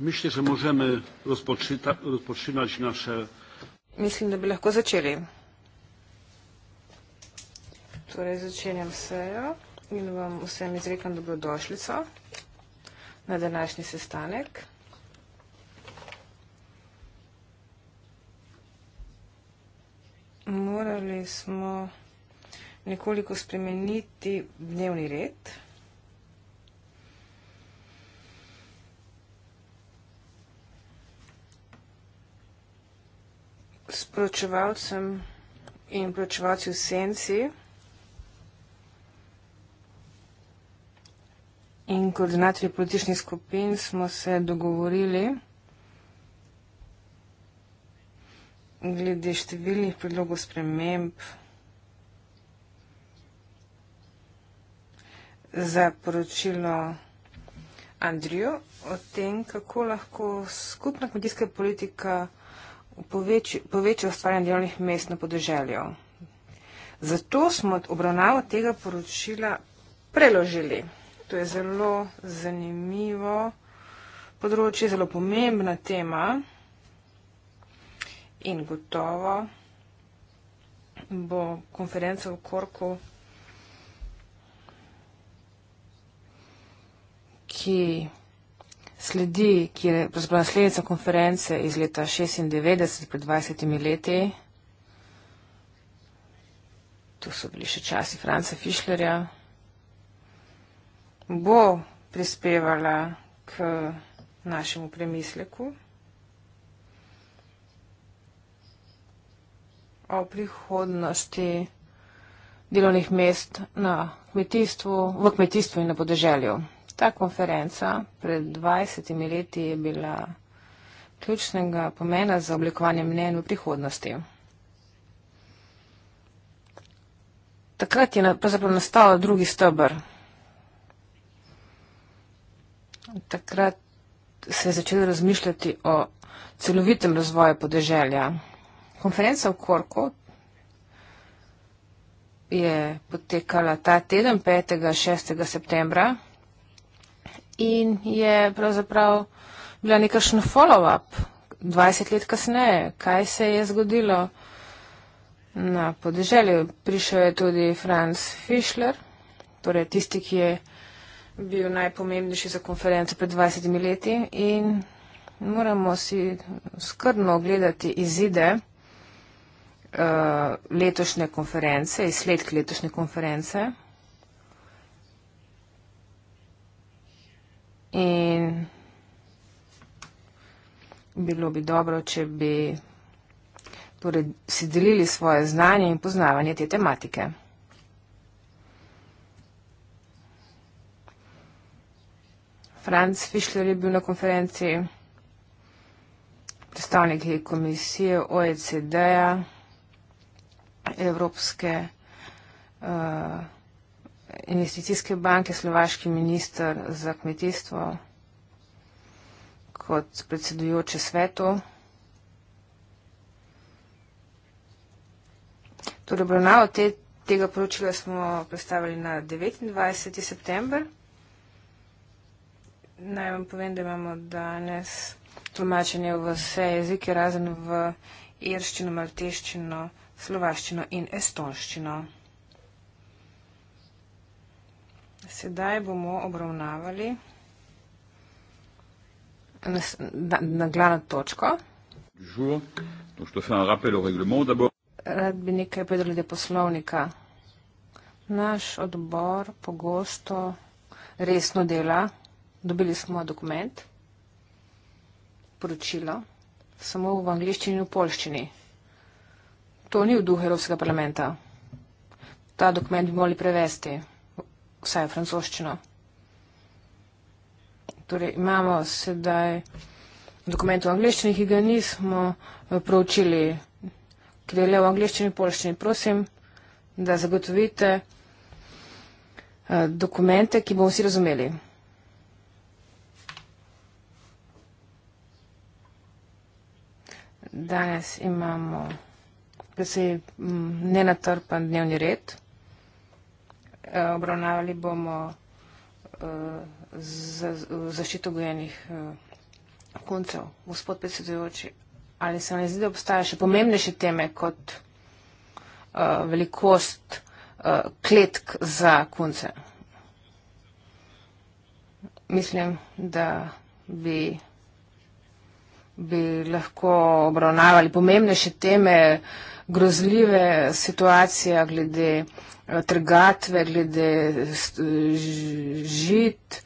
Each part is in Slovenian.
Myślę, że możemy rozpoczynać nasze. Myślę, że by lekko zaczęli. Torej, začenjam sejo in vam vsem izrekam dobrodošljico na današnji sestanek. Morali smo nekoliko spremeniti dnevni red. proučevalcem in proučevalci v senci in koordinatorji političnih skupin smo se dogovorili glede številnih predlogov sprememb za poročilo Andriju o tem, kako lahko skupna kmetijska politika poveči, poveča ustvarjanje delovnih mest na podeželju. Zato smo obravnavo tega poročila preložili. To je zelo zanimivo področje, zelo pomembna tema in gotovo bo konferenca v Korku, ki sledi, ki je pravzaprav naslednica konference iz leta 96, pred 20 leti. Tu so bili še časi Franca Fišlerja. Bo prispevala k našemu premisleku. o prihodnosti delovnih mest na kmetijstvu, v kmetijstvu in na podeželju. Ta konferenca pred 20 leti je bila ključnega pomena za oblikovanje mnen v prihodnosti. Takrat je pravzaprav nastal drugi stebr. Takrat se je začelo razmišljati o celovitem razvoju podeželja. Konferenca v Korku je potekala ta teden, 5. in 6. septembra in je pravzaprav bila nekakšen follow-up 20 let kasneje, kaj se je zgodilo na podeželju. Prišel je tudi Franz Fischler, torej tisti, ki je bil najpomembnejši za konferenco pred 20 leti in moramo si skrbno ogledati izide uh, letošnje konference, izsledki letošnje konference. In bilo bi dobro, če bi torej, si delili svoje znanje in poznavanje te tematike. Franz Fischler je bil na konferenci, predstavniki komisije OECD-a, Evropske uh, investicijske banke slovaški minister za kmetijstvo kot predsedujoče svetu. Torej, obravnavo te, tega poročila smo predstavili na 29. september. Naj vam povem, da imamo danes tlumačenje v vse jezike, razen v irščino, malteščino, slovaščino in estonščino. Sedaj bomo obravnavali naglavno na točko. Donc, je te fais un rappel au règlement d'abord. Naš odbor pogosto resno dela. Dobili smo dokument, poročilo, samo v angliščini in v polščini. To ni v duhu Evropskega parlamenta. Ta dokument bi morali prevesti vsaj francoščino. Torej, imamo sedaj dokument v angliščini, ki ga nismo eh, proučili, ki je le v angliščini in polščini. Prosim, da zagotovite eh, dokumente, ki bomo vsi razumeli. Danes imamo precej mm, nenatrpan dnevni red. Eh, obravnavali bomo eh, z, z, zaščito gojenih eh, kuncev. Gospod predsedujoči, ali se vam zdi, da obstajajo še pomembnejše teme kot velikost kletk za kunce? Mislim, da bi bi lahko obravnavali pomembnejše teme, grozljive situacije glede eh, trgatve, glede eh, žit.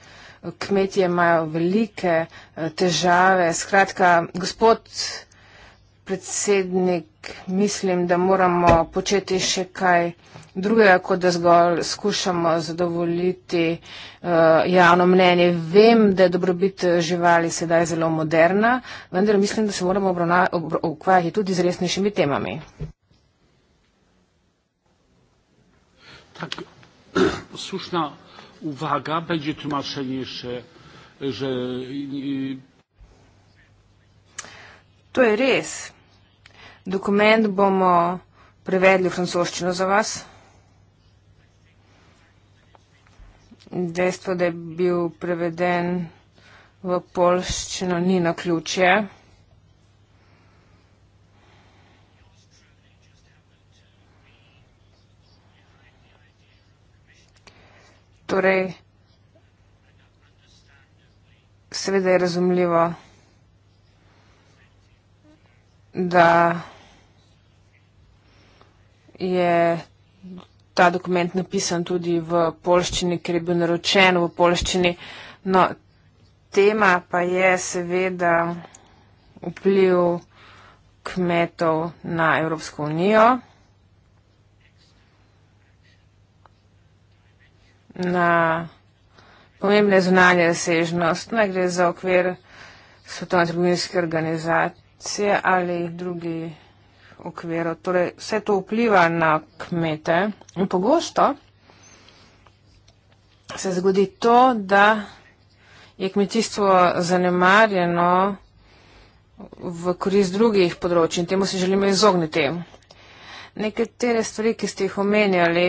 Kmetje imajo velike eh, težave. Skratka, gospod predsednik, mislim, da moramo početi še kaj drugega, kot da zgolj skušamo zadovoljiti uh, javno mnenje. Vem, da je dobrobit eh, živali sedaj zelo moderna, vendar mislim, da se moramo ukvarjati tudi z resnejšimi temami. Tak, sušna uwaga, będzie tłumaczenie jeszcze, że... To jest res. Dokument bomo prevedli w francuszczynę za Was. dejstvo, da je bil preveden v polščino, ni na ključje. Torej, seveda je razumljivo, da je ta dokument napisan tudi v polščini, ker je bil naročen v polščini. No, tema pa je seveda vpliv kmetov na Evropsko unijo, na pomembne zunanje sežnost, naj gre za okvir Svetovne trgovinske organizacije ali drugi okviru. Torej, vse to vpliva na kmete in pogosto se zgodi to, da je kmetijstvo zanemarjeno v korist drugih področji in temu se želimo izogniti. Nekatere stvari, ki ste jih omenjali,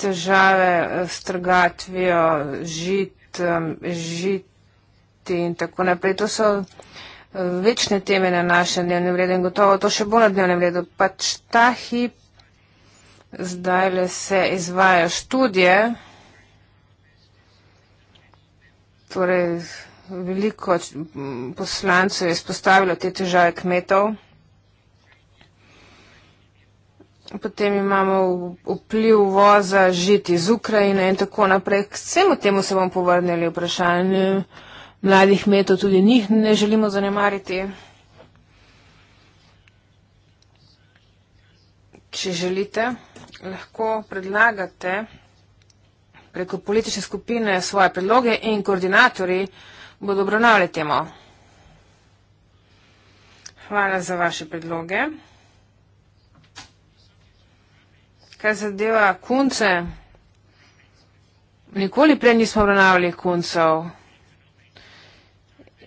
težave s trgatvijo, žit, ehm, žit in tako naprej, to so večne teme na našem dnevnem redu in gotovo to še bolj na dnevnem redu. Pač ta hip zdaj le se izvajajo študije, torej veliko poslancev je spostavilo te težave kmetov. Potem imamo vpliv voza žiti iz Ukrajine in tako naprej. K vsemu temu se bom povrnili vprašanje mladih metov, tudi njih ne želimo zanemariti. Če želite, lahko predlagate preko politične skupine svoje predloge in koordinatori bodo obravnavali temo. Hvala za vaše predloge. Kaj zadeva kunce? Nikoli prej nismo obravnavali kuncev.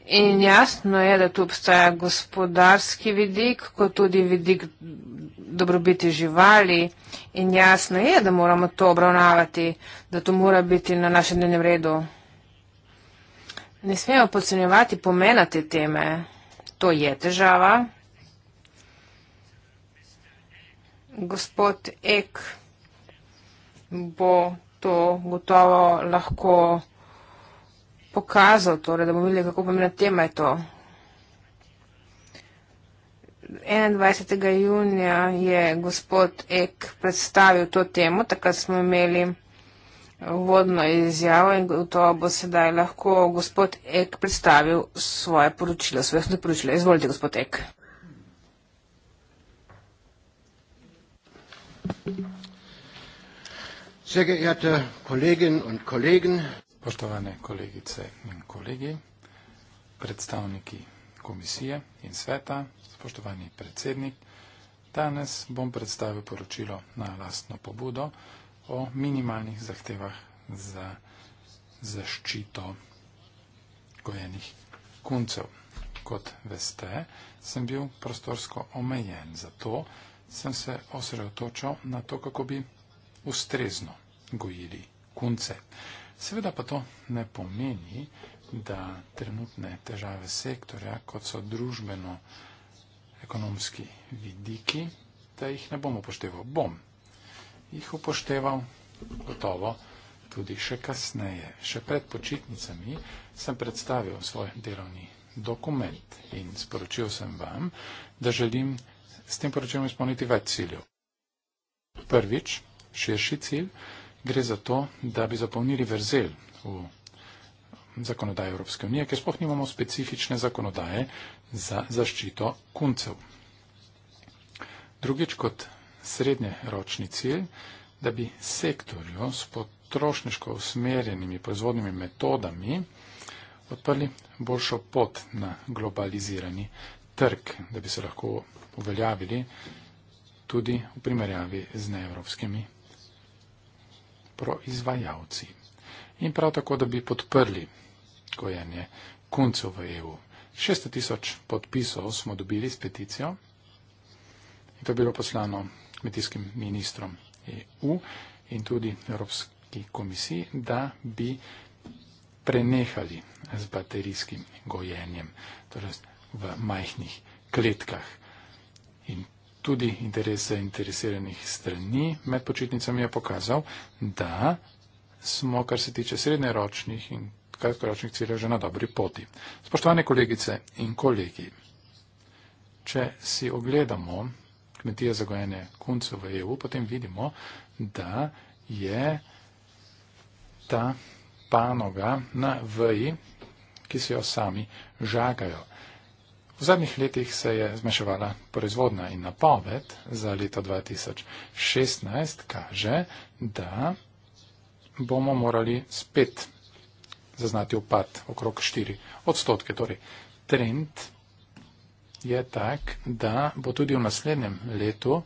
In jasno je, da tu obstaja gospodarski vidik, kot tudi vidik dobrobiti živali. In jasno je, da moramo to obravnavati, da to mora biti na našem dnevnem redu. Ne smemo podcenjevati pomena te teme. To je težava. Gospod Ek bo to gotovo lahko pokazal, torej, da bomo videli, kako pomembna tema je to. 21. junija je gospod Ek predstavil to temo, takrat smo imeli vodno izjavo in to bo sedaj lahko gospod Ek predstavil svoje poročilo, svoje osnovne poročilo. Izvolite, gospod Ek. Sehr geehrte Kolleginnen und Kollegen, Poštovane kolegice in kolegi, predstavniki komisije in sveta, spoštovani predsednik, danes bom predstavil poročilo na lastno pobudo o minimalnih zahtevah za zaščito gojenih kuncev. Kot veste, sem bil prostorsko omejen, zato sem se osredotočal na to, kako bi ustrezno gojili kunce. Seveda pa to ne pomeni, da trenutne težave sektorja, kot so družbeno-ekonomski vidiki, da jih ne bom upošteval. Bom jih upošteval gotovo tudi še kasneje. Še pred počitnicami sem predstavil svoj delovni dokument in sporočil sem vam, da želim s tem poročilom izpolniti več ciljev. Prvič, širši cilj gre za to, da bi zapolnili verzel v zakonodaji Evropske unije, ker spoh nimamo specifične zakonodaje za zaščito kuncev. Drugič kot srednjeročni cilj, da bi sektorju s potrošniško usmerjenimi proizvodnimi metodami odprli boljšo pot na globalizirani trg, da bi se lahko uveljavili tudi v primerjavi z neevropskimi proizvajalci. In prav tako, da bi podprli gojenje kuncev v EU. 600 tisoč podpisov smo dobili s peticijo in to je bilo poslano kmetijskim ministrom EU in tudi Evropski komisiji, da bi prenehali z baterijskim gojenjem, torej v majhnih kletkah. In tudi interes zainteresiranih strani med počitnicami je pokazal, da smo, kar se tiče srednjeročnih in kratkoročnih ciljev, že na dobri poti. Spoštovane kolegice in kolegi, če si ogledamo kmetije za gojene kuncev v EU, potem vidimo, da je ta panoga na VI, ki si jo sami žagajo. V zadnjih letih se je zmeševala proizvodna in napoved za leto 2016 kaže, da bomo morali spet zaznati upad okrog 4 odstotke. Torej, trend je tak, da bo tudi v naslednjem letu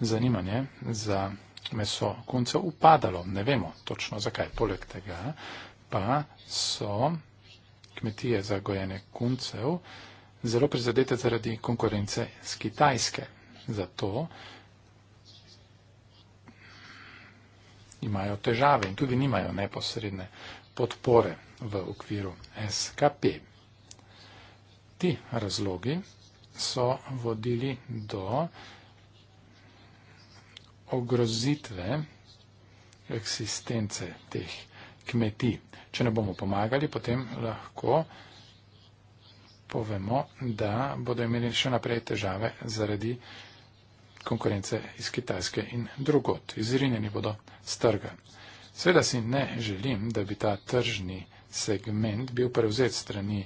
zanimanje za meso kunce upadalo. Ne vemo točno zakaj. Poleg tega pa so kmetije za gojene kuncev zelo prizadete zaradi konkurence z Kitajske. Zato imajo težave in tudi nimajo neposredne podpore v okviru SKP. Ti razlogi so vodili do ogrozitve eksistence teh kmetij. Če ne bomo pomagali, potem lahko povemo, da bodo imeli še naprej težave zaradi konkurence iz Kitajske in drugot. Izrinjeni bodo z trga. Sveda si ne želim, da bi ta tržni segment bil prevzet strani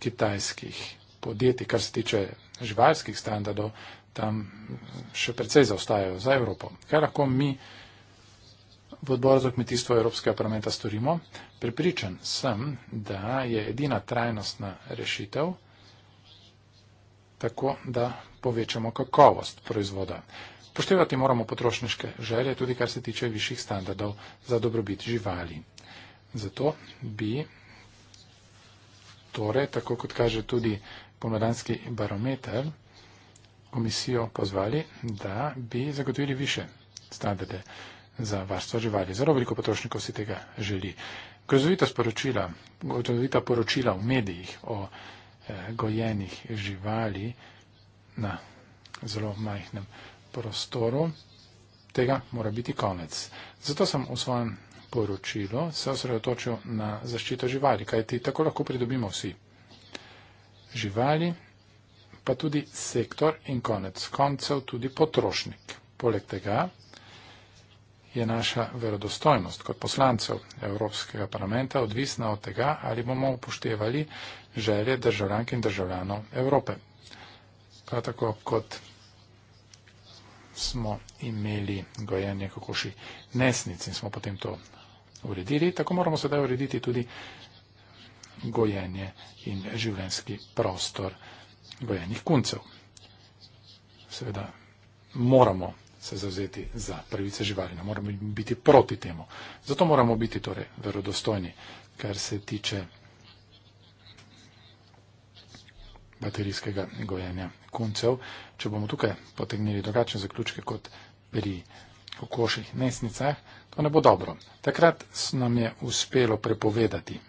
kitajskih podjetij, kar se tiče živalskih standardov, tam še precej zaostajajo za Evropo. Kaj lahko mi v odboru za kmetijstvo Evropskega parlamenta storimo. Pripričan sem, da je edina trajnostna rešitev tako, da povečamo kakovost proizvoda. Poštevati moramo potrošniške želje, tudi kar se tiče višjih standardov za dobrobit živali. Zato bi torej, tako kot kaže tudi pomladanski barometer, komisijo pozvali, da bi zagotovili više standarde za varstvo živali. Zelo veliko potrošnikov si tega želi. Grozovita sporočila, grozovita poročila v medijih o eh, gojenih živali na zelo majhnem prostoru, tega mora biti konec. Zato sem v svojem poročilu se osredotočil na zaščito živali, kajti tako lahko pridobimo vsi. Živali, pa tudi sektor in konec koncev tudi potrošnik. Poleg tega je naša verodostojnost kot poslancev Evropskega parlamenta odvisna od tega, ali bomo upoštevali želje državljank in državljanov Evrope. Prav tako kot smo imeli gojenje kokoši nesnic in smo potem to uredili, tako moramo sedaj urediti tudi gojenje in življenski prostor gojenih kuncev. Seveda moramo se zavzeti za pravice živali, ne moramo biti proti temu. Zato moramo biti torej verodostojni, kar se tiče baterijskega gojenja kuncev. Če bomo tukaj potegnili drugačne zaključke kot pri kokoših nesnicah, to ne bo dobro. Takrat nam je uspelo prepovedati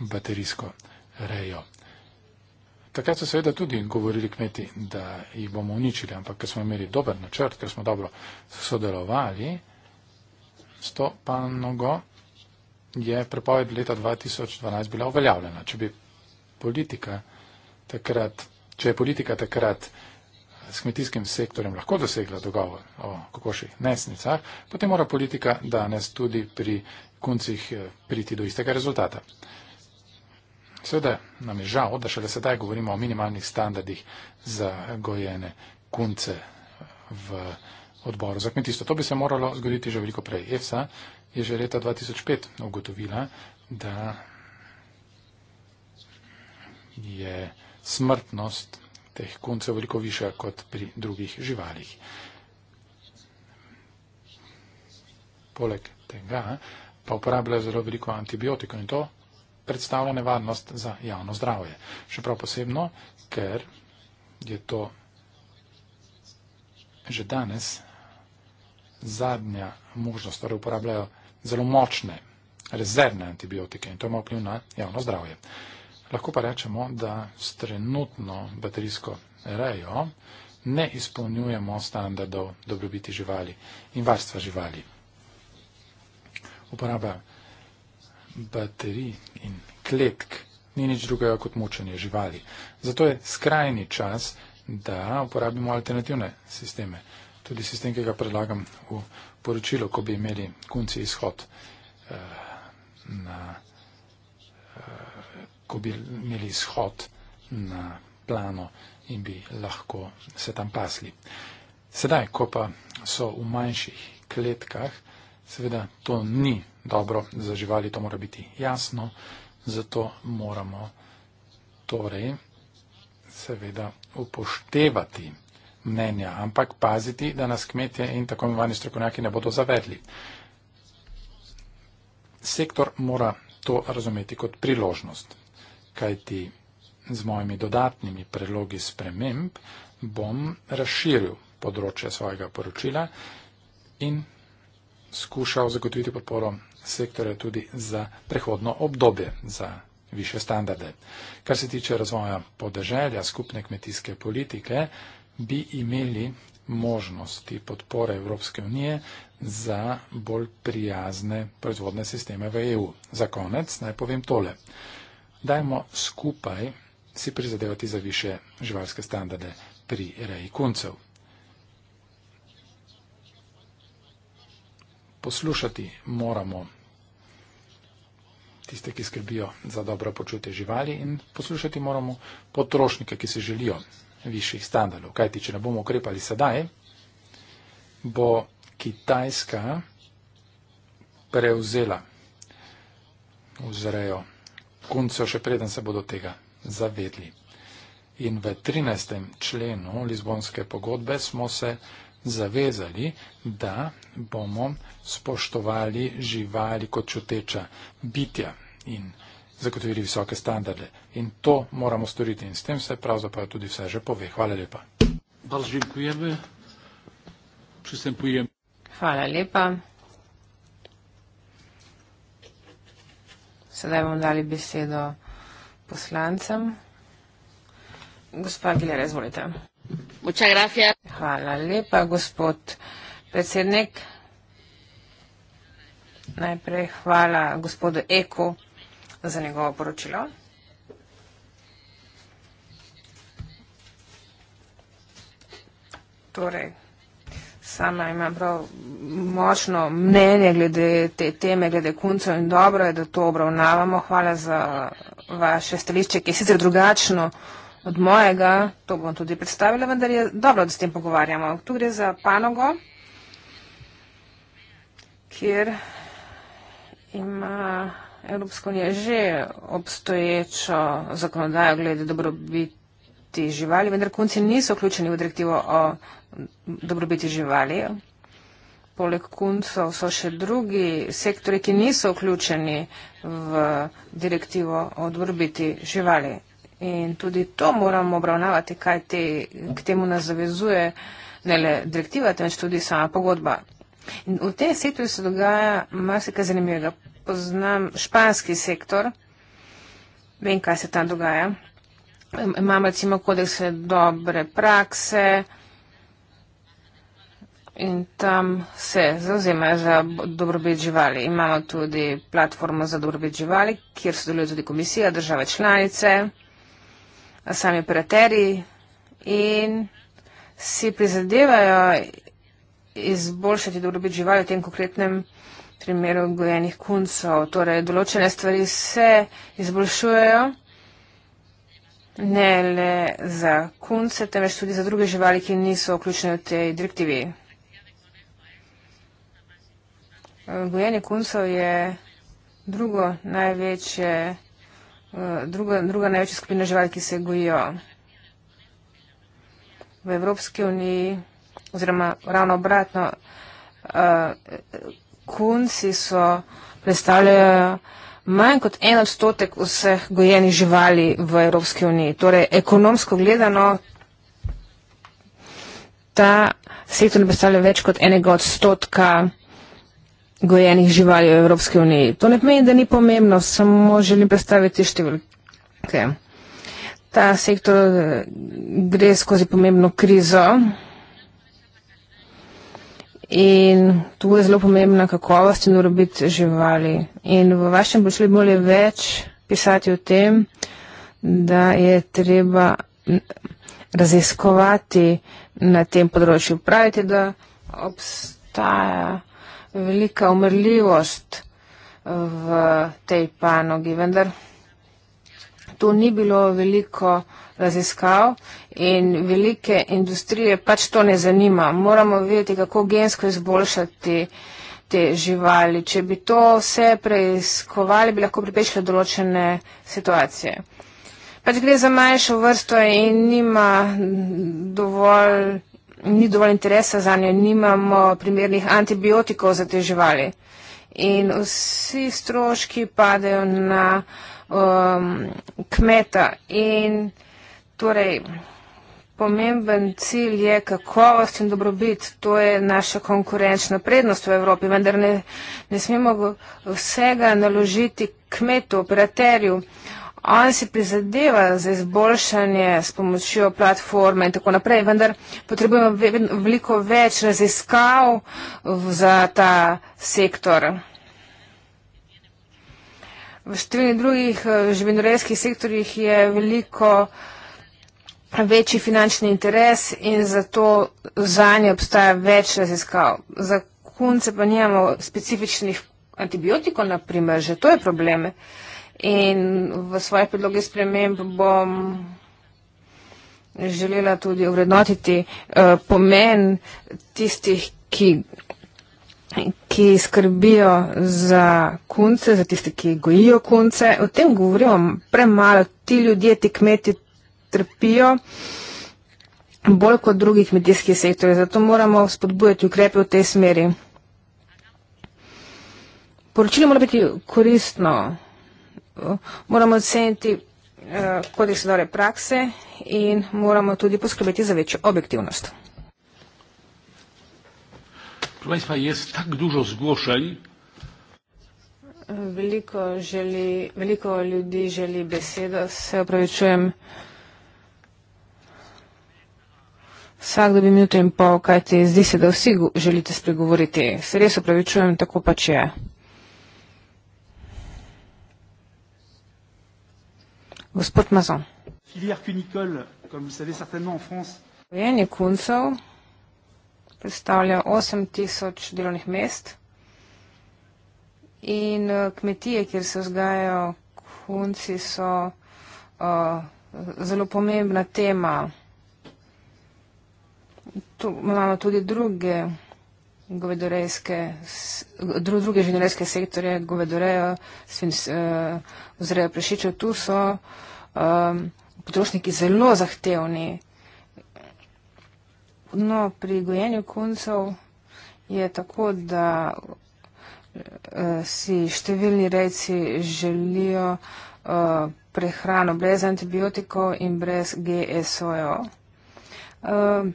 baterijsko rejo. Takrat so seveda tudi govorili kmeti, da jih bomo uničili, ampak ker smo imeli dober načrt, ker smo dobro sodelovali s to panogo, je prepoved leta 2012 bila uveljavljena. Če, bi politika takrat, če je politika takrat eh, s kmetijskim sektorjem lahko dosegla dogovor o kokoših nesnicah, potem mora politika danes tudi pri koncih eh, priti do istega rezultata. Sveda nam je žal, da šele sedaj govorimo o minimalnih standardih za gojene kunce v odboru za kmetijstvo. To bi se moralo zgoditi že veliko prej. EFSA je že leta 2005 ugotovila, da je smrtnost teh kuncev veliko više kot pri drugih živalih. Poleg tega pa uporabljajo zelo veliko antibiotikov in to predstavlja nevarnost za javno zdravje. Še prav posebno, ker je to že danes zadnja možnost, torej uporabljajo zelo močne rezervne antibiotike in to ima vpliv na javno zdravje. Lahko pa rečemo, da s trenutno baterijsko rejo ne izpolnjujemo standardov dobrobiti živali in varstva živali. Uporaba baterij in kletk ni nič drugega kot mučenje živali. Zato je skrajni čas, da uporabimo alternativne sisteme. Tudi sistem, ki ga predlagam v poročilo, ko bi imeli kunci izhod, eh, na, eh, ko bi imeli izhod na plano in bi lahko se tam pasli. Sedaj, ko pa so v manjših kletkah, Seveda to ni dobro za živali, to mora biti jasno, zato moramo torej seveda upoštevati mnenja, ampak paziti, da nas kmetje in tako imenovani strokovnjaki ne bodo zavedli. Sektor mora to razumeti kot priložnost, kajti z mojimi dodatnimi predlogi sprememb bom razširil področje svojega poročila in skušal zagotoviti podporo sektorja tudi za prehodno obdobje, za više standarde. Kar se tiče razvoja podeželja, skupne kmetijske politike, bi imeli možnosti podpore Evropske unije za bolj prijazne proizvodne sisteme v EU. Za konec naj povem tole. Dajmo skupaj si prizadevati za više živalske standarde pri reji kuncev. poslušati moramo tiste, ki skrbijo za dobro počutje živali in poslušati moramo potrošnike, ki si želijo višjih standardov. Kajti, če ne bomo ukrepali sedaj, bo Kitajska prevzela vzrejo kuncev, še preden se bodo tega zavedli. In v 13. členu Lizbonske pogodbe smo se zavezali, da bomo spoštovali živali kot čuteča bitja in zagotovili visoke standarde. In to moramo storiti in s tem se pravzaprav tudi vse že pove. Hvala lepa. Hvala lepa. Sedaj bomo dali besedo poslancem. Gospa Gilera, izvolite. Hvala lepa, gospod predsednik. Najprej hvala gospodu Eko za njegovo poročilo. Torej, sama imam prav močno mnenje glede te teme, glede kuncev in dobro je, da to obravnavamo. Hvala za vaše stališče, ki je sicer drugačno vprašanje od mojega, to bom tudi predstavila, vendar je dobro, da s tem pogovarjamo. Tu gre za panogo, kjer ima Evropska unija že obstoječo zakonodajo glede dobrobiti živali, vendar konci niso vključeni v direktivo o dobrobiti živali. Poleg kuncov so še drugi sektori, ki niso vključeni v direktivo o dobrobiti živali. In tudi to moramo obravnavati, kaj te, k temu nas zavezuje ne le direktiva, temveč tudi sama pogodba. In v tem sektorju se dogaja marsikaj zanimivega. Poznam španski sektor, vem, kaj se tam dogaja. Imam recimo kodekse dobre prakse in tam se zauzemajo za dobrobit živali. Imamo tudi platformo za dobrobit živali, kjer sodeluje tudi komisija, države članice sami operaterji in si prizadevajo izboljšati dobrobit živali v tem konkretnem primeru gojenih kuncov. Torej, določene stvari se izboljšujejo ne le za kunce, temveč tudi za druge živali, ki niso vključene v tej direktivi. Gojenje kuncov je drugo največje druga, druga največja skupina živali, ki se gojijo v Evropski uniji, oziroma ravno obratno, eh, kunci so predstavljajo manj kot en odstotek vseh gojenih živali v Evropski uniji. Torej, ekonomsko gledano, ta sektor ne predstavlja več kot enega odstotka gojenih živali v Evropski uniji. To ne pomeni, da ni pomembno, samo želim predstaviti številke. Ta sektor eh, gre skozi pomembno krizo in tu je zelo pomembna kakovost in urobit živali. In v vašem bi šli bolje več pisati o tem, da je treba mm, raziskovati na tem področju. Pravite, da obstaja velika umrljivost eh, v tej panogi, vendar tu ni bilo veliko raziskav in velike industrije pač to ne zanima. Moramo vedeti, kako gensko izboljšati te živali. Če bi to vse preiskovali, bi lahko pripečili določene situacije. Pač gre za manjšo vrsto in nima dovolj ni dovolj interesa za njo, nimamo primernih antibiotikov za te živali. In vsi stroški padejo na um, kmeta. In torej, pomemben cilj je kakovost in dobrobit. To je naša konkurenčna prednost v Evropi, vendar ne, ne smemo vsega naložiti kmetu, operaterju. Uh, Oni si prizadevajo za izboljšanje s pomočjo platforme in tako naprej, vendar potrebujemo veliko več raziskav za ta sektor. V številnih drugih eh, živinorejskih sektorjih je veliko večji finančni interes in zato za nje obstaja več raziskav. Za kunce pa nijamo specifičnih antibiotikov, naprimer, že to je problem. In v svoje predloge sprememb bom želela tudi ovrednotiti uh, pomen tistih, ki, ki skrbijo za kunce, za tiste, ki gojijo kunce. O tem govorimo premalo. Ti ljudje, ti kmeti trpijo bolj kot drugih kmetijskih sektorjev. Zato moramo spodbujati ukrepe v tej smeri. Poročilo mora biti koristno moramo oceniti eh, kodeks dobre prakse in moramo tudi poskrbeti za večjo objektivnost. Proti Państwa, jest tak dużo zgłoszeń. Veliko, želi, veliko ljudi želi besedo, se opravičujem. Vsak dobi minuto in pol, kajti zdi se, da vsi želite spregovoriti. Se res opravičujem, tako pač je. Gospod Mazon. Filijar Kunikol, kot veste, certainement v Franciji. Vojenje kuncev predstavlja 8000 delovnih mest in eh, kmetije, kjer se vzgajajo kunci, so uh, zelo pomembna tema. Tu imamo tudi druge govedorejske, dru, druge živinorejske sektorje, govedorejo, eh, vzrejo uh, prešiče. Tu so um, potrošniki zelo zahtevni. No, pri gojenju koncev je tako, da uh, si številni rejci želijo uh, prehrano brez antibiotikov in brez GSO-jo. Uh,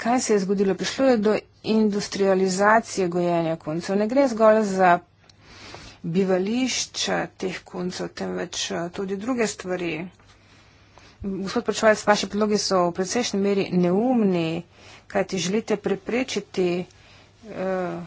kaj se je zgodilo? Prišlo je do industrializacije gojenja koncev. Ne gre zgolj za bivališča teh koncev, temveč eh, tudi druge stvari. Gospod Pračovec, vaše predloge so v precejšnji meri neumni, kaj ti želite preprečiti uh,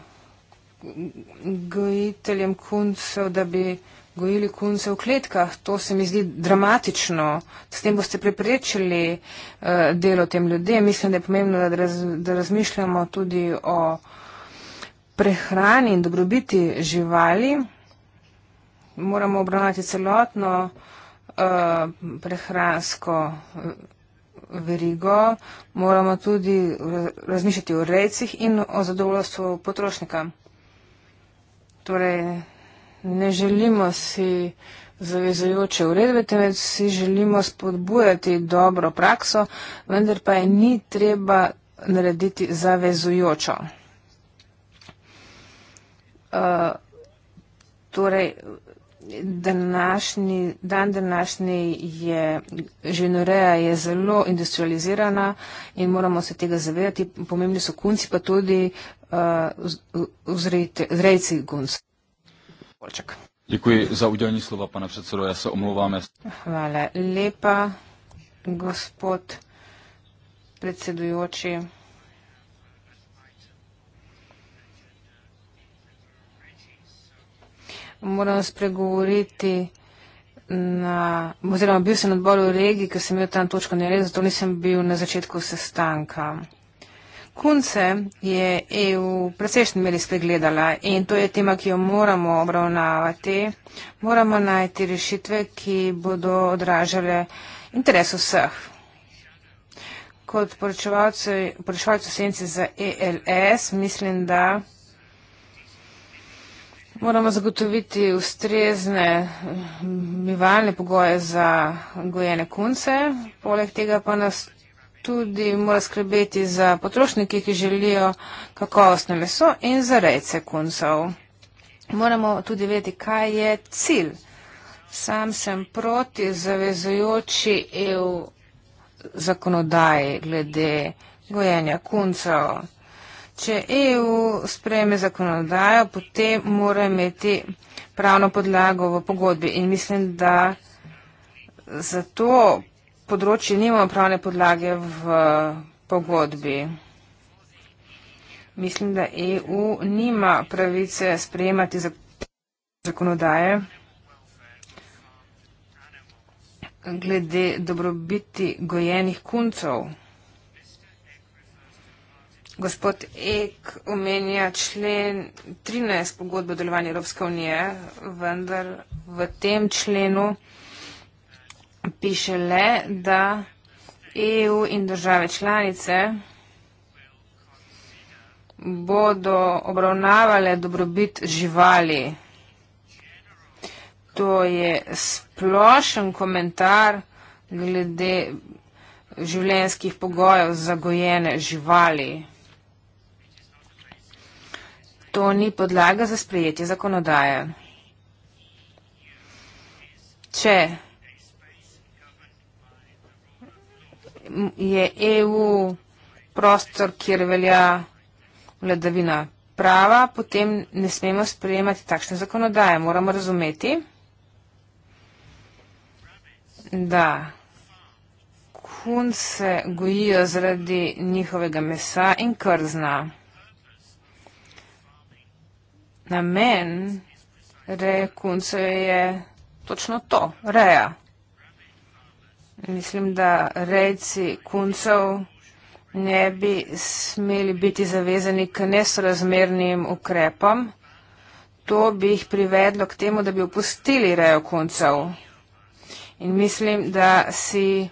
gojiteljem koncev, da bi uh, gojili kunce v kletkah. To se mi zdi dramatično. S tem boste preprečili uh, delo tem ljudem. Mislim, da je pomembno, da, raz, da razmišljamo tudi o prehrani in dobrobiti živali. Moramo obravnati celotno uh, prehransko eh, verigo, moramo tudi razmišljati o rejcih in o zadovoljstvu potrošnika. Torej, ne želimo si zavezujoče uredbe, temveč si želimo spodbujati dobro prakso, vendar pa je ni treba narediti zavezujočo. Uh, torej, današnji, dan današnji je, ženoreja je zelo industrializirana in moramo se tega zavedati, pomembni so kunci pa tudi uh, eh, vzrejci gunci. Orček. Děkuji za udělení slova, pane předsedo. Já se omlouvám. Hvala lepa, gospod predsedujoči. Moram spregovoriti na, oziroma bil sem na odboru regij, ker sem imel tam točko nared, zato nisem bil na začetku sestanka begunce je EU presešnji meri spregledala in to je tema, ki jo moramo obravnavati. Moramo najti rešitve, ki bodo odražale interes vseh. Kot poročevalce senci za ELS mislim, da moramo zagotoviti ustrezne mm, bivalne pogoje za gojene kunce, poleg tega pa nas tudi mora skrbeti za potrošniki, ki želijo kakovostno meso in za rejce kuncov. Moramo tudi vedeti, kaj je cilj. Sam sem proti zavezujoči EU zakonodaji glede gojenja kuncov. Če EU sprejme zakonodajo, potem mora imeti pravno podlago v pogodbi in mislim, da zato področji nimamo pravne podlage v pogodbi. Mislim, da EU nima pravice sprejemati zakonodaje glede dobrobiti gojenih kuncov. Gospod Ek omenja člen 13 pogodbe o delovanju Evropske unije, vendar v tem členu piše le, da EU in države članice bodo obravnavale dobrobit živali. To je splošen komentar glede življenskih pogojev za gojene živali. To ni podlaga za sprejetje zakonodaje. Če je EU prostor, kjer velja vladavina prava, potem ne smemo sprejemati takšne zakonodaje. Moramo razumeti, da kunce gojijo zaradi njihovega mesa in krzna. Namen reje kunce je točno to, reja. Mislim, da rejci kuncev ne bi smeli biti zavezani k nesorazmernim ukrepom. To bi jih privedlo k temu, da bi opustili rejo kuncev. In mislim, da si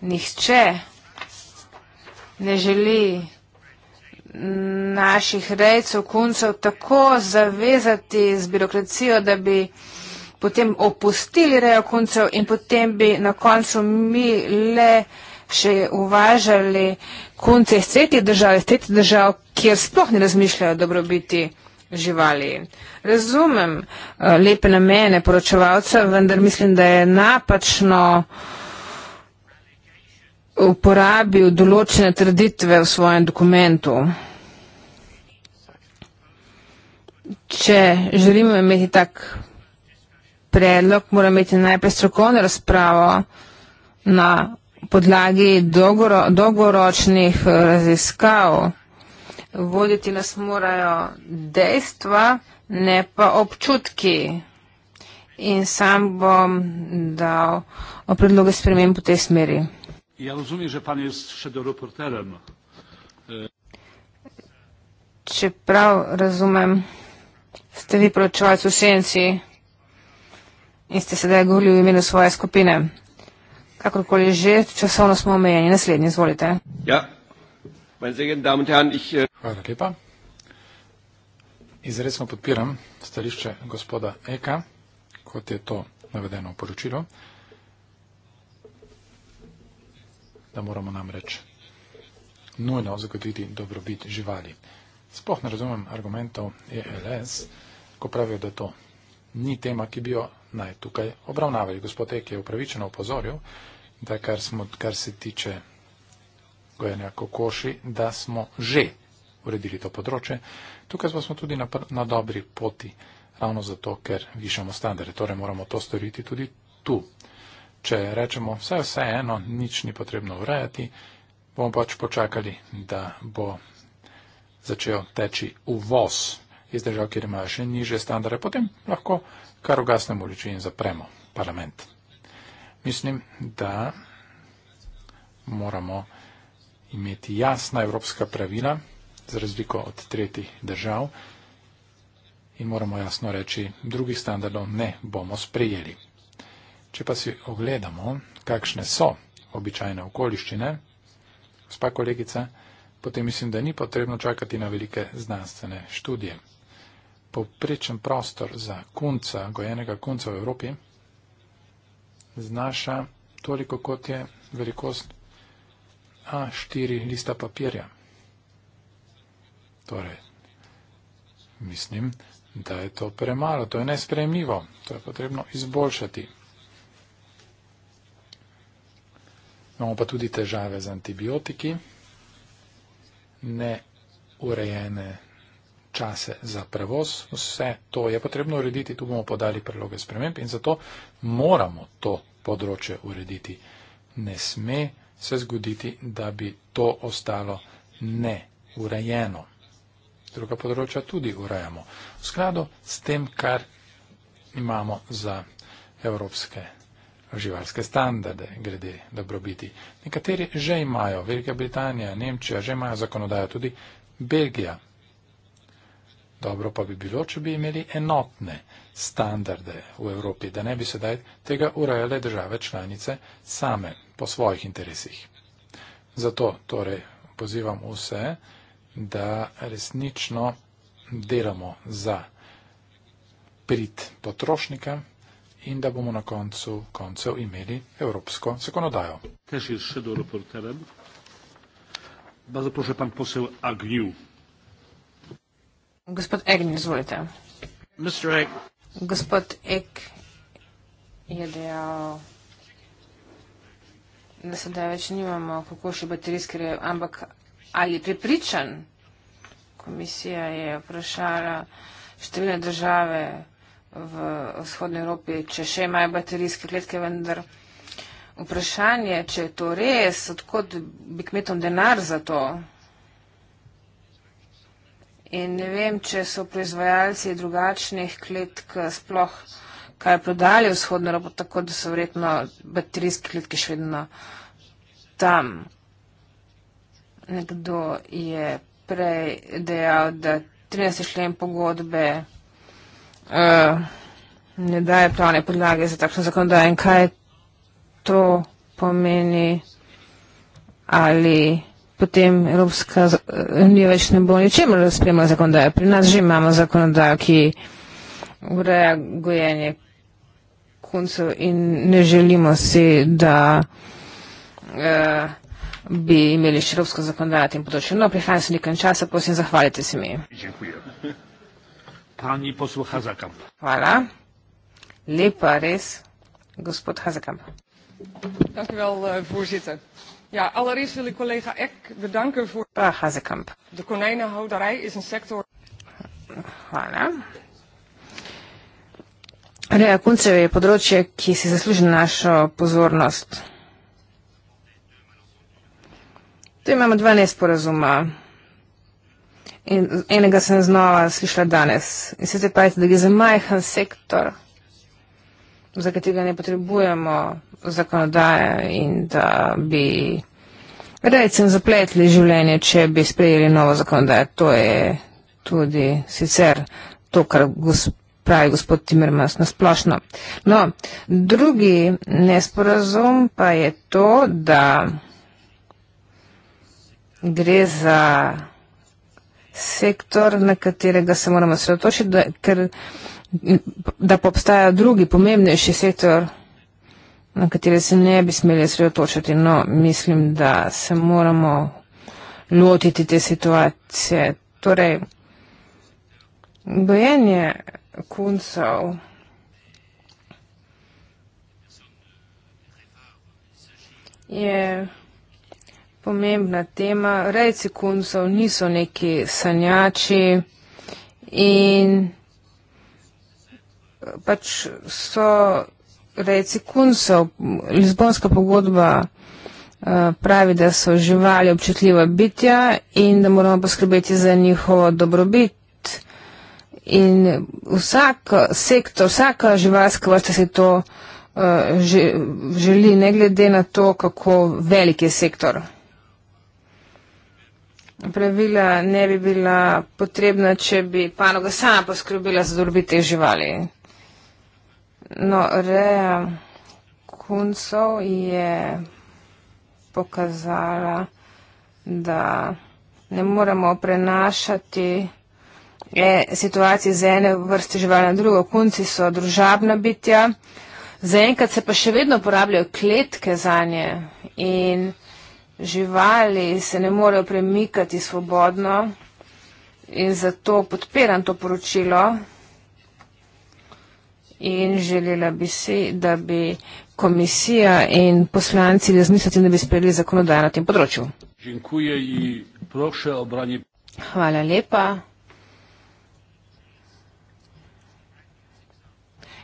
nihče ne želi naših rejcev kuncev tako zavezati z birokracijo, da bi potem opustili rejo koncev in potem bi na koncu mi le še uvažali konce iz tretjih držav, iz tretjih držav, kjer sploh ne razmišljajo dobrobiti živali. Razumem eh, lepe namene poročevalca, vendar mislim, da je napačno uporabil določene trditve v svojem dokumentu. Če želimo imeti tak predlog mora imeti najprej strokovno razpravo na podlagi dolgoro, dolgoročnih eh, raziskav. Voditi nas morajo dejstva, ne pa občutki. In sam bom dal o eh, predloge spremem po tej smeri. Ja razumem, že pan je šedo reporterem. Čeprav razumem, ste vi proučevalci v senci in ste sedaj govorili v imenu svoje skupine. Kakorkoli že, časovno smo omejeni. Naslednji, izvolite. Ja. Äh, Hvala lepa. Izredno podpiram stališče gospoda Eka, kot je to navedeno v poročilu, da moramo namreč nujno zagotoviti dobrobit živali. Sploh ne razumem argumentov ELS, ko pravijo, da to ni tema, ki bi jo naj tukaj obravnavali. Gospod Ek je upravičeno upozoril, da kar, smo, kar se tiče gojenja kokoši, da smo že uredili to področje. Tukaj pa smo tudi na, na dobri poti, ravno zato, ker višamo standarde. Torej moramo to storiti tudi tu. Če rečemo, vse je vse eno, nič ni potrebno urejati, bomo pač počakali, da bo začel teči uvoz iz držav, kjer imajo še niže standarde, potem lahko kar ugasnemo luči in zapremo parlament. Mislim, da moramo imeti jasna evropska pravila, z razliko od tretjih držav, in moramo jasno reči, drugih standardov ne bomo sprejeli. Če pa si ogledamo, kakšne so običajne okoliščine, gospa kolegica, potem mislim, da ni potrebno čakati na velike znanstvene študije povprečen prostor za konca, gojenega konca v Evropi, znaša toliko, kot je velikost A4 lista papirja. Torej, mislim, da je to premalo, to je nespremljivo, to je potrebno izboljšati. Imamo pa tudi težave z antibiotiki, neurejene čase za prevoz. Vse to je potrebno urediti, tu bomo podali predloge sprememb in zato moramo to področje urediti. Ne sme se zgoditi, da bi to ostalo neurejeno. Druga področja tudi urejamo v skladu s tem, kar imamo za evropske živalske standarde glede dobrobiti. Nekateri že imajo, Velika Britanija, Nemčija že imajo zakonodajo, tudi Belgija Dobro pa bi bilo, če bi imeli enotne standarde v Evropi, da ne bi sedaj tega urejale države članice same po svojih interesih. Zato torej pozivam vse, da resnično delamo za prid potrošnika in da bomo na koncu koncev imeli evropsko zakonodajo. Kaj še do reporterem? Bardzo proszę pan poseł Agniu. Gospod Egn, izvolite. Gospod Ek je dejal, da sedaj več nimamo kokoši baterijske, ampak ali je pripričan? Komisija je vprašala številne države v vzhodni Evropi, če še imajo baterijske kletke, vendar vprašanje, če je to res, odkot bi kmetom denar za to. In ne vem, če so proizvajalci drugačnih kletk sploh kaj prodali v vzhodno robo, tako da so verjetno baterijske kletke še vedno tam. Nekdo je prej dejal, da 13 člen pogodbe uh, ne daje pravne podlage za takšno zakonodajo in kaj to pomeni ali potem Evropska unija več ne bo ničemer sprejemala zakonodajo. Pri nas že imamo zakonodajo, ki ureja gojenje kuncev in ne želimo si, da eh, bi imeli še Evropsko zakonodajo in področje. No, prihajam se nekaj časa, prosim, zahvalite se mi. Pani poslu Hazakam. Hvala. Lepa res, gospod Hazakam. Dank u wel, uh, voorzitter. Ja, allereerst wil ik collega Eck bedanken voor. Waar gaan ze kamp? De konijnenhouderij is een sector. Hvala. Reja Kuncev je področje, ki si zasluži našo pozornost. Tu imamo dva nesporazuma. In enega sem znova slišala danes. In se te pravite, da je za majhen sektor za katerega ne potrebujemo zakonodaje in da bi recimo zapletli življenje, če bi sprejeli novo zakonodajo. To je tudi sicer to, kar pravi gospod Timirmas na splošno. No, drugi nesporazum pa je to, da gre za sektor, na katerega se moramo sredotočiti, ker da pa obstaja drugi pomembnejši sektor, na kateri se ne bi smeli sredotočiti. No, mislim, da se moramo lotiti te situacije. Torej, gojenje kuncev. Je pomembna tema. Rejci kuncev niso neki sanjači in pač so reci kuncev, Lizbonska pogodba eh, pravi, da so živali občutljiva bitja in da moramo poskrbeti za njihovo dobrobit. In vsak sektor, vsaka živalska vrsta si to uh, želi, ne glede na to, kako velik je sektor. Pravila ne bi bila potrebna, če bi panoga sama poskrbila za dobrobit te živali. No, Rea Kuncov je pokazala, da ne moremo prenašati e, situacije z ene vrste živali na drugo. Kunci so družabna bitja, zaenkrat se pa še vedno uporabljajo kletke za nje in živali se ne morejo premikati svobodno in zato podpiram to poročilo in želela bi si, da bi komisija in poslanci razmislili, da bi sprejeli zakonodajo na tem področju. Hvala lepa.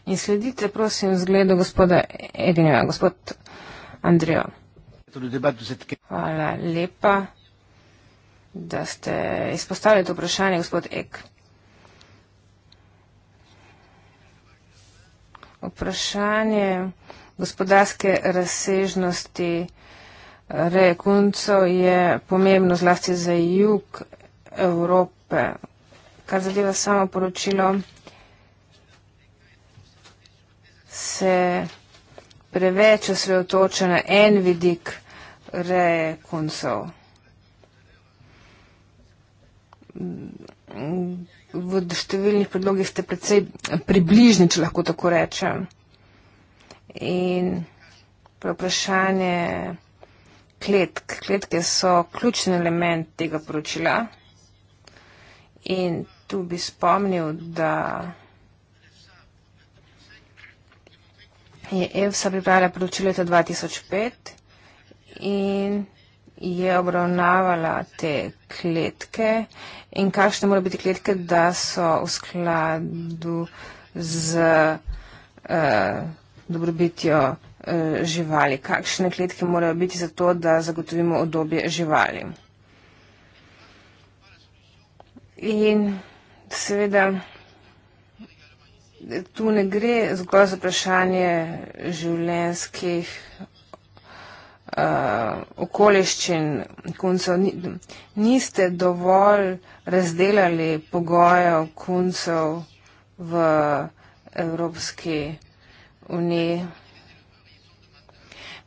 In sledite, prosim, zgledu gospoda Edinjeva, gospod Andrejo. Hvala lepa, da ste izpostavili to vprašanje, gospod Ek. vprašanje gospodarske razsežnosti eh, reje kuncov je pomembno zlasti za jug Evrope. Kar zadeva samo poročilo, se preveč osredotoča na en vidik reje kuncov v številnih predlogih ste predvsej približni, če lahko tako rečem. In vprašanje kletk. Kletke so ključen element tega poročila. In tu bi spomnil, da je EFSA pripravila poročilo leta 2005 in je obravnavala te kletke in kakšne morajo biti kletke, da so v skladu z uh, dobrobitjo uh, živali. Kakšne kletke morajo biti za to, da zagotovimo odobje živali. In seveda, tu ne gre zgolj za vprašanje življenskih uh, okoliščin kunco, ni, niste dovolj razdelali pogojev kuncov v Evropski uniji.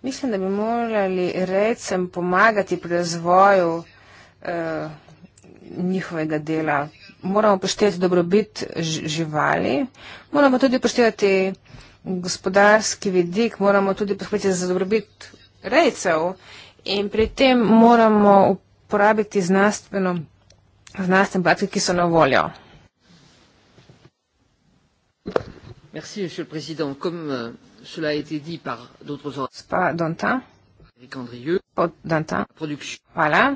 Mislim, da bi morali recem pomagati pri razvoju uh, njihovega dela. Moramo poštevati dobrobit živali, moramo tudi poštevati gospodarski vidik, moramo tudi poskrbeti za dobrobit rejcev in pri tem moramo uporabiti znanstveno, znanstvene podatke, ki so na voljo. Merci, monsieur le président. Comme euh, cela a été dit par d'autres orateurs, pas Dantin. Eric Andrieux. Pas Dantin. Production. Voilà.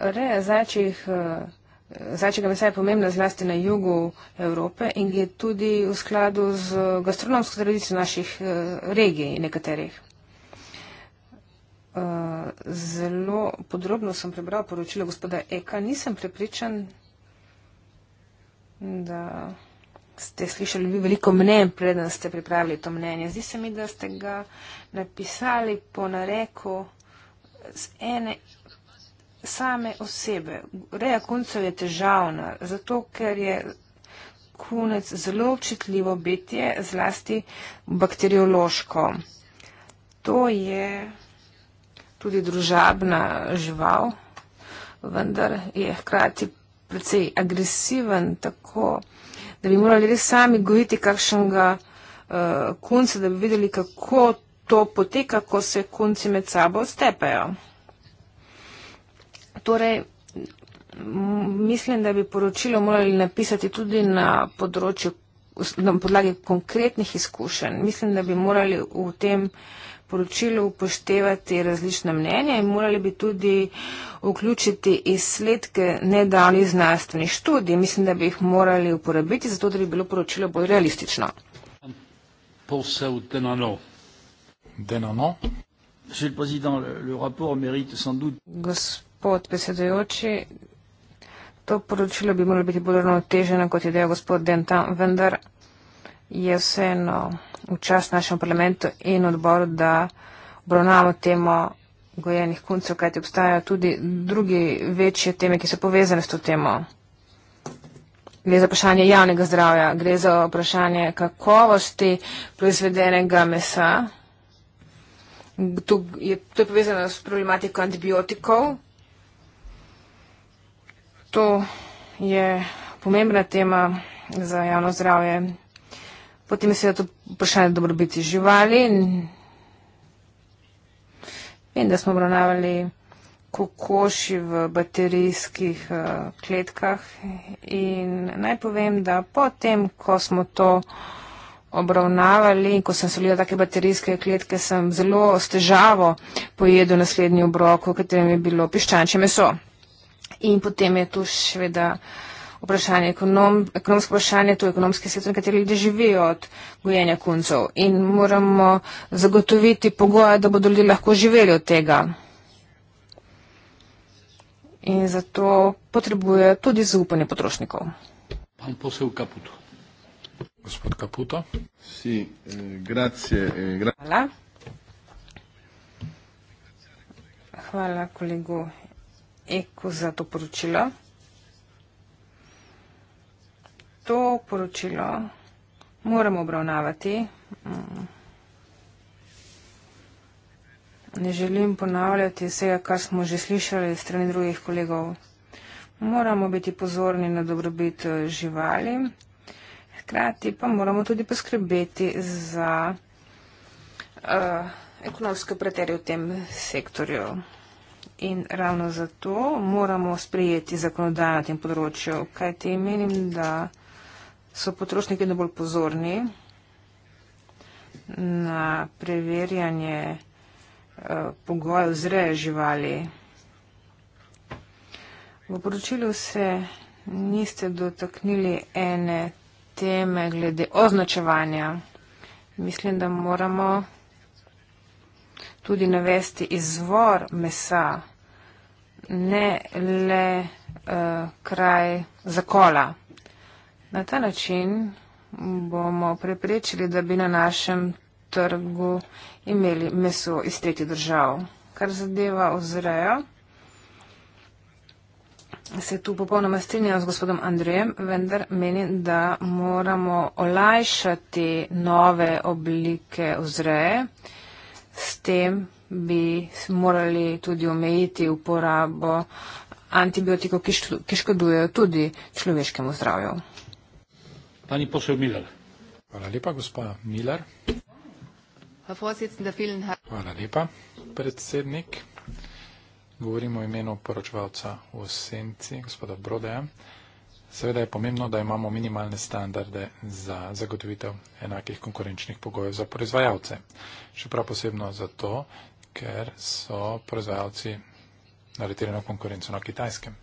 Réazachich. Euh... Zdaj, če ga mesa je pomembna zlasti na jugu Evrope in je tudi v skladu z gastronomsko tradicijo naših eh, regij nekaterih. Eh, zelo podrobno sem prebral poročilo gospoda Eka, nisem prepričan, da ste slišali vi veliko mnen, preden ste pripravili to mnenje. Zdi se mi, da ste ga napisali po nareku z ene same osebe. Reja kuncev je težavna, zato ker je kunec zelo občutljivo bitje, zlasti bakteriološko. To je tudi družabna žival, vendar je hkrati precej agresiven, tako da bi morali res sami gojiti kakšnega uh, kunca, da bi videli, kako to poteka, ko se kunci med sabo stepajo. Torej, mislim, da bi poročilo morali napisati tudi na področju, na podlagi konkretnih izkušenj. Mislim, da bi morali v tem poročilu upoštevati različna mnenja in morali bi tudi vključiti izsledke nedavnih znanstvenih študij. Mislim, da bi jih morali uporabiti, zato da bi bilo poročilo bolj realistično. Gospod gospod predsedujoči. To poročilo bi moralo biti bolj ravnoteženo, kot je dejal gospod Dentan, vendar je vseeno v čas našem parlamentu in odboru, da obravnavamo temo gojenih kuncev, kajti obstajajo tudi drugi večje teme, ki so povezane s to temo. Gre za vprašanje javnega zdravja, gre za vprašanje kakovosti proizvedenega mesa. To je povezano s problematiko antibiotikov to je pomembna tema za javno zdravje. Potem se je to vprašanje dobrobiti živali. Vem, da smo obravnavali kokoši v baterijskih uh, kletkah in naj povem, da potem, ko smo to obravnavali, ko sem solila take baterijske kletke, sem zelo stežavo pojedel naslednji obrok, v katerem je bilo piščančje meso in potem je tu seveda vprašanje, ekonom, ekonomsko vprašanje, to je ekonomski svet, v kateri ljudje živijo od gojenja kuncov in moramo zagotoviti pogoje, da bodo ljudje lahko živeli od tega. In zato potrebuje tudi zaupanje potrošnikov. Pan posel Kaputo. Gospod Kaputo. Si, eh, grazie, eh, grazie. Hvala. Hvala kolegu Eko za to poročilo. To poročilo moramo obravnavati. Mm. Ne želim ponavljati vsega, kar smo že slišali strani drugih kolegov. Moramo biti pozorni na dobrobit eh, živali, hkrati pa moramo tudi poskrbeti za uh, eh, ekonomske preterje v tem sektorju. In ravno zato moramo sprejeti zakonodajo na tem področju, kajti menim, da so potrošniki najbolj pozorni na preverjanje eh, pogojev zreje živali. V poročilu se niste dotaknili ene teme glede označevanja. Mislim, da moramo tudi navesti izvor mesa ne le uh, kraj zakola. Na ta način bomo preprečili, da bi na našem trgu imeli meso iz tretjih držav. Kar zadeva ozrejo, se tu popolnoma strinjam z gospodom Andrejem, vendar menim, da moramo olajšati nove oblike ozreje s tem, bi morali tudi omejiti uporabo antibiotikov, ki, šlo, ki škodujejo tudi človeškemu zdravju. Pani posel Miller. Hvala lepa, gospa Miller. Hvala lepa, predsednik. Govorimo o imenu poročevalca v senci, gospoda Brodeja. Seveda je pomembno, da imamo minimalne standarde za zagotovitev enakih konkurenčnih pogojev za proizvajalce. Še prav posebno zato, ker so proizvajalci naleteli na konkurenco na kitajskem.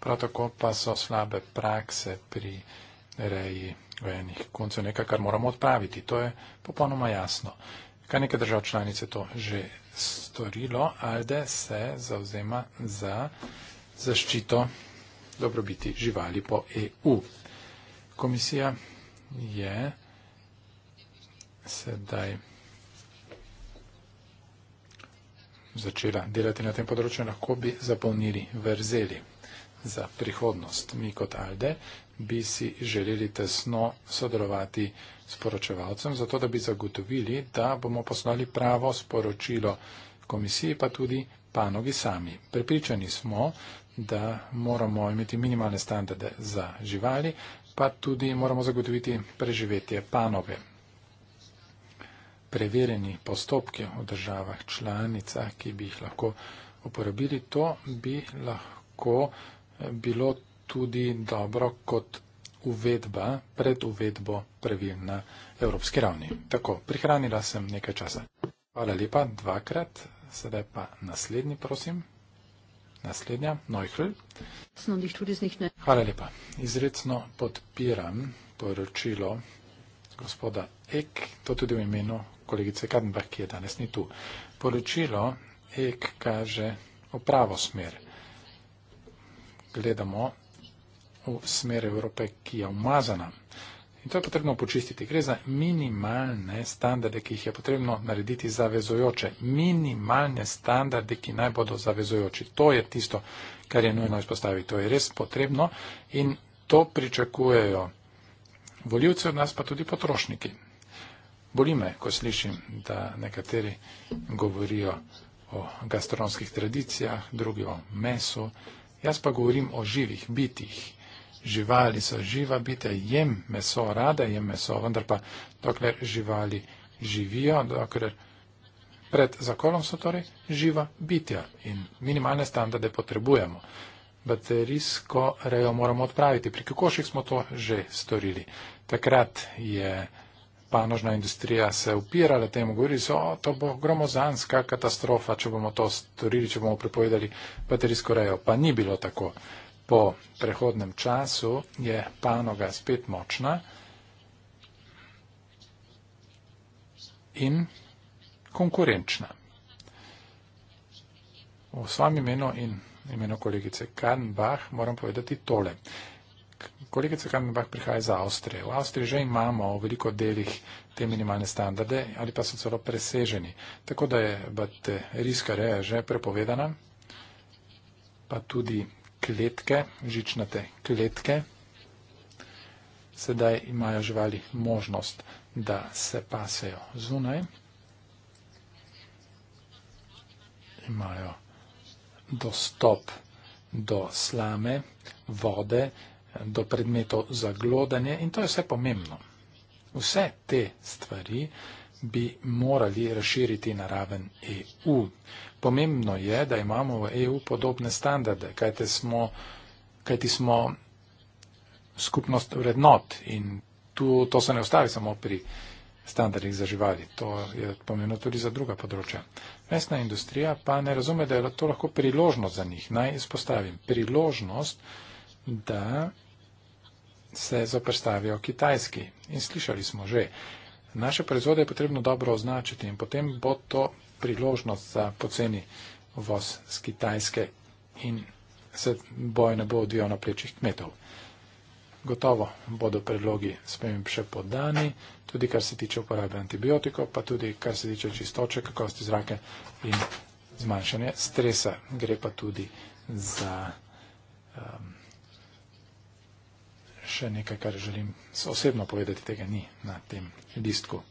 Prav tako pa so slabe prakse pri reji gojenih koncev nekaj, kar moramo odpraviti. To je popolnoma jasno. Kaj neke držav članice to že storilo, Alde se zauzema za zaščito dobrobiti živali po EU. Komisija je sedaj začela delati na tem področju, lahko bi zapolnili vrzeli za prihodnost. Mi kot Alde bi si želeli tesno sodelovati s poročevalcem, zato da bi zagotovili, da bomo poslali pravo sporočilo komisiji, pa tudi panogi sami. Prepričani smo, da moramo imeti minimalne standarde za živali, pa tudi moramo zagotoviti preživetje panove preverjeni postopki v državah članicah, ki bi jih lahko uporabili, to bi lahko eh, bilo tudi dobro kot uvedba pred uvedbo pravil na evropski ravni. Tako, prihranila sem nekaj časa. Hvala lepa, dvakrat. Sedaj pa naslednji, prosim. Naslednja, Neuchl. Hvala lepa. Izredno podpiram poročilo gospoda Ek, to tudi v imenu kolegice Kadenbach, ki je danes ni tu. Poročilo EK kaže v pravo smer. Gledamo v smer Evrope, ki je umazana. In to je potrebno počistiti. Gre za minimalne standarde, ki jih je potrebno narediti zavezojoče. Minimalne standarde, ki naj bodo zavezojoči. To je tisto, kar je nujno izpostaviti. To je res potrebno in to pričakujejo voljivci od nas, pa tudi potrošniki. Boli me, ko slišim, da nekateri govorijo o gastronomskih tradicijah, drugi o mesu. Jaz pa govorim o živih bitih. Živali so živa bitja, jem meso, rada jem meso, vendar pa dokler živali živijo, dokler pred zakolom so torej živa bitja in minimalne standarde potrebujemo. Baterijsko rejo moramo odpraviti. Pri kokoših smo to že storili. Takrat je panožna industrija se upirala temu, govorili so, o, to bo gromozanska katastrofa, če bomo to storili, če bomo prepovedali baterijsko rejo. Pa ni bilo tako. Po prehodnem času je panoga spet močna in konkurenčna. V svojem imenu in imenu kolegice Karnbach moram povedati tole kolegica Kamenbach prihaja iz Avstrije. V Avstriji že imamo v veliko delih te minimalne standarde ali pa so celo preseženi. Tako da je baterijska reja že prepovedana, pa tudi kletke, žičnate kletke. Sedaj imajo živali možnost, da se pasejo zunaj. Imajo dostop do slame, vode, do predmetov za glodanje in to je vse pomembno. Vse te stvari bi morali razširiti na raven EU. Pomembno je, da imamo v EU podobne standarde, kajti smo, kajti smo skupnost vrednot in tu, to se ne ostavi samo pri standardih za živali. To je pomembno tudi za druga področja. Mestna industrija pa ne razume, da je to lahko priložnost za njih. Naj izpostavim priložnost, da se zaprstavijo kitajski. In slišali smo že, naše proizvode je potrebno dobro označiti in potem bo to priložnost za poceni voz z kitajske in se boj ne bo odvijal na plečih kmetov. Gotovo bodo predlogi spremem še podani, tudi kar se tiče uporabe antibiotikov, pa tudi kar se tiče čistoče, kakosti zrake in zmanjšanje stresa. Gre pa tudi za um, še nekaj, kar želim osebno povedati, tega ni na tem listku.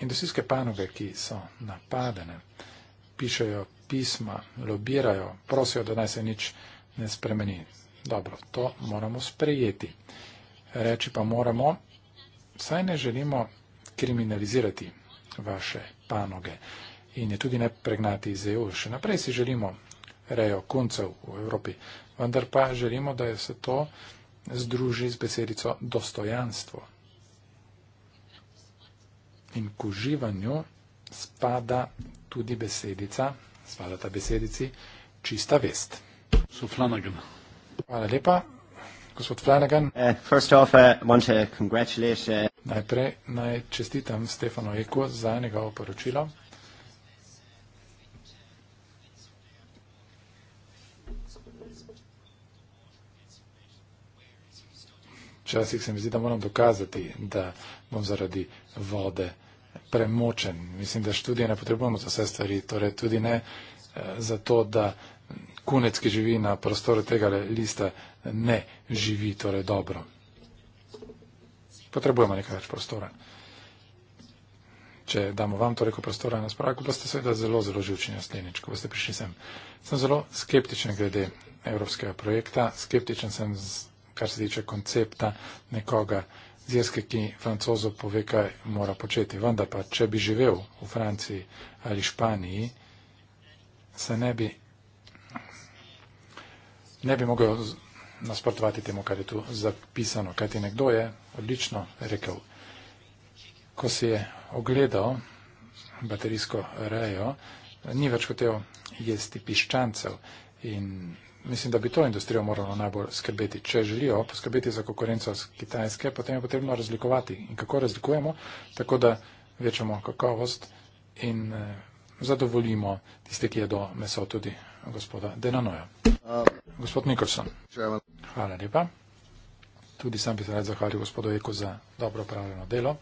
Industrijske panoge, ki so napadene, pišejo pisma, lobirajo, prosijo, da naj se nič ne spremeni. Dobro, to moramo sprejeti. Reči pa moramo, saj ne želimo kriminalizirati vaše panoge in je tudi ne pregnati iz EU. Še naprej si želimo rejo koncev v Evropi, vendar pa želimo, da se to združi z besedico dostojanstvo. In k uživanju spada tudi besedica, spada ta besedici, čista vest. So Flanagan. Hvala lepa, gospod Flanagan. Uh, uh, uh, Najprej naj čestitam Stefano Eko za njegovo poročilo. Včasih se mi zdi, da moram dokazati, da bom zaradi vode premočen. Mislim, da študije ne potrebujemo za vse stvari, torej tudi ne eh, za to, da kunec, ki živi na prostoru tega lista, ne živi torej dobro. Potrebujemo nekaj več prostora. Če damo vam toliko prostora na spravku, boste seveda zelo, zelo živčni naslednjič, ko boste prišli sem. Sem zelo skeptičen glede evropskega projekta, skeptičen sem z kar se tiče koncepta nekoga z jeske, ki francozo pove, kaj mora početi. Vendar pa, če bi živel v Franciji ali Španiji, se ne bi, ne bi mogel nasprotovati temu, kar je tu zapisano. Kaj ti nekdo je odlično rekel, ko si je ogledal baterijsko rejo, ni več hotel jesti piščancev in mislim, da bi to industrijo moralo najbolj skrbeti. Če želijo poskrbeti za konkurenco z Kitajske, potem je potrebno razlikovati. In kako razlikujemo, tako da večamo kakovost in eh, zadovoljimo tiste, ki je do meso tudi gospoda Denanoja. Uh, Gospod Nikolson, hvala lepa. Tudi sam bi se rad zahvalil gospodu Eko za dobro upravljeno delo,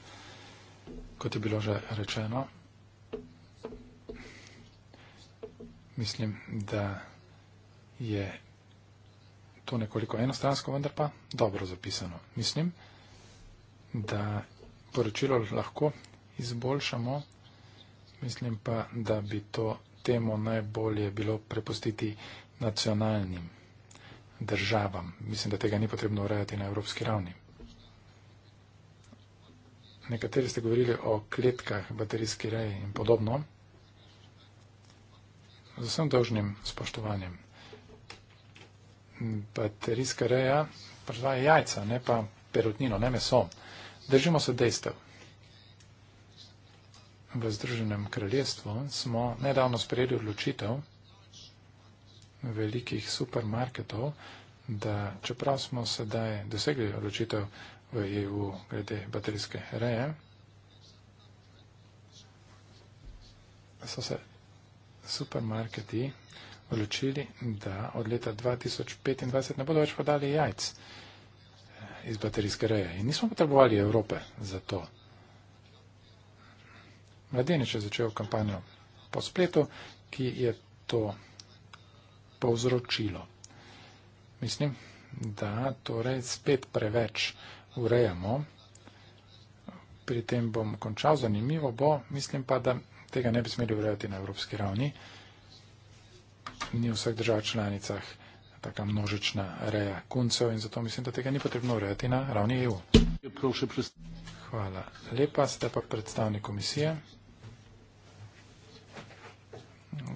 kot je bilo že rečeno. Mislim, da je to nekoliko enostransko, vendar pa dobro zapisano. Mislim, da poročilo lahko izboljšamo, mislim pa, da bi to temo najbolje bilo prepustiti nacionalnim državam. Mislim, da tega ni potrebno urejati na evropski ravni. Nekateri ste govorili o kletkah, baterijski reji in podobno. Z vsem dožnim spoštovanjem baterijska reja proizvaja jajca, ne pa perutnino, ne meso. Držimo se dejstev. V Združenem kraljestvu smo nedavno sprejeli odločitev velikih supermarketov, da čeprav smo sedaj dosegli odločitev v EU glede baterijske reje, so se supermarketi odločili, da od leta 2025 ne bodo več podali jajc eh, iz baterijske reje. In nismo potrebovali Evrope za to. Mladenič je začel kampanjo po spletu, ki je to povzročilo. Mislim, da torej spet preveč urejamo. Pri tem bom končal, zanimivo bo, mislim pa, da tega ne bi smeli urejati na evropski ravni ni v vseh držav članicah taka množična reja kuncev in zato mislim, da tega ni potrebno urejati na ravni EU. Hvala lepa, ste pa predstavnik komisije.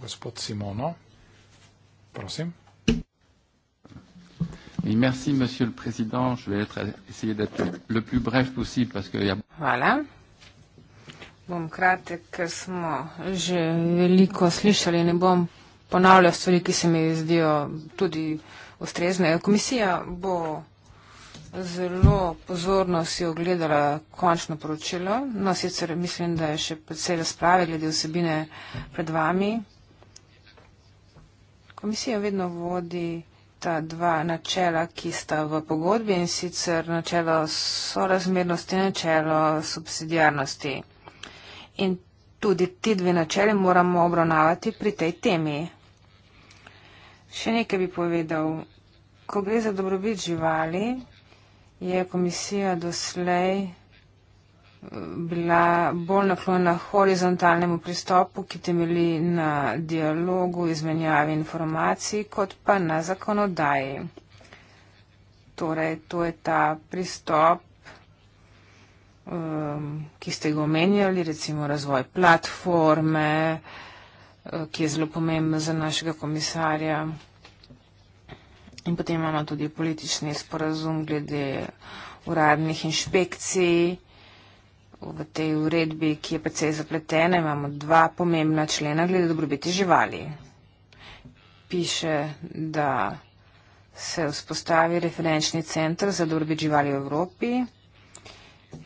Gospod Simono, prosim. Et merci, monsieur le président. Je vais être, essayer d'être le plus bref possible parce que. Y a... Voilà. Bon, kratek, smo že veliko slišali, ne bom ponavlja stvari, ki se mi zdijo tudi ustrezne. Komisija bo zelo pozorno si ogledala končno poročilo. No, sicer mislim, da je še predvsej razprave glede vsebine pred vami. Komisija vedno vodi ta dva načela, ki sta v pogodbi in sicer načelo sorazmernosti in načelo subsidijarnosti. In tudi ti dve načeli moramo obravnavati pri tej temi. Še nekaj bi povedal. Ko gre za dobrobit živali, je komisija doslej eh, bila bolj naklonjena horizontalnemu pristopu, ki temeli na dialogu, izmenjavi informacij, kot pa na zakonodaji. Torej, to je ta pristop, um, ki ste ga omenjali, recimo razvoj platforme, uh, Eh, ki je zelo pomemben za našega komisarja. In potem imamo tudi politični sporazum glede uradnih inšpekcij v tej uredbi, ki je precej zapletena. Imamo dva pomembna člena glede dobrobiti živali. Piše, da se vzpostavi referenčni center za dobrobit živali v Evropi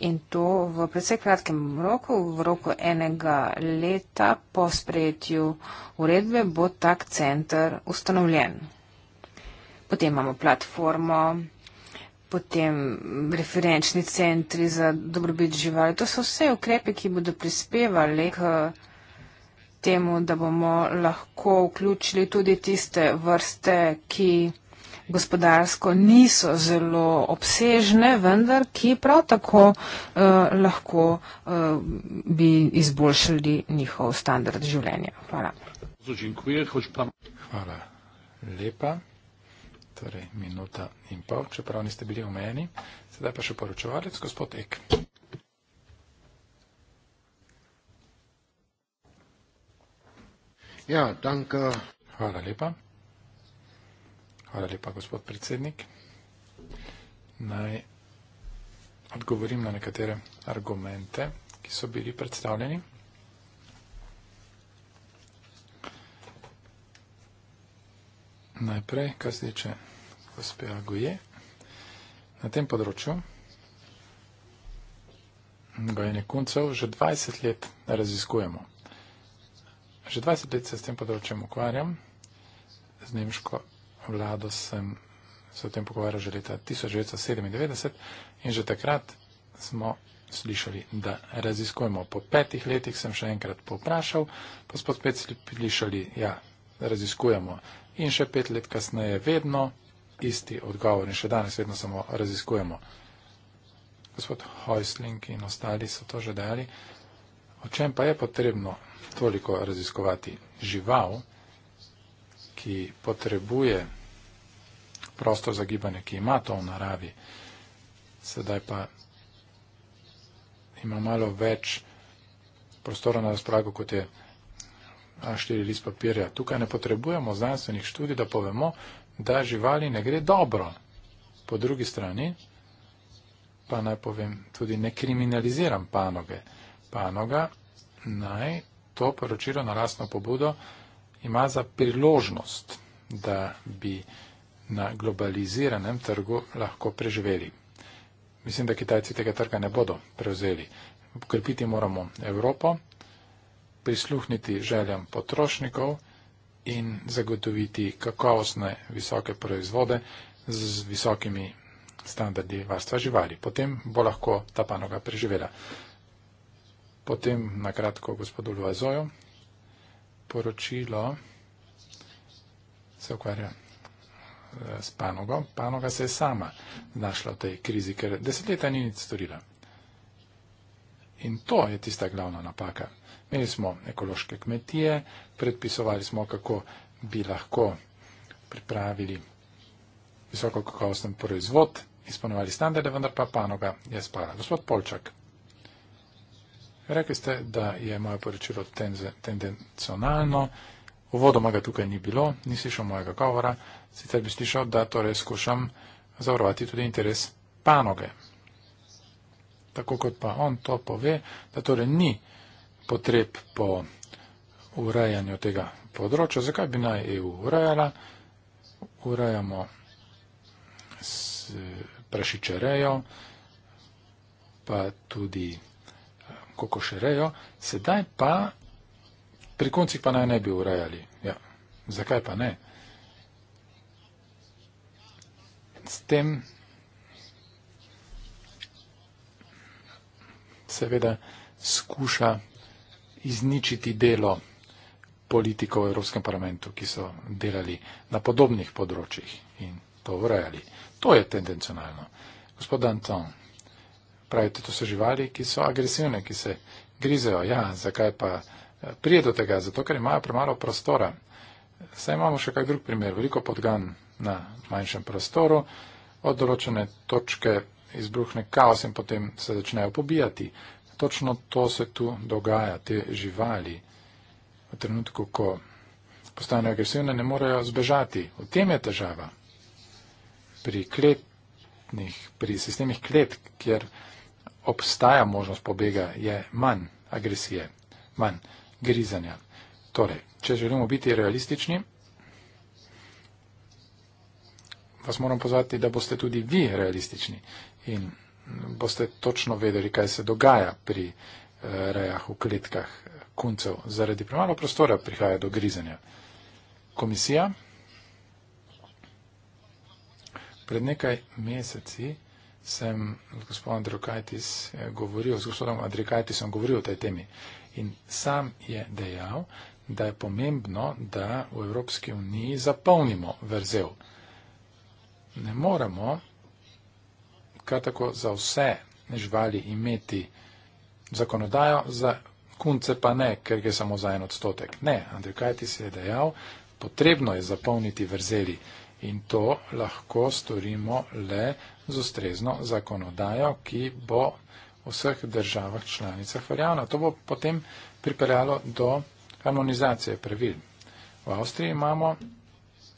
in to v predvsej kratkem roku, v roku enega leta po sprejetju uredbe bo tak center ustanovljen. Potem imamo platformo, potem referenčni centri za dobrobit živali. To so vse ukrepe, ki bodo prispevali k temu, da bomo lahko vključili tudi tiste vrste, ki gospodarsko niso zelo obsežne, vendar ki prav tako eh, lahko eh, bi izboljšali njihov standard življenja. Hvala. Hvala lepa. Torej, minuta in pol, čeprav niste bili omejeni. Sedaj pa še poročevalec, gospod Ek. Ja, danka. Hvala lepa. Hvala lepa, gospod predsednik. Naj odgovorim na nekatere argumente, ki so bili predstavljeni. Najprej, kar se tiče gospe Aguje, na tem področju gojenje kuncev že 20 let raziskujemo. Že 20 let se s tem področjem ukvarjam, z nemško vlado sem se o tem pogovarjal že leta 1997 in že takrat smo slišali, da raziskujemo. Po petih letih sem še enkrat poprašal, pa smo spet slišali, ja, raziskujemo. In še pet let kasneje vedno isti odgovor in še danes vedno samo raziskujemo. Gospod Hojsling in ostali so to že dali. O čem pa je potrebno toliko raziskovati žival? ki potrebuje prostor za gibanje, ki ima to v naravi, sedaj pa ima malo več prostora na razpolago, kot je A4 list papirja. Tukaj ne potrebujemo znanstvenih študij, da povemo, da živali ne gre dobro. Po drugi strani pa naj povem, tudi ne kriminaliziram panoge. Panoga naj to poročilo na lastno pobudo ima za priložnost, da bi na globaliziranem trgu lahko preživeli. Mislim, da Kitajci tega trga ne bodo prevzeli. Ukrepiti moramo Evropo, prisluhniti željam potrošnikov in zagotoviti kakovostne visoke proizvode z visokimi standardi varstva živali. Potem bo lahko ta panoga preživela. Potem na kratko gospodu Luazoju sporočilo se ukvarja eh, s panogo. Panoga se je sama znašla v tej krizi, ker desetleta ni nič storila. In to je tista glavna napaka. Imeli smo ekološke kmetije, predpisovali smo, kako bi lahko pripravili visokokakovosten proizvod, izpolnjevali standarde, vendar pa panoga je spala. Gospod Polčak. Rekli ste, da je moje poročilo tendencionalno, uvodoma ga tukaj ni bilo, ni slišal mojega govora, sicer bi slišal, da torej skušam zavarovati tudi interes panoge. Tako kot pa on to pove, da torej ni potreb po urejanju tega področja, zakaj bi naj EU urejala? Urejamo s prašičerejo, pa tudi kako še rejo, sedaj pa pri koncih pa naj ne bi urejali. Ja. Zakaj pa ne? S tem seveda skuša izničiti delo politikov v Evropskem parlamentu, ki so delali na podobnih področjih in to urejali. To je tendencionalno. Gospod Anton pravite, to so živali, ki so agresivne, ki se grizejo. Ja, zakaj pa eh, prije do tega? Zato, ker imajo premalo prostora. Saj imamo še kak drug primer, veliko podgan na manjšem prostoru, od določene točke izbruhne kaos in potem se začnejo pobijati. Točno to se tu dogaja, te živali v trenutku, ko postanejo agresivne, ne morejo zbežati. V tem je težava. Pri klet pri sistemih kletk, kjer obstaja možnost pobega, je manj agresije, manj grizanja. Torej, če želimo biti realistični, vas moram pozvati, da boste tudi vi realistični in boste točno vedeli, kaj se dogaja pri eh, rejah v kletkah kuncev. Zaradi premalo prostora prihaja do grizanja. Komisija pred nekaj meseci sem z gospodom Adrikajtis eh, govoril, z gospodom Adrikajtisom govoril o tej temi. In sam je dejal, da je pomembno, da v Evropski uniji zapolnimo verzel. Ne moramo kar tako za vse živali imeti zakonodajo, za kunce pa ne, ker gre samo za en odstotek. Ne, Andrej Kajti se je dejal, potrebno je zapolniti verzeli in to lahko storimo le z ustrezno zakonodajo, ki bo v vseh državah članicah veljavna. To bo potem pripeljalo do harmonizacije pravil. V Avstriji imamo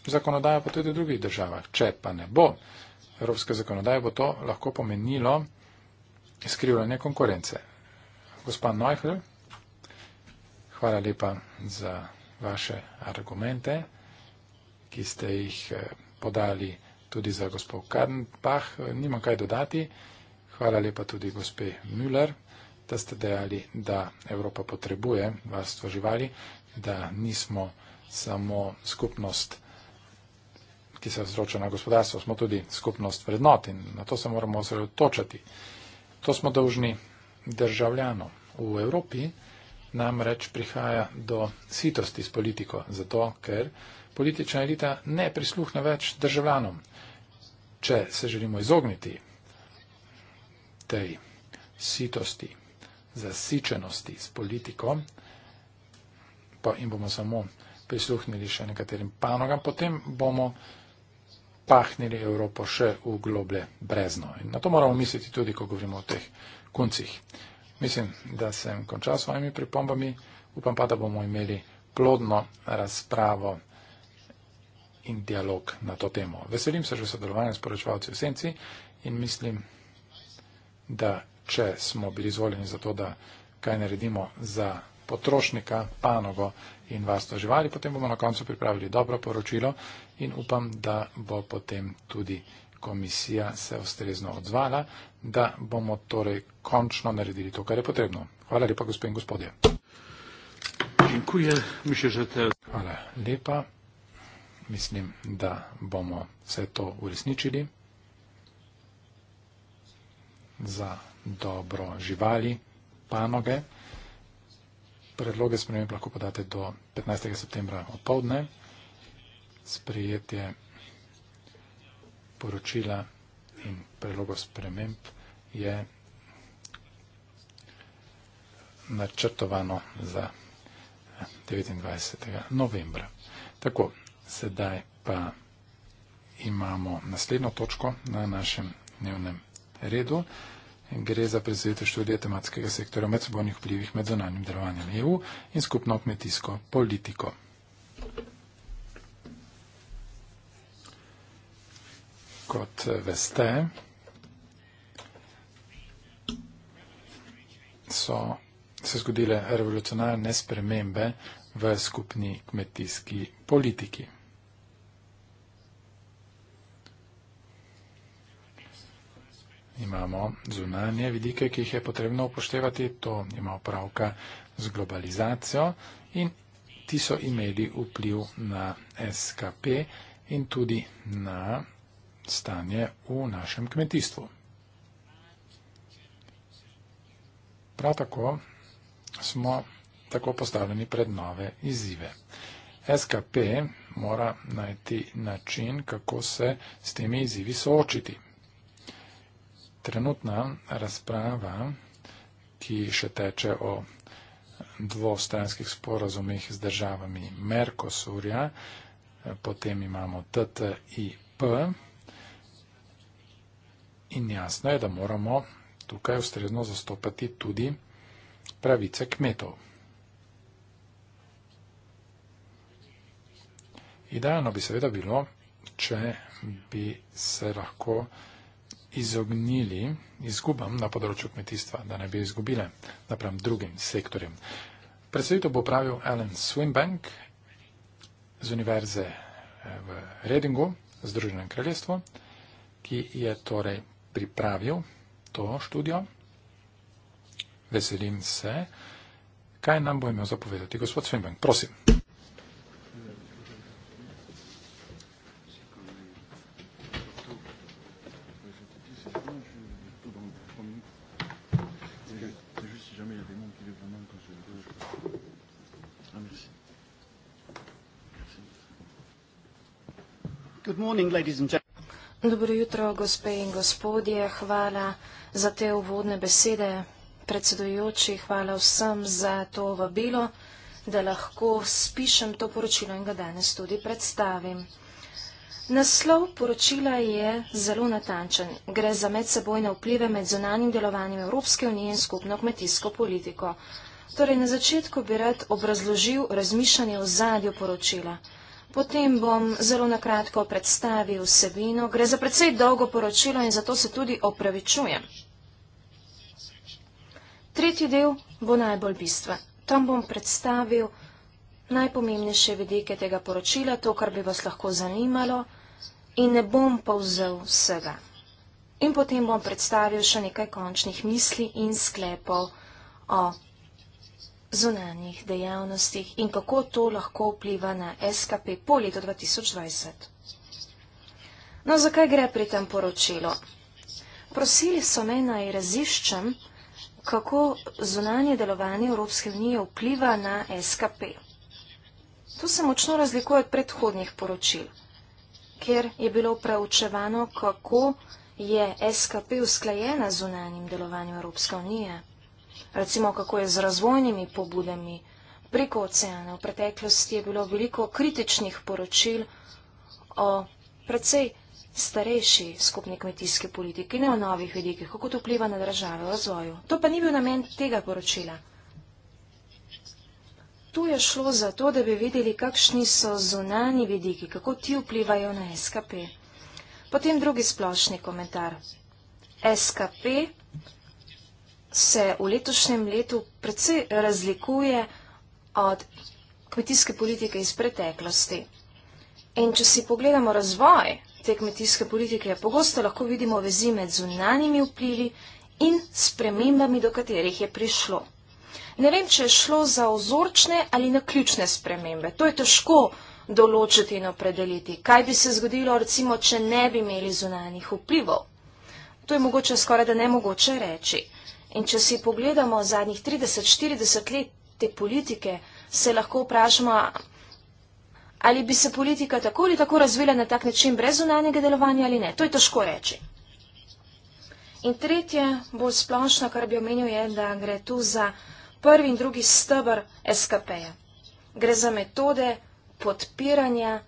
zakonodajo pa tudi v drugih državah. Če pa ne bo evropske zakonodaje, bo to lahko pomenilo skrivljanje konkurence. Gospa Neuchl, hvala lepa za vaše argumente ki ste jih eh, podali tudi za gospod Karnbach. Eh, Nima kaj dodati. Hvala lepa tudi gospe Müller, da ste dejali, da Evropa potrebuje varstvo živali, da nismo samo skupnost, ki se vzroča na gospodarstvo, smo tudi skupnost vrednot in na to se moramo osredotočati. To smo dolžni državljanom v Evropi namreč prihaja do sitosti s politiko, zato ker politična elita ne prisluhne več državljanom. Če se želimo izogniti tej sitosti, zasičenosti s politiko, pa jim bomo samo prisluhnili še nekaterim panogam, potem bomo pahnili Evropo še v globlje brezno. In na to moramo misliti tudi, ko govorimo o teh koncih. Mislim, da sem končal s svojimi pripombami, upam pa, da bomo imeli plodno razpravo in dialog na to temo. Veselim se že sodelovanja s poročevalci v Senci in mislim, da če smo bili izvoljeni za to, da kaj naredimo za potrošnika, panogo in varstvo živali, potem bomo na koncu pripravili dobro poročilo in upam, da bo potem tudi komisija se ustrezno odzvala, da bomo torej končno naredili to, kar je potrebno. Hvala lepa, gospod in gospodje. Hvala lepa. Mislim, da bomo vse to uresničili za dobro živali, panoge. Predloge sprememb lahko podate do 15. septembra odpovdne. Sprejetje poročila in predlogov sprememb je načrtovano za 29. novembra. Tako, sedaj pa imamo naslednjo točko na našem dnevnem redu. Gre za predstavitev študije tematskega sektora medsebojnih vplivih med zonanjem delovanjem EU in skupno kmetijsko politiko. kot veste, so se zgodile revolucionarne spremembe v skupni kmetijski politiki. Imamo zunanje vidike, ki jih je potrebno upoštevati, to ima opravka z globalizacijo in ti so imeli vpliv na SKP in tudi na stanje v našem kmetijstvu. Prav tako smo tako postavljeni pred nove izzive. SKP mora najti način, kako se s temi izzivi soočiti. Trenutna razprava, ki še teče o dvostranskih sporazumih z državami Mercosurja, potem imamo TTIP, In jasno je, da moramo tukaj ustrezno zastopati tudi pravice kmetov. Idealno bi seveda bilo, če bi se lahko izognili izgubam na področju kmetijstva, da ne bi izgubile naprem drugim sektorjem. Predstavitev bo pravil Alan Swinbank z Univerze eh, v Redingu, Združenem kraljestvu, ki je torej pripravil to študijo. Veselim se. Kaj nam bo imel zapovedati gospod Svenbank? Prosim. Good morning, ladies and gentlemen. Dobro jutro, gospe in gospodje. Hvala za te uvodne besede. Predsedujoči, hvala vsem za to vabilo, da lahko spišem to poročilo in ga danes tudi predstavim. Naslov poročila je zelo natančen. Gre za medsebojne vplive med zunanjim delovanjem Evropske unije in skupno kmetijsko politiko. Torej, na začetku bi rad obrazložil razmišljanje o zadju poročila. Potem bom zelo nakratko predstavil vsebino. Gre za precej dolgo poročilo in zato se tudi opravičujem. Tretji del bo najbolj bistven. Tam bom predstavil najpomembnejše vedike tega poročila, to, kar bi vas lahko zanimalo in ne bom povzel vsega. In potem bom predstavil še nekaj končnih misli in sklepov o zunanjih dejavnostih in kako to lahko vpliva na SKP po letu 2020. No, zakaj gre pri tem poročilo? Prosili so me naj raziščem, kako zunanje delovanje Evropske unije vpliva na SKP. To se močno razlikuje od predhodnih poročil, ker je bilo preučevano, kako je SKP usklajena z zunanjim delovanjem Evropske unije recimo kako je z razvojnimi pobudami preko oceana. V preteklosti je bilo veliko kritičnih poročil o precej starejši skupni kmetijski politiki, ne o novih vidikih, kako to vpliva na države v razvoju. To pa ni bil namen tega poročila. Tu je šlo za to, da bi videli, kakšni so zunani vidiki, kako ti vplivajo na SKP. Potem drugi splošni komentar. SKP se v letošnjem letu precej razlikuje od kmetijske politike iz preteklosti. In če si pogledamo razvoj te kmetijske politike, pogosto lahko vidimo vezi med zunanjimi vplivi in spremembami, do katerih je prišlo. Ne vem, če je šlo za ozorčne ali naključne spremembe. To je težko določiti in opredeliti. Kaj bi se zgodilo, recimo, če ne bi imeli zunanjih vplivov? To je mogoče skoraj da nemogoče reči. In če si pogledamo zadnjih 30-40 let te politike, se lahko vprašamo, ali bi se politika tako ali tako razvila na tak način brez zunanjega delovanja ali ne. To je težko reči. In tretje, bolj splošno, kar bi omenil, je, da gre tu za prvi in drugi stebr SKP-ja. Gre za metode podpiranja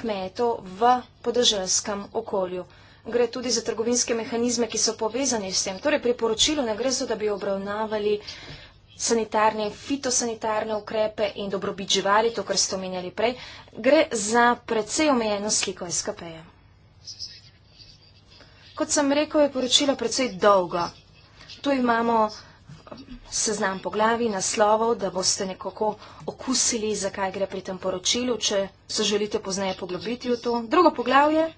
kmetov v podeželskem okolju gre tudi za trgovinske mehanizme, ki so povezani s tem. Torej, priporočilo ne gre za to, da bi obravnavali sanitarne in fitosanitarne ukrepe in dobrobit živali, to, kar ste omenjali prej, gre za precej omejeno sliko SKP-ja. Kot sem rekel, je poročilo precej dolgo. Tu imamo eh, seznam po glavi, naslovov, da boste nekako okusili, zakaj gre pri tem poročilu, če se želite pozneje poglobiti v to. Drugo poglavje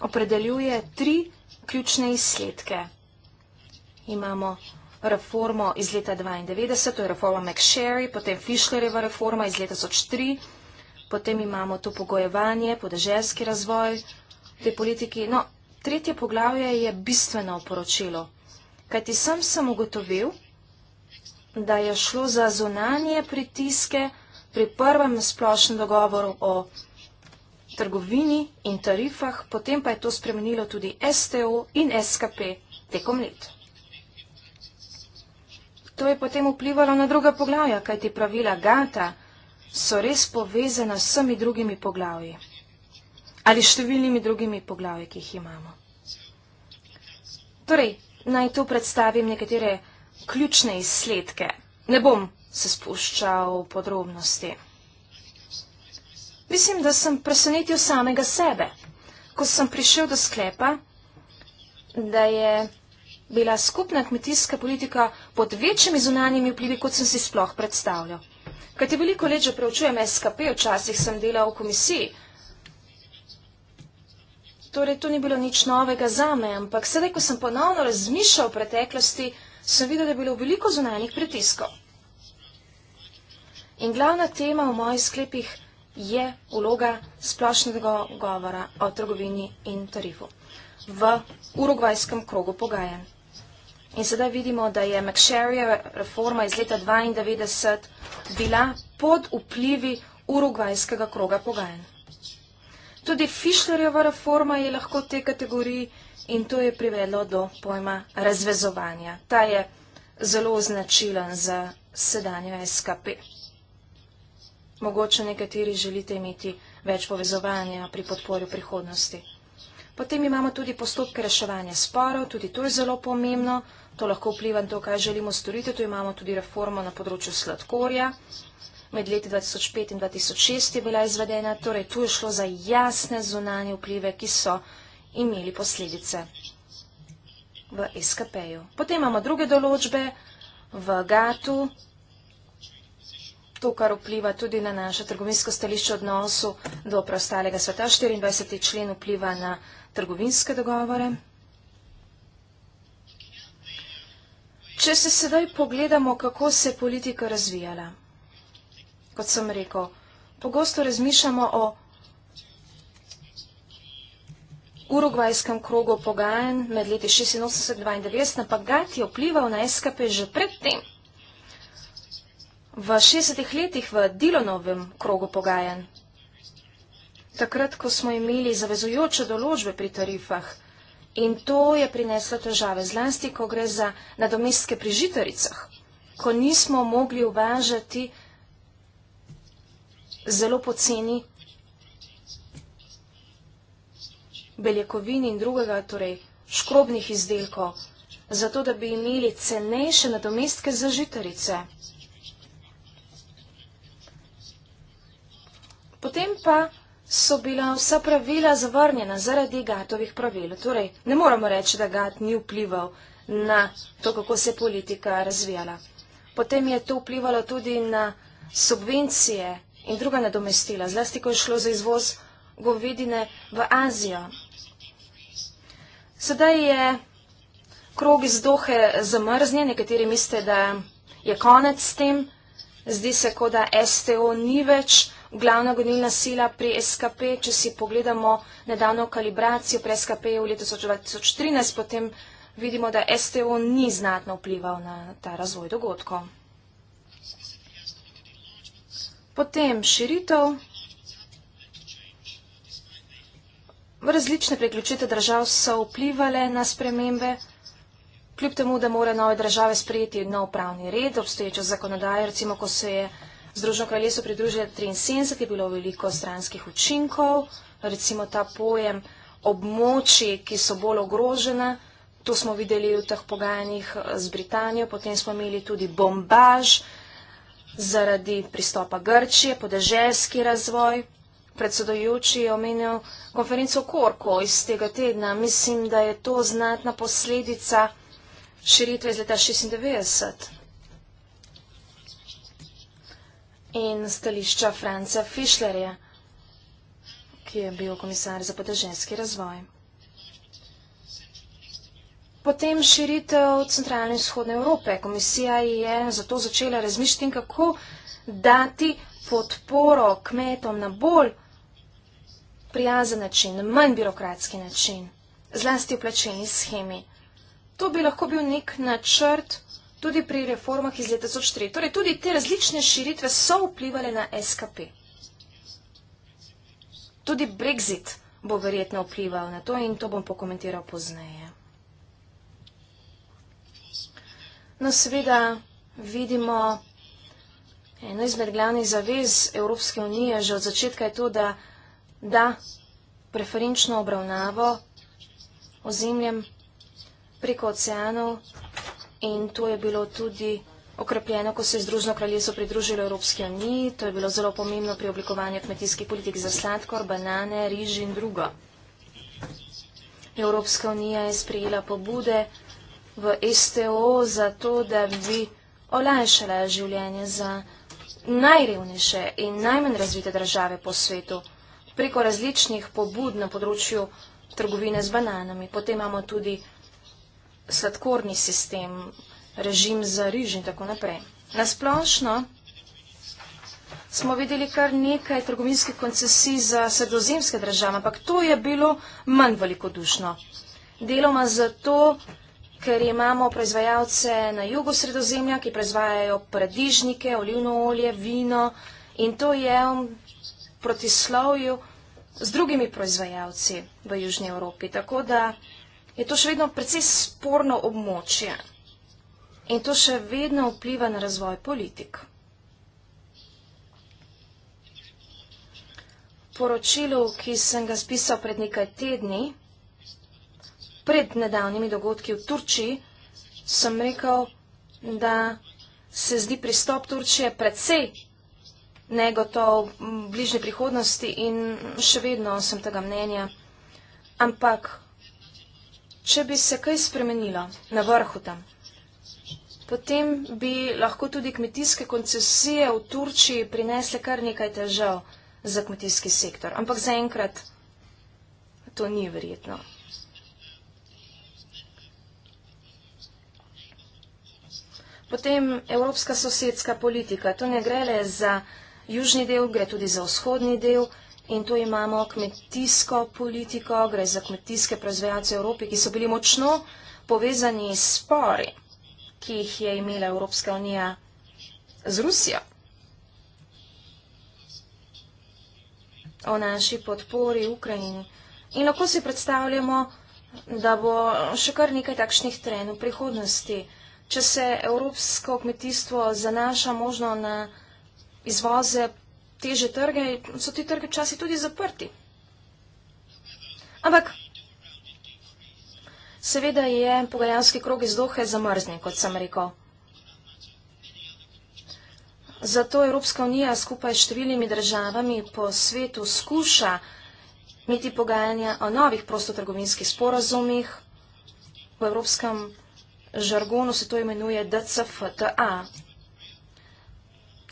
opredeljuje tri ključne izsledke. Imamo reformo iz leta 1992, to je reforma McSherry, potem Fischlereva reforma iz leta 2003, potem imamo to pogojevanje, podeželski razvoj te politiki. No, tretje poglavje je bistveno poročilo, kajti sem sem ugotovil, da je šlo za zunanje pritiske pri prvem splošnem dogovoru o trgovini in tarifah, potem pa je to spremenilo tudi STO in SKP tekom let. To je potem vplivalo na druga poglavja, kajti pravila GATA so res povezana s vsemi drugimi poglavji ali številnimi drugimi poglavji, ki jih imamo. Torej, naj tu predstavim nekatere ključne izsledke. Ne bom se spuščal v podrobnosti. Mislim, da sem presenetil samega sebe, ko sem prišel do sklepa, da je bila skupna kmetijska politika pod večjimi zunanjimi vplivi, kot sem si sploh predstavljal. Kaj ti veliko let že preučujem SKP, včasih sem delal v komisiji. Torej, to ni bilo nič novega za me, ampak sedaj, ko sem ponovno razmišljal o preteklosti, sem videl, da je bilo veliko zunanjih pritiskov. In glavna tema v mojih sklepih je, je vloga splošnega govora o trgovini in tarifu v urugvajskem krogu pogajanj. In sedaj vidimo, da je McSherryjeva reforma iz leta 1992 bila pod vplivi urugvajskega kroga pogajanj. Tudi Fischlerjeva reforma je lahko te kategoriji in to je privedlo do pojma razvezovanja. Ta je zelo značilen za sedanjo SKP mogoče nekateri želite imeti več povezovanja pri podporju prihodnosti. Potem imamo tudi postopke reševanja sporov, tudi to je zelo pomembno, to lahko vpliva na to, kaj želimo storiti, tu imamo tudi reformo na področju sladkorja. Med leti 2005 in 2006 je bila izvedena, torej tu je šlo za jasne zunanje vplive, ki so imeli posledice v SKP-ju. Potem imamo druge določbe v GATU, to, kar vpliva tudi na naše trgovinsko stališče odnosu do preostalega sveta. 24. člen vpliva na trgovinske dogovore. Če se sedaj pogledamo, kako se je politika razvijala, kot sem rekel, pogosto razmišljamo o urugvajskem krogu pogajanj med leti 1986-1992, ampak Gat je vplival na SKP že predtem v 60 letih v Dilonovem krogu pogajanj. Takrat, ko smo imeli zavezujoče določbe pri tarifah in to je prineslo težave zlasti, ko gre za nadomestke pri žitaricah, ko nismo mogli uvažati zelo poceni beljakovin in drugega, torej škrobnih izdelkov, zato da bi imeli cenejše nadomestke za žitarice. Potem pa so bila vsa pravila zavrnjena zaradi Gatovih pravil. Torej, ne moramo reči, da Gat ni vplival na to, kako se je politika razvijala. Potem je to vplivalo tudi na subvencije in druga nadomestila, zlasti ko je šlo za izvoz govedine v Azijo. Sedaj je krog iz Dohe zamrznje, nekateri mislite, da je konec s tem, zdi se, kot da STO ni več glavna gonilna sila pri SKP, če si pogledamo nedavno kalibracijo pri SKP v letu 2013, potem vidimo, da STO ni znatno vplival na ta razvoj dogodkov. Potem širitev. V različne priključite držav so vplivali na spremembe. Kljub temu, da mora nove države sprejeti nov pravni red, obstoječo zakonodajo, recimo, ko se je Združeno kraljestvo so pridružile 73, je bilo veliko stranskih učinkov, recimo ta pojem območij, ki so bolj ogrožene, to smo videli v teh pogajanjih eh, z Britanijo, potem smo imeli tudi bombaž zaradi pristopa Grčije, podeželski razvoj. Predsedojoči je omenil konferenco Korko iz tega tedna. Mislim, da je to znatna posledica širitve iz leta 96. in stališča Franca Fišlerja, ki je bil komisar za podeželski razvoj. Potem širitev centralne in vzhodne Evrope. Komisija je zato začela razmišljati, kako dati podporo kmetom na bolj prijazen način, manj birokratski način, zlasti v plačeni schemi. To bi lahko bil nek načrt tudi pri reformah iz leta 2003. Torej, tudi te različne širitve so vplivali na SKP. Tudi Brexit bo verjetno vplival na to in to bom pokomentiral pozneje. No, seveda vidimo eno izmed glavnih zavez Evropske unije, že od začetka je to, da da preferenčno obravnavo ozemljem preko oceanov in to je bilo tudi okrepljeno, ko se je Združeno kraljestvo pridružilo Evropski uniji. To je bilo zelo pomembno pri oblikovanju kmetijskih politik za sladkor, banane, riž in drugo. Evropska unija je sprejela pobude v STO za to, da bi olajšala življenje za najrevnejše in najmanj razvite države po svetu preko različnih pobud na področju trgovine z bananami. Potem imamo tudi sladkorni sistem, režim za riž in tako naprej. Nasplošno smo videli kar nekaj trgovinskih koncesij za sredozemske države, ampak to je bilo manj velikodušno. Deloma zato, ker imamo proizvajalce na jugu sredozemlja, ki proizvajajo paradižnike, olivno olje, vino in to je v protislovju z drugimi proizvajalci v Južnji Evropi. Tako da je to še vedno precej sporno območje in to še vedno vpliva na razvoj politik. Poročilu, ki sem ga spisal pred nekaj tedni, pred nedavnimi dogodki v Turčiji, sem rekel, da se zdi pristop Turčije precej negotov bližnje prihodnosti in še vedno sem tega mnenja, ampak vsega, Če bi se kaj spremenilo na vrhu tam, potem bi lahko tudi kmetijske koncesije v Turčiji prinesle kar nekaj težav za kmetijski sektor. Ampak zaenkrat to ni verjetno. Potem evropska sosedska politika. To ne gre le za južni del, gre tudi za vzhodni del. In tu imamo kmetijsko politiko, gre za kmetijske proizvajalce Evropi, ki so bili močno povezani s spori, ki jih je imela Evropska unija z Rusijo. o naši podpori Ukrajini. In lahko si predstavljamo, da bo še kar nekaj takšnih trenj v prihodnosti. Če se evropsko kmetijstvo zanaša možno na izvoze teže trge, so ti trge časi tudi zaprti. Ampak, seveda je pogajanski krog iz Dohe zamrznjen, kot sem rekel. Zato Evropska unija skupaj s številnimi državami po svetu skuša imeti pogajanja o novih prostotrgovinskih sporazumih. V evropskem žargonu se to imenuje DCFTA,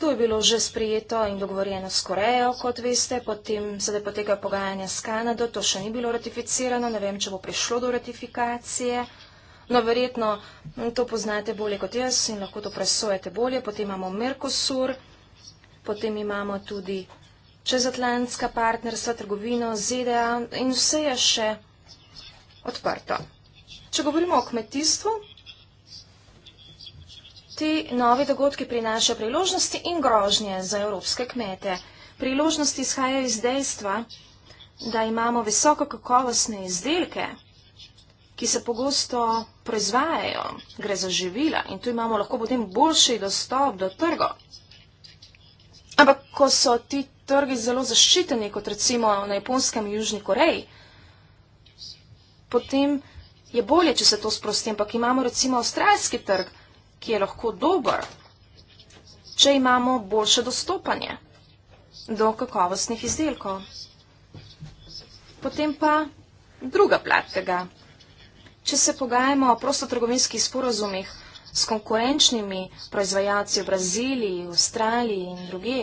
To je bilo že sprijeto in dogovorjeno s Korejo, kot veste, potem sedaj potekajo pogajanja s Kanado, to še ni bilo ratificirano, ne vem, če bo prišlo do ratifikacije. No, verjetno mm, to poznate bolje kot jaz in lahko to presojete bolje. Potem imamo Mercosur, potem imamo tudi čezatlantska partnerstva, trgovino, ZDA in vse je še odprto. Če govorimo o kmetijstvu, Ti novi dogodki prinašajo priložnosti in grožnje za evropske kmete. Priložnosti izhajajo iz dejstva, da imamo visoko kakovostne izdelke, ki se pogosto proizvajajo, gre za živila in tu imamo lahko potem boljši dostop do trgov. Ampak ko so ti trgi zelo zaščiteni, kot recimo na Japonskem in Južni Koreji, potem je bolje, če se to sprosti, ampak imamo recimo avstralski trg, ki je lahko dober, če imamo boljše dostopanje do kakovostnih izdelkov. Potem pa druga plat tega. Če se pogajamo o prostotrgovinskih sporozumih s konkurenčnimi proizvajalci v Braziliji, Avstraliji in druge,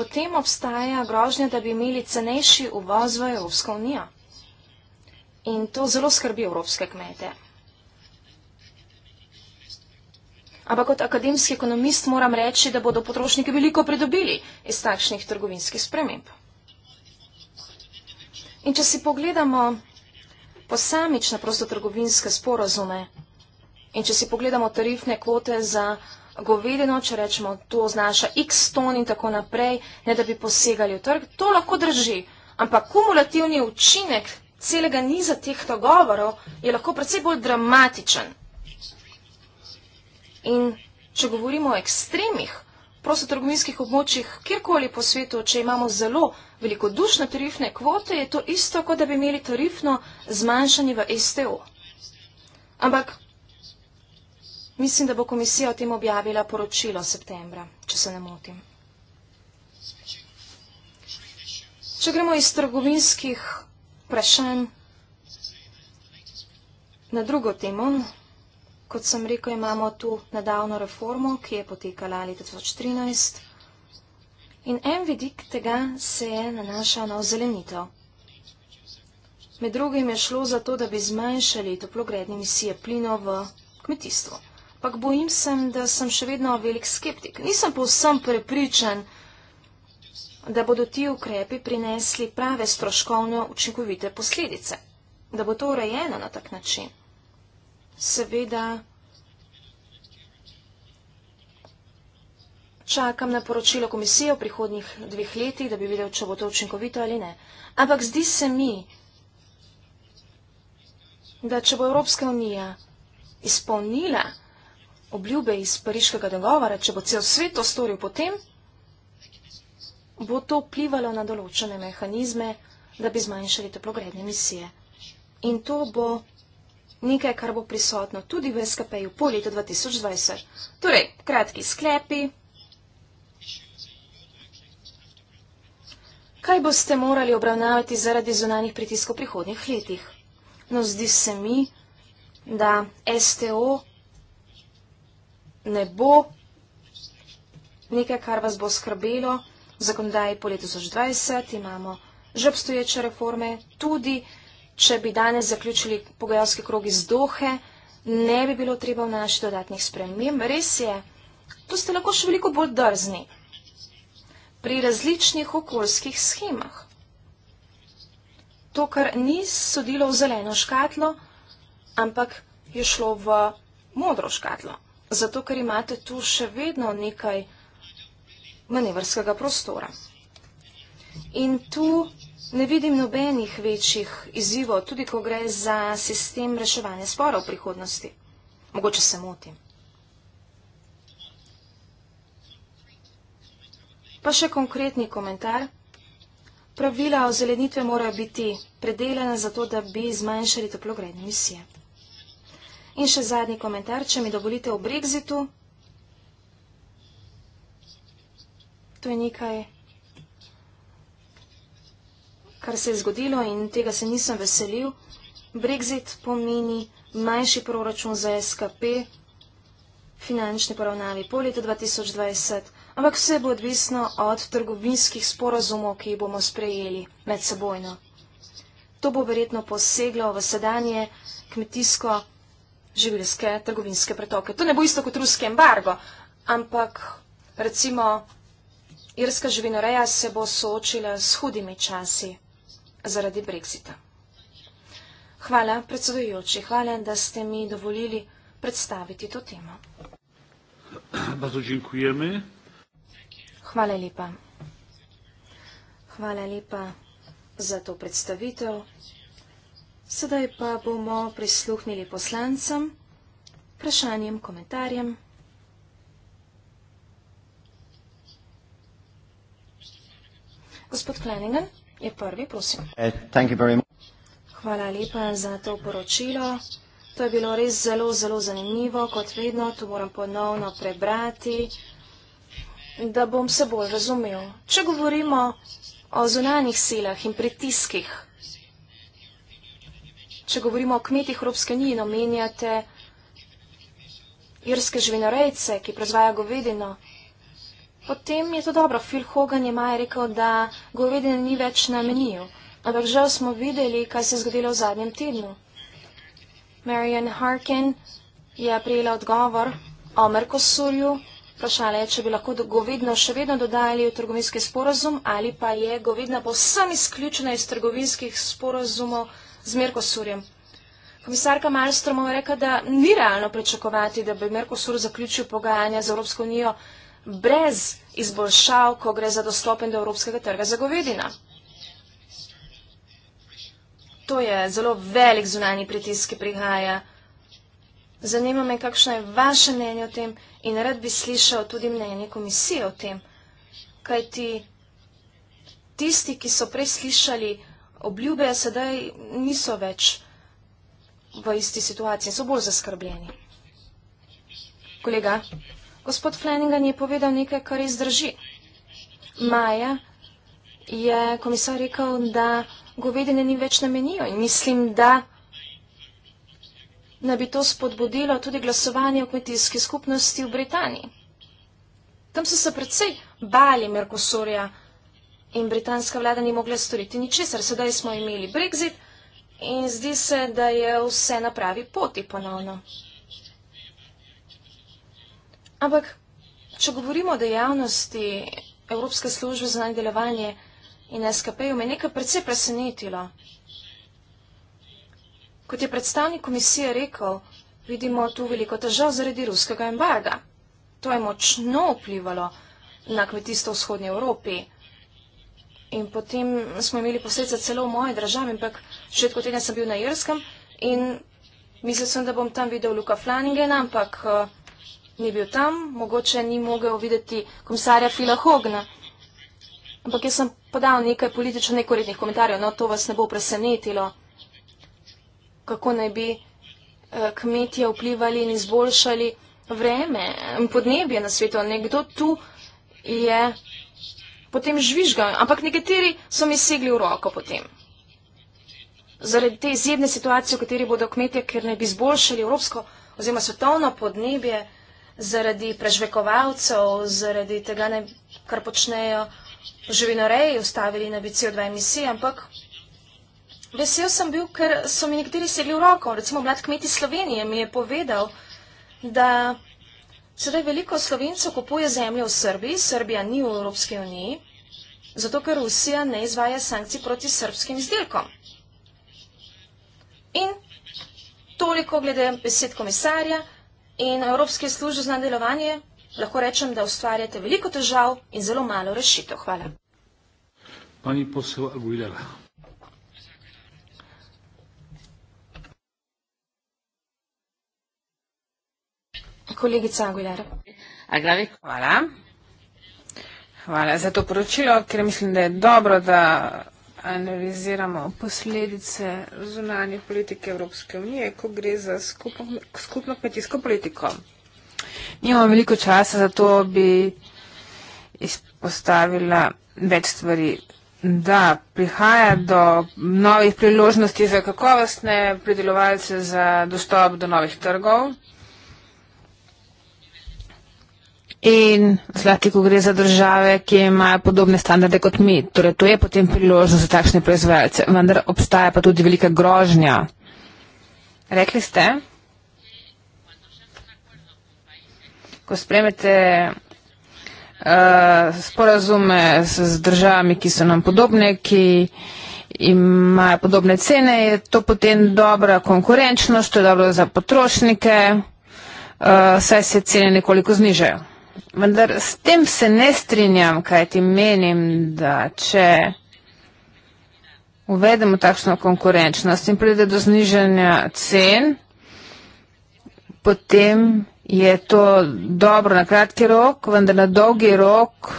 potem obstaja grožnja, da bi imeli cenejši uvoz v Evropsko unijo. In to zelo skrbi evropske kmete. ampak kot akademski ekonomist moram reči, da bodo potrošniki veliko pridobili iz takšnih trgovinskih sprememb. In če si pogledamo posamične prostotrgovinske sporozume in če si pogledamo tarifne kvote za govedeno, če rečemo, to znaša x ton in tako naprej, ne da bi posegali v trg, to lahko drži, ampak kumulativni učinek celega niza teh dogovorov je lahko predvsej bolj dramatičen. In če govorimo o ekstremih, prostotrgovinskih območjih, kjerkoli po svetu, če imamo zelo velikodušne tarifne kvote, je to isto, kot da bi imeli tarifno zmanjšanje v STO. Ampak mislim, da bo komisija o tem objavila poročilo septembra, če se ne motim. Če gremo iz trgovinskih vprašanj na drugo temo, Kot sem rekel, imamo tu nedavno reformo, ki je potekala leta 2013. In en vidik tega se je nanašal na ozelenitev. Med drugim je šlo za to, da bi zmanjšali toplogredne emisije plinov v kmetijstvu. Pak bojim se, da sem še vedno velik skeptik. Nisem povsem prepričan, da bodo ti ukrepi prinesli prave stroškovno učinkovite posledice, da bo to urejeno na tak način seveda čakam na poročilo komisije v prihodnjih dveh letih, da bi videl, če bo to učinkovito ali ne. Ampak zdi se mi, da če bo Evropska unija izpolnila obljube iz pariškega dogovora, če bo cel svet to storil potem, bo to vplivalo na določene mehanizme, da bi zmanjšali toplogredne emisije. In to bo nekaj, kar bo prisotno tudi v SKP-ju po letu 2020. Torej, kratki sklepi. Kaj boste morali obravnavati zaradi zunanjih pritiskov prihodnjih letih? No, zdi se mi, da STO ne bo nekaj, kar vas bo skrbelo. V zakondaji po letu 2020 imamo že obstoječe reforme, tudi Če bi danes zaključili pogajalski krog iz Dohe, ne bi bilo treba vnašati dodatnih sprememb. Res je, tu ste lahko še veliko bolj drzni pri različnih okoljskih schemah. To, kar ni sodilo v zeleno škatlo, ampak je šlo v modro škatlo. Zato, ker imate tu še vedno nekaj manevrskega prostora. In tu Ne vidim nobenih večjih izzivov, tudi ko gre za sistem reševanja spora v prihodnosti. Mogoče se motim. Pa še konkretni komentar. Pravila o zelenitve morajo biti predelene zato, da bi zmanjšali toplogredne misije. In še zadnji komentar, če mi dovolite o Brexitu. To je nekaj, kar se je zgodilo in tega se nisem veselil. Brexit pomeni manjši proračun za SKP, finančne poravnave po letu 2020, ampak vse bo odvisno od trgovinskih sporazumov, ki jih bomo sprejeli med sebojno. To bo verjetno poseglo v sedanje kmetijsko življenske trgovinske pretoke. To ne bo isto kot ruski embargo, ampak recimo irska živinoreja se bo soočila s hudimi časi zaradi brexita. Hvala, predsedujoči, hvala, da ste mi dovolili predstaviti to temo. Bardzo dziękujemy. Hvala lepa. Hvala lepa za to predstavitev. Sedaj pa bomo prisluhnili poslancem, vprašanjem, komentarjem. Gospod Kleningen. Je prvi, prosim. Eh, Hvala lepa za to poročilo. To je bilo res zelo, zelo zanimivo, kot vedno, to moram ponovno prebrati, da bom se bolj razumel. Če govorimo o zunanjih silah in pritiskih, če govorimo o kmetih Evropske unije in omenjate irske živinorejce, ki proizvaja govedino, Potem je to dobro. Phil Hogan je maj rekel, da govedine ni več na meniju. Ampak žal smo videli, kaj se je zgodilo v zadnjem tednu. Marian Harkin je prijela odgovor o Merkosurju. Vprašala je, če bi lahko govedno še vedno dodajali v trgovinski sporozum ali pa je govedna povsem izključena iz trgovinskih sporozumov z Merkosurjem. Komisarka Malstromova je rekla, da ni realno pričakovati, da bi Merkosur zaključil pogajanja z Evropsko unijo brez izboljšav, ko gre za dostopen do evropskega trga za govedina. To je zelo velik zunanji pritisk, ki prihaja. Zanima me, kakšno je vaše mnenje o tem in rad bi slišal tudi mnenje komisije o tem, kaj ti tisti, ki so prej slišali obljube, sedaj niso več v isti situaciji, so bolj zaskrbljeni. Kolega. Gospod Flanagan je povedal nekaj, kar res drži. Maja je komisar rekel, da govedine ni več namenijo in mislim, da da bi to spodbudilo tudi glasovanje v kmetijski skupnosti v Britaniji. Tam so se predvsej bali Merkosurja in britanska vlada ni mogla storiti ničesar. Sedaj smo imeli Brexit in zdi se, da je vse na pravi poti ponovno. Ampak, če govorimo o dejavnosti Evropske službe za najdelovanje in SKP-ju, me je nekaj predvsej presenetilo. Kot je predstavnik komisije rekel, vidimo tu veliko težav zaradi ruskega embarga. To je močno vplivalo na kmetijstvo v vzhodnji Evropi. In potem smo imeli posledce celo v moje državi, ampak še tega sem bil na Irskem in mislil sem, da bom tam videl Luka Flaningena, ampak uh, ni bil tam, mogoče ni mogel videti komisarja Fila Hogna. Ampak jaz sem podal nekaj politično nekorednih komentarjev, no to vas ne bo presenetilo, kako naj bi eh, kmetje vplivali in izboljšali vreme in eh, podnebje na svetu. Nekdo tu je potem žvižgal, ampak nekateri so mi segli v roko potem. Zaradi te izjedne situacije, v kateri bodo kmetje, ker naj bi izboljšali evropsko oziroma svetovno podnebje, zaradi prežvekovalcev, zaradi tega, ne, kar počnejo živinoreji, ustavili na BCO2 emisije, ampak vesel sem bil, ker so mi nekateri sedli v roko. Recimo mlad kmet iz Slovenije mi je povedal, da sedaj veliko slovencev kupuje zemljo v Srbiji, Srbija ni v Evropski uniji, zato ker Rusija ne izvaja sankcij proti srbskim izdelkom. In toliko glede besed komisarja. In Evropske službe za nadelovanje, lahko rečem, da ustvarjate veliko težav in zelo malo rešitev. Hvala. Pani posel Aguilera. Kolegica Aguilera. Agravi, hvala. Hvala za to poročilo, ker mislim, da je dobro, da analiziramo posledice zunanje politike Evropske unije, ko gre za skupno, skupno kmetijsko politiko. Nimamo veliko časa, zato bi izpostavila več stvari. Da, prihaja do novih priložnosti za kakovostne pridelovalce, za dostop do novih trgov. in zlati, ko gre za države, ki imajo podobne standarde kot mi. Torej, to je potem priložnost za takšne proizvajalce, vendar obstaja pa tudi velika grožnja. Rekli ste, ko spremete uh, eh, sporazume s, s državami, ki so nam podobne, ki imajo podobne cene, je to potem dobra konkurenčnost, to je dobro za potrošnike, uh, saj se cene nekoliko znižajo vendar s tem se ne strinjam, kaj ti menim, da če uvedemo takšno konkurenčnost in pride do znižanja cen, potem je to dobro na kratki rok, vendar na dolgi rok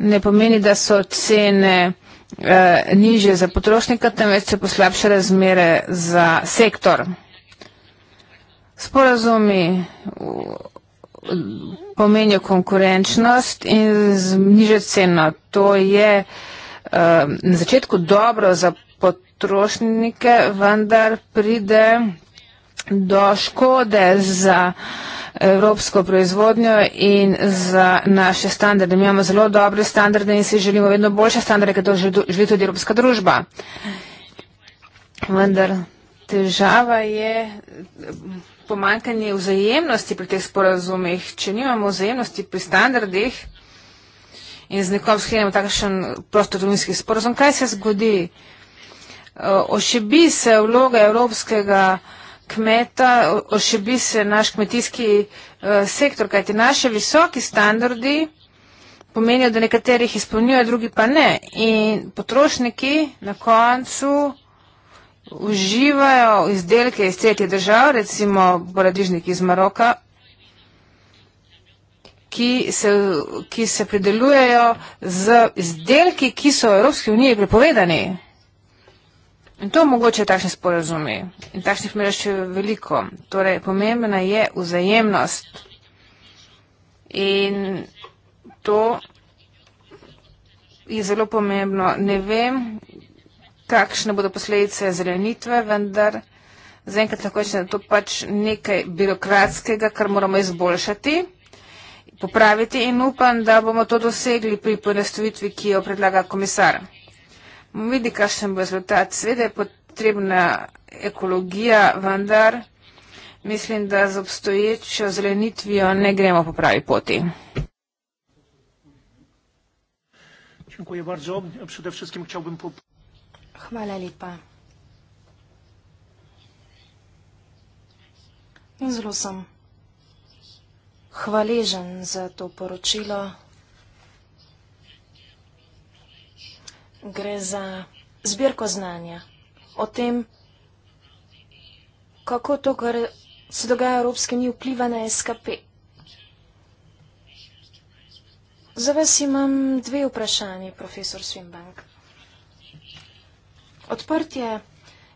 ne pomeni, da so cene eh, niže za potrošnika, temveč se poslabša razmere za sektor. Sporazumi pomenijo konkurenčnost in znižajo ceno. To je eh, na začetku dobro za potrošnike, vendar pride do škode za evropsko proizvodnjo in za naše standarde. Mi imamo zelo dobre standarde in si želimo vedno boljše standarde, ker to želi tudi evropska družba. Vendar težava je pomankanje vzajemnosti pri teh sporazumih, če nimamo vzajemnosti pri standardih in z nekom sklenemo takšen prostotrovinski sporazum, kaj se zgodi? Ošebi se vloga evropskega kmeta, ošebi se naš kmetijski e, sektor, kajti naše visoki standardi pomenijo, da nekaterih izpolnjuje, drugi pa ne. In potrošniki na koncu uživajo izdelke iz tretjih držav, recimo paradižnik iz Maroka, ki se, ki se pridelujejo z izdelki, ki so v Evropski uniji prepovedani. In to mogoče takšni sporazumi. In takšnih mreže še veliko. Torej, pomembna je vzajemnost. In to je zelo pomembno. Ne vem, kakšne bodo posledice zelenitve, vendar zaenkrat lahko rečem, da to pač nekaj birokratskega, kar moramo izboljšati, popraviti in upam, da bomo to dosegli pri ponestovitvi, ki jo predlaga komisar. Vidi, kakšen bo rezultat. Sveda je potrebna ekologija, vendar mislim, da z obstoječo zelenitvijo ne gremo po pravi poti. Dziękuję bardzo. Przede wszystkim chciałbym. Hvala lepa. In zelo sem hvaležen za to poročilo. Gre za zbirko znanja o tem, kako to, kar se dogaja v Evropski uniji, vpliva na SKP. Za vas imam dve vprašanje, profesor Svinbank. Odprtje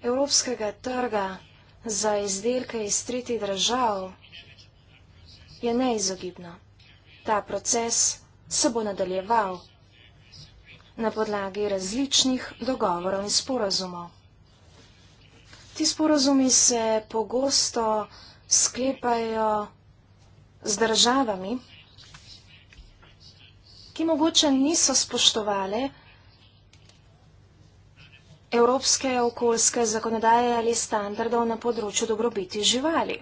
evropskega trga za izdelke iz tretjih držav je neizogibno. Ta proces se bo nadaljeval na podlagi različnih dogovorov in sporazumov. Ti sporazumi se pogosto sklepajo z državami, ki mogoče niso spoštovale, evropske okoljske zakonodaje ali standardov na področju dobrobiti živali,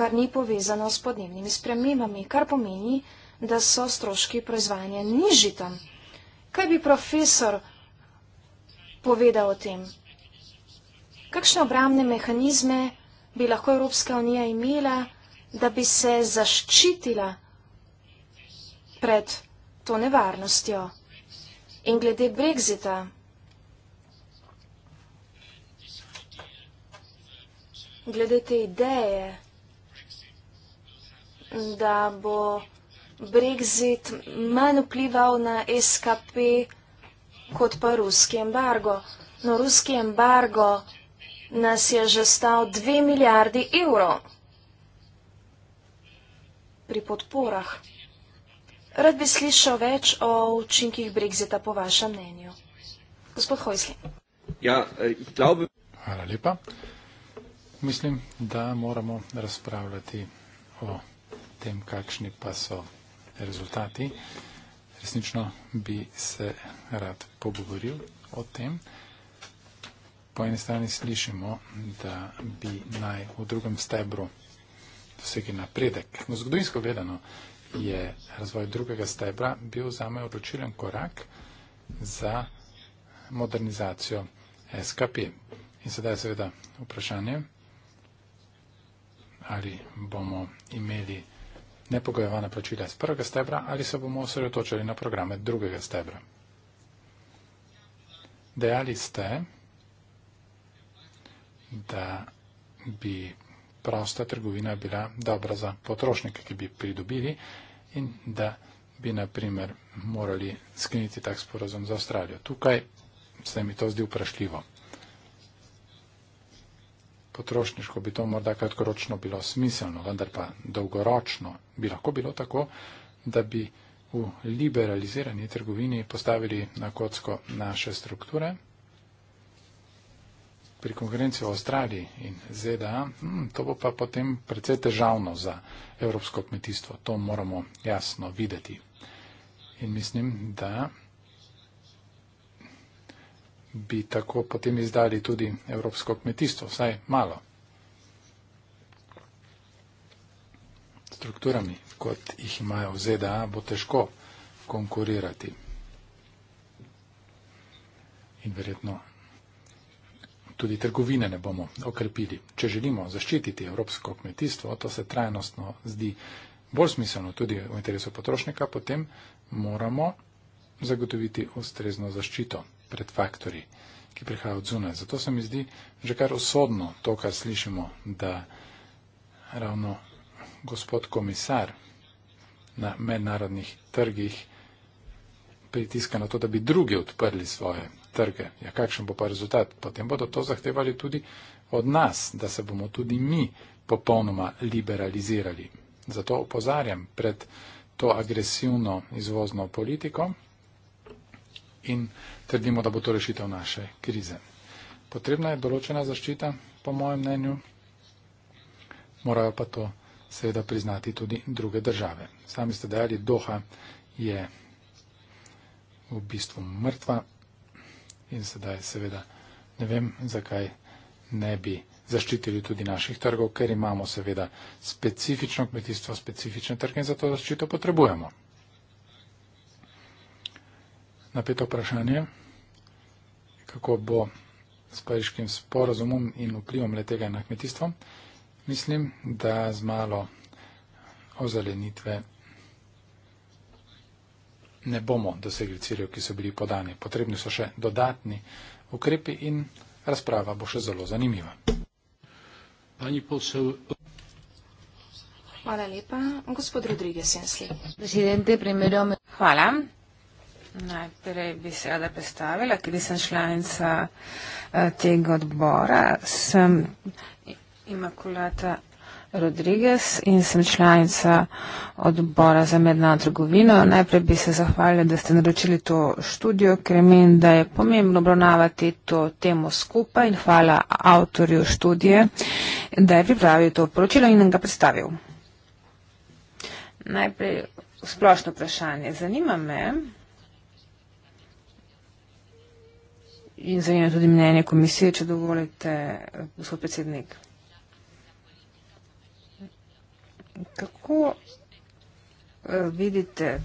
kar ni povezano s podnebnimi spremembami, kar pomeni, da so stroški proizvajanja nižji tam. Kaj bi profesor povedal o tem? Kakšne obramne mehanizme bi lahko Evropska unija imela, da bi se zaščitila pred to nevarnostjo? in glede Brexita. Glede te ideje, da bo Brexit manj vplival na SKP kot pa ruski embargo. No, ruski embargo nas je že stal 2 milijardi evrov pri podporah. Rad bi slišal več o učinkih Brexita, po vašem mnenju. Gospod Hojsli. Ja, eh, glavbe... Hvala lepa. Mislim, da moramo razpravljati o tem, kakšni pa so rezultati. Resnično bi se rad pogovoril o tem. Po eni strani slišimo, da bi naj v drugem stebru dosegli napredek. No, zgodovinsko gledano je razvoj drugega stebra bil za me odločilen korak za modernizacijo SKP. In sedaj je seveda vprašanje, ali bomo imeli nepogojevana plačila iz prvega stebra ali se bomo osredotočili na programe drugega stebra. Dejali ste, da bi prosta trgovina bila dobra za potrošnike, ki bi pridobili in da bi naprimer morali skleniti tak sporozum za Avstralijo. Tukaj se mi to zdi vprašljivo. Potrošniško bi to morda kratkoročno bilo smiselno, vendar pa dolgoročno bi lahko bilo tako, da bi v liberalizirani trgovini postavili na kocko naše strukture, pri konkurenci v Avstraliji in ZDA, hm, to bo pa potem precej težavno za evropsko kmetijstvo. To moramo jasno videti. In mislim, da bi tako potem izdali tudi evropsko kmetijstvo, vsaj malo. Strukturami, kot jih imajo v ZDA, bo težko konkurirati. In verjetno tudi trgovine ne bomo okrepili. Če želimo zaščititi evropsko kmetijstvo, to se trajnostno zdi bolj smiselno tudi v interesu potrošnika, potem moramo zagotoviti ustrezno zaščito pred faktori, ki prihajajo od zune. Zato se mi zdi že kar usodno to, kar slišimo, da ravno gospod komisar na mednarodnih trgih pritiska na to, da bi drugi odprli svoje trge. Ja, kakšen bo pa rezultat? Potem bodo to zahtevali tudi od nas, da se bomo tudi mi popolnoma liberalizirali. Zato opozarjam pred to agresivno izvozno politiko in trdimo, da bo to rešitev naše krize. Potrebna je določena zaščita, po mojem mnenju, morajo pa to seveda priznati tudi druge države. Sami ste dejali, Doha je v bistvu mrtva, in sedaj seveda ne vem, zakaj ne bi zaščitili tudi naših trgov, ker imamo seveda specifično kmetijstvo, specifične trge in zato zaščito potrebujemo. Napeto vprašanje, kako bo s pariškim sporozumom in vplivom letega na kmetijstvo. Mislim, da z malo ozelenitve ne bomo dosegli ciljev, ki so bili podani. Potrebni so še dodatni ukrepi in razprava bo še zelo zanimiva. Hvala lepa. Gospod Rodriguez, sem sledi. Hvala. Najprej bi se rada predstavila, ker sem članica eh, tega odbora. Sem imakulata Rodriguez in sem članica odbora za mednarodno trgovino. Najprej bi se zahvalila, da ste naročili to študijo, ker menim, da je pomembno obravnavati to temo skupaj in hvala avtorju študije, da je pripravil to poročilo in ga predstavil. Najprej splošno vprašanje. Zanima me in zanima tudi mnenje komisije, če dovolite, gospod predsednik. Kako eh, vidite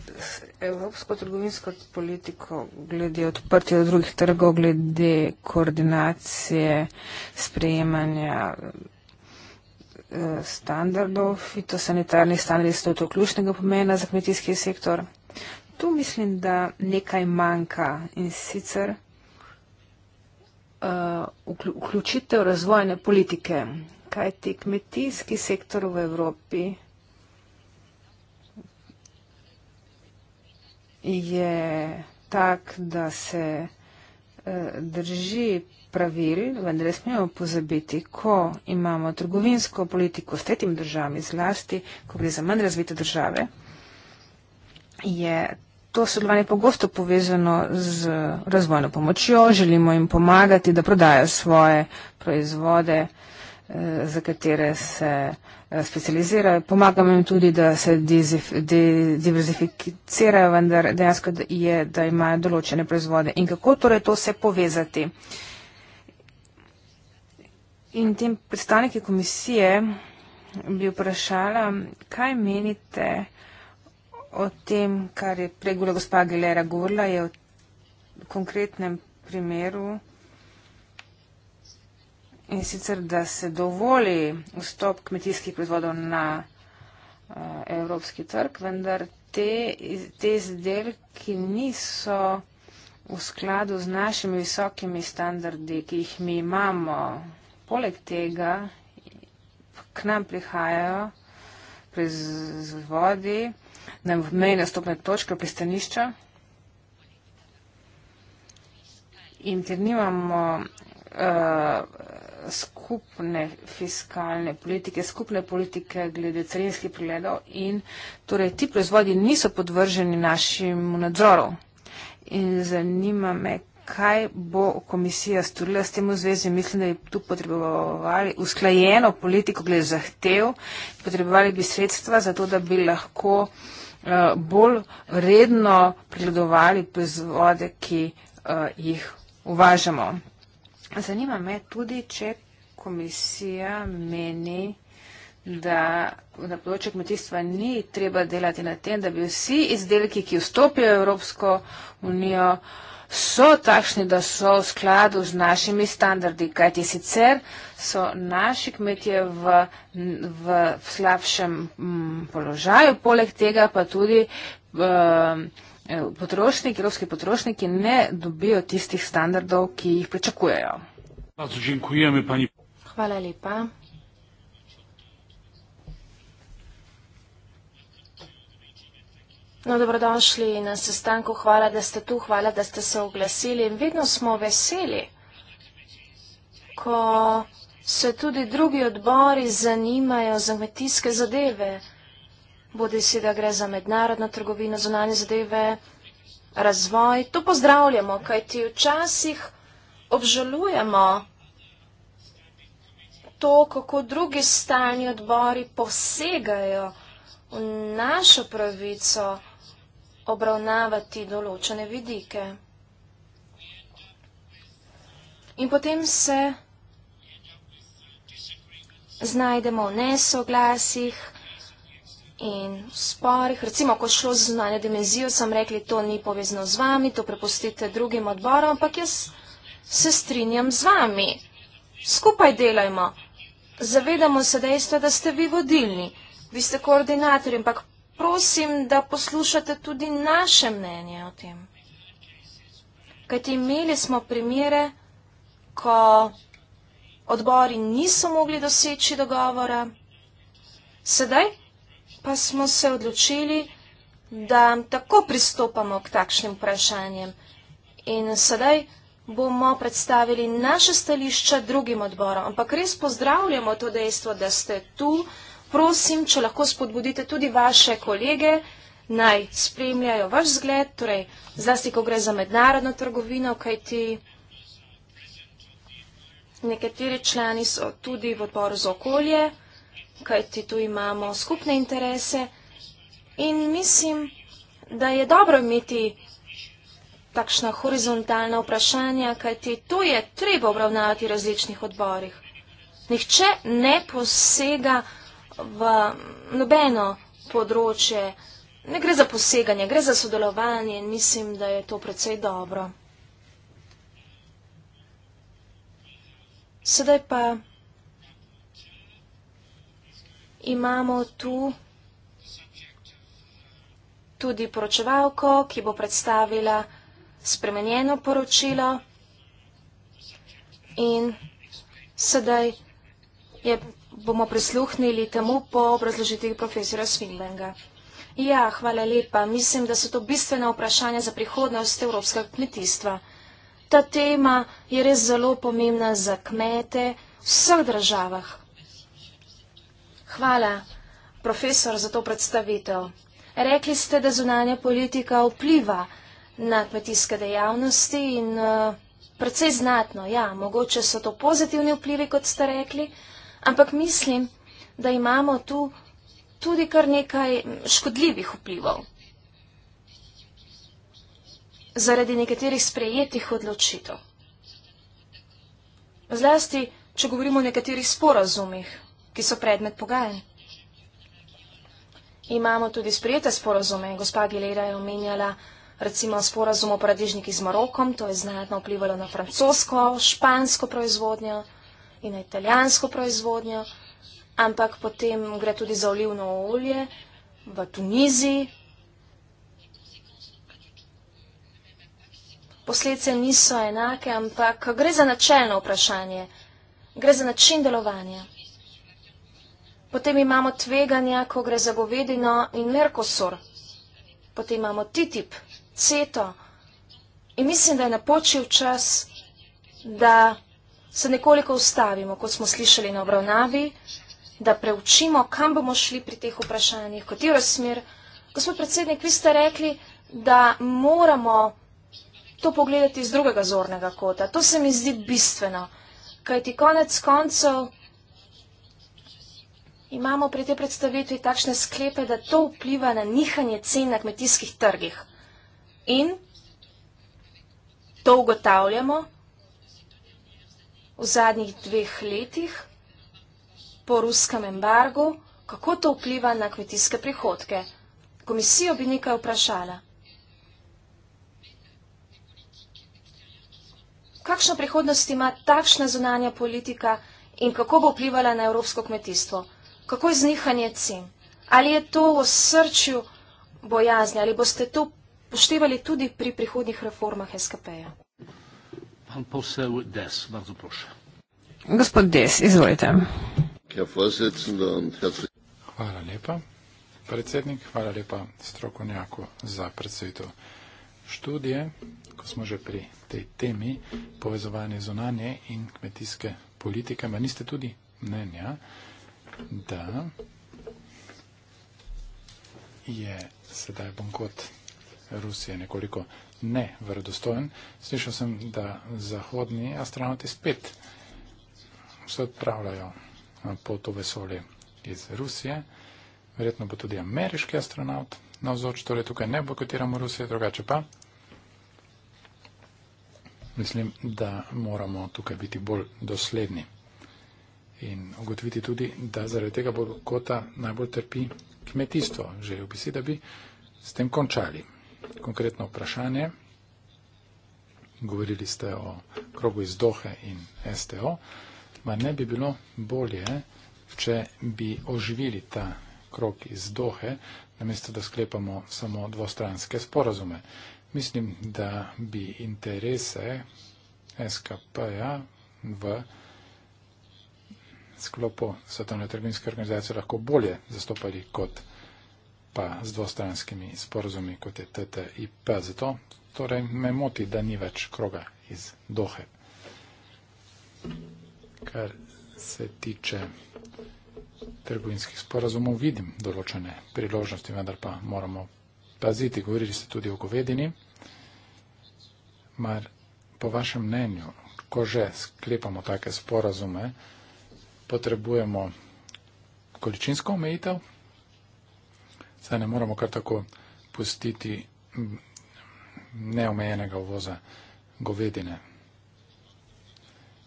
evropsko trgovinsko politiko glede odprtja drugih trgov, glede koordinacije sprejemanja eh, standardov, fitosanitarnih standardov, to je to ključnega pomena za kmetijski sektor. Tu mislim, da nekaj manjka in sicer uh, vključitev razvojne politike kaj ti kmetijski sektor v Evropi je tak, da se eh, drži pravil, vendar ne smemo pozabiti, ko imamo trgovinsko politiko s tretjimi državami, zlasti, ko gre za manj razvite države, je to sodelovanje pogosto povezano z razvojno pomočjo, želimo jim pomagati, da prodajo svoje proizvode. Eh, za katere se eh, specializirajo. Pomagam jim tudi, da se diverzificirajo, vendar dejansko je, da imajo določene proizvode. In kako torej to vse povezati? In tem predstavniki komisije bi vprašala, kaj menite o tem, kar je pregula gospa Gilera govorila, je o konkretnem primeru in sicer, da se dovoli vstop kmetijskih proizvodov na eh, evropski trg, vendar te, te izdelki niso v skladu z našimi visokimi standardi, ki jih mi imamo. Poleg tega k nam prihajajo proizvodi na mejne stopne točke pristanišča in ker nimamo uh, skupne fiskalne politike, skupne politike glede carinskih pregledov in torej ti proizvodi niso podvrženi našim nadzoru. In zanima me, kaj bo komisija storila s tem v zvezi. Mislim, da bi tu potrebovali usklajeno politiko glede zahtev, potrebovali bi sredstva za to, da bi lahko eh, bolj redno pregledovali proizvode, ki eh, jih uvažamo. Zanima me tudi, če komisija meni, da na področju kmetijstva ni treba delati na tem, da bi vsi izdelki, ki vstopijo v Evropsko unijo, so takšni, da so v skladu z našimi standardi, kajti sicer so naši kmetje v, v slabšem m, mm, položaju, poleg tega pa tudi. M, ehm, Eh, potrošnik, evropski potrošniki ne dobijo tistih standardov, ki jih pričakujejo. Hvala lepa. No, dobrodošli na sestanku. Hvala, da ste tu, hvala, da ste se oglasili. In vedno smo veseli, ko se tudi drugi odbori zanimajo za kmetijske zadeve bodi si da gre za mednarodno trgovino, zunanje zadeve, razvoj. To pozdravljamo, kaj ti včasih obžalujemo to, kako drugi stalni odbori posegajo v našo pravico obravnavati določene vidike. In potem se znajdemo v nesoglasjih, in v sporih, recimo, ko šlo z znanje dimenzijo, sem rekli, to ni povezano z vami, to prepustite drugim odborom, ampak jaz se strinjam z vami. Skupaj delajmo. Zavedamo se dejstva, da ste vi vodilni, vi ste koordinatorji, ampak prosim, da poslušate tudi naše mnenje o tem. Kajti imeli smo primere, ko odbori niso mogli doseči dogovora. Sedaj pa smo se odločili, da tako pristopamo k takšnim vprašanjem. In sedaj bomo predstavili naše stališče drugim odborom. Ampak res pozdravljamo to dejstvo, da ste tu. Prosim, če lahko spodbudite tudi vaše kolege, naj spremljajo vaš zgled, torej zlasti, ko gre za mednarodno trgovino, kajti nekateri člani so tudi v odboru za okolje kajti tu imamo skupne interese in mislim, da je dobro imeti takšna horizontalna vprašanja, kajti tu je treba obravnavati različnih odborih. Nihče ne posega v nobeno področje, ne gre za poseganje, gre za sodelovanje in mislim, da je to precej dobro. Sedaj pa imamo tu tudi poročevalko, ki bo predstavila spremenjeno poročilo in sedaj je, bomo prisluhnili temu po obrazložitvi profesora Svinglenga. Ja, hvala lepa. Mislim, da so to bistvena vprašanja za prihodnost evropskega kmetijstva. Ta tema je res zelo pomembna za kmete v vseh državah. Hvala, profesor, za to predstavitev. Rekli ste, da zunanja politika vpliva na kmetijske dejavnosti in eh, precej znatno, ja, mogoče so to pozitivni vplivi, kot ste rekli, ampak mislim, da imamo tu tudi kar nekaj škodljivih vplivov. Zaradi nekaterih sprejetih odločitev. Zlasti, če govorimo o nekaterih sporazumih, ki so predmet pogajanj. Imamo tudi sprijete sporozume. Gospa Gilera je omenjala recimo sporozum o paradižniki z Marokom, to je znatno vplivalo na francosko, špansko proizvodnjo in na italijansko proizvodnjo, ampak potem gre tudi za olivno olje v Tuniziji. Posledce niso enake, ampak gre za načelno vprašanje, gre za način delovanja. Potem imamo tveganja, ko gre za govedino in Mercosur. Potem imamo TTIP, CETO. In mislim, da je napočil čas, da se nekoliko ustavimo, kot smo slišali na obravnavi, da preučimo, kam bomo šli pri teh vprašanjih, kot je razmer. Gospod predsednik, vi ste rekli, da moramo to pogledati z drugega zornega kota. To se mi zdi bistveno, kajti konec koncev imamo pri tej predstavitvi takšne sklepe, da to vpliva na nihanje cen na kmetijskih trgih. In to ugotavljamo v zadnjih dveh letih po ruskem embargu, kako to vpliva na kmetijske prihodke. Komisijo bi nekaj vprašala. Kakšno prihodnost ima takšna zunanja politika in kako bo vplivala na evropsko kmetijstvo? kako je znihanje cen. Ali je to v srčju bojazni ali boste to poštevali tudi pri prihodnih reformah SKP-ja? Pan posel Des, bardzo prosim. Gospod Des, izvolite. Hvala lepa, predsednik, hvala lepa strokovnjaku za predsedstvo študije, ko smo že pri tej temi povezovanja zunanje in kmetijske politike, meni ste tudi mnenja da je sedaj bankot Rusije nekoliko neverodostojen. Slišal sem, da zahodni astronauti spet se odpravljajo po to vesolje iz Rusije. Verjetno bo tudi ameriški astronaut navzoč, torej tukaj ne bojkotiramo Rusije, drugače pa. Mislim, da moramo tukaj biti bolj dosledni in ugotoviti tudi, da zaradi tega bojkota najbolj trpi kmetijstvo. Želel bi si, da bi s tem končali. Konkretno vprašanje, govorili ste o krogu iz Dohe in STO, ma ne bi bilo bolje, če bi oživili ta krog iz Dohe, namesto da sklepamo samo dvostranske sporazume. Mislim, da bi interese SKP-ja v sklopu svetovne trgovinske organizacije lahko bolje zastopali kot pa z dvostranskimi sporozumi, kot je TTIP. Zato torej me moti, da ni več kroga iz Dohe. Kar se tiče trgovinskih sporozumov, vidim določene priložnosti, vendar pa moramo paziti. Govorili ste tudi o govedini. Mar po vašem mnenju, ko že sklepamo take sporozume, potrebujemo količinsko omejitev, saj ne moramo kar tako pustiti mm, neomejenega uvoza govedine.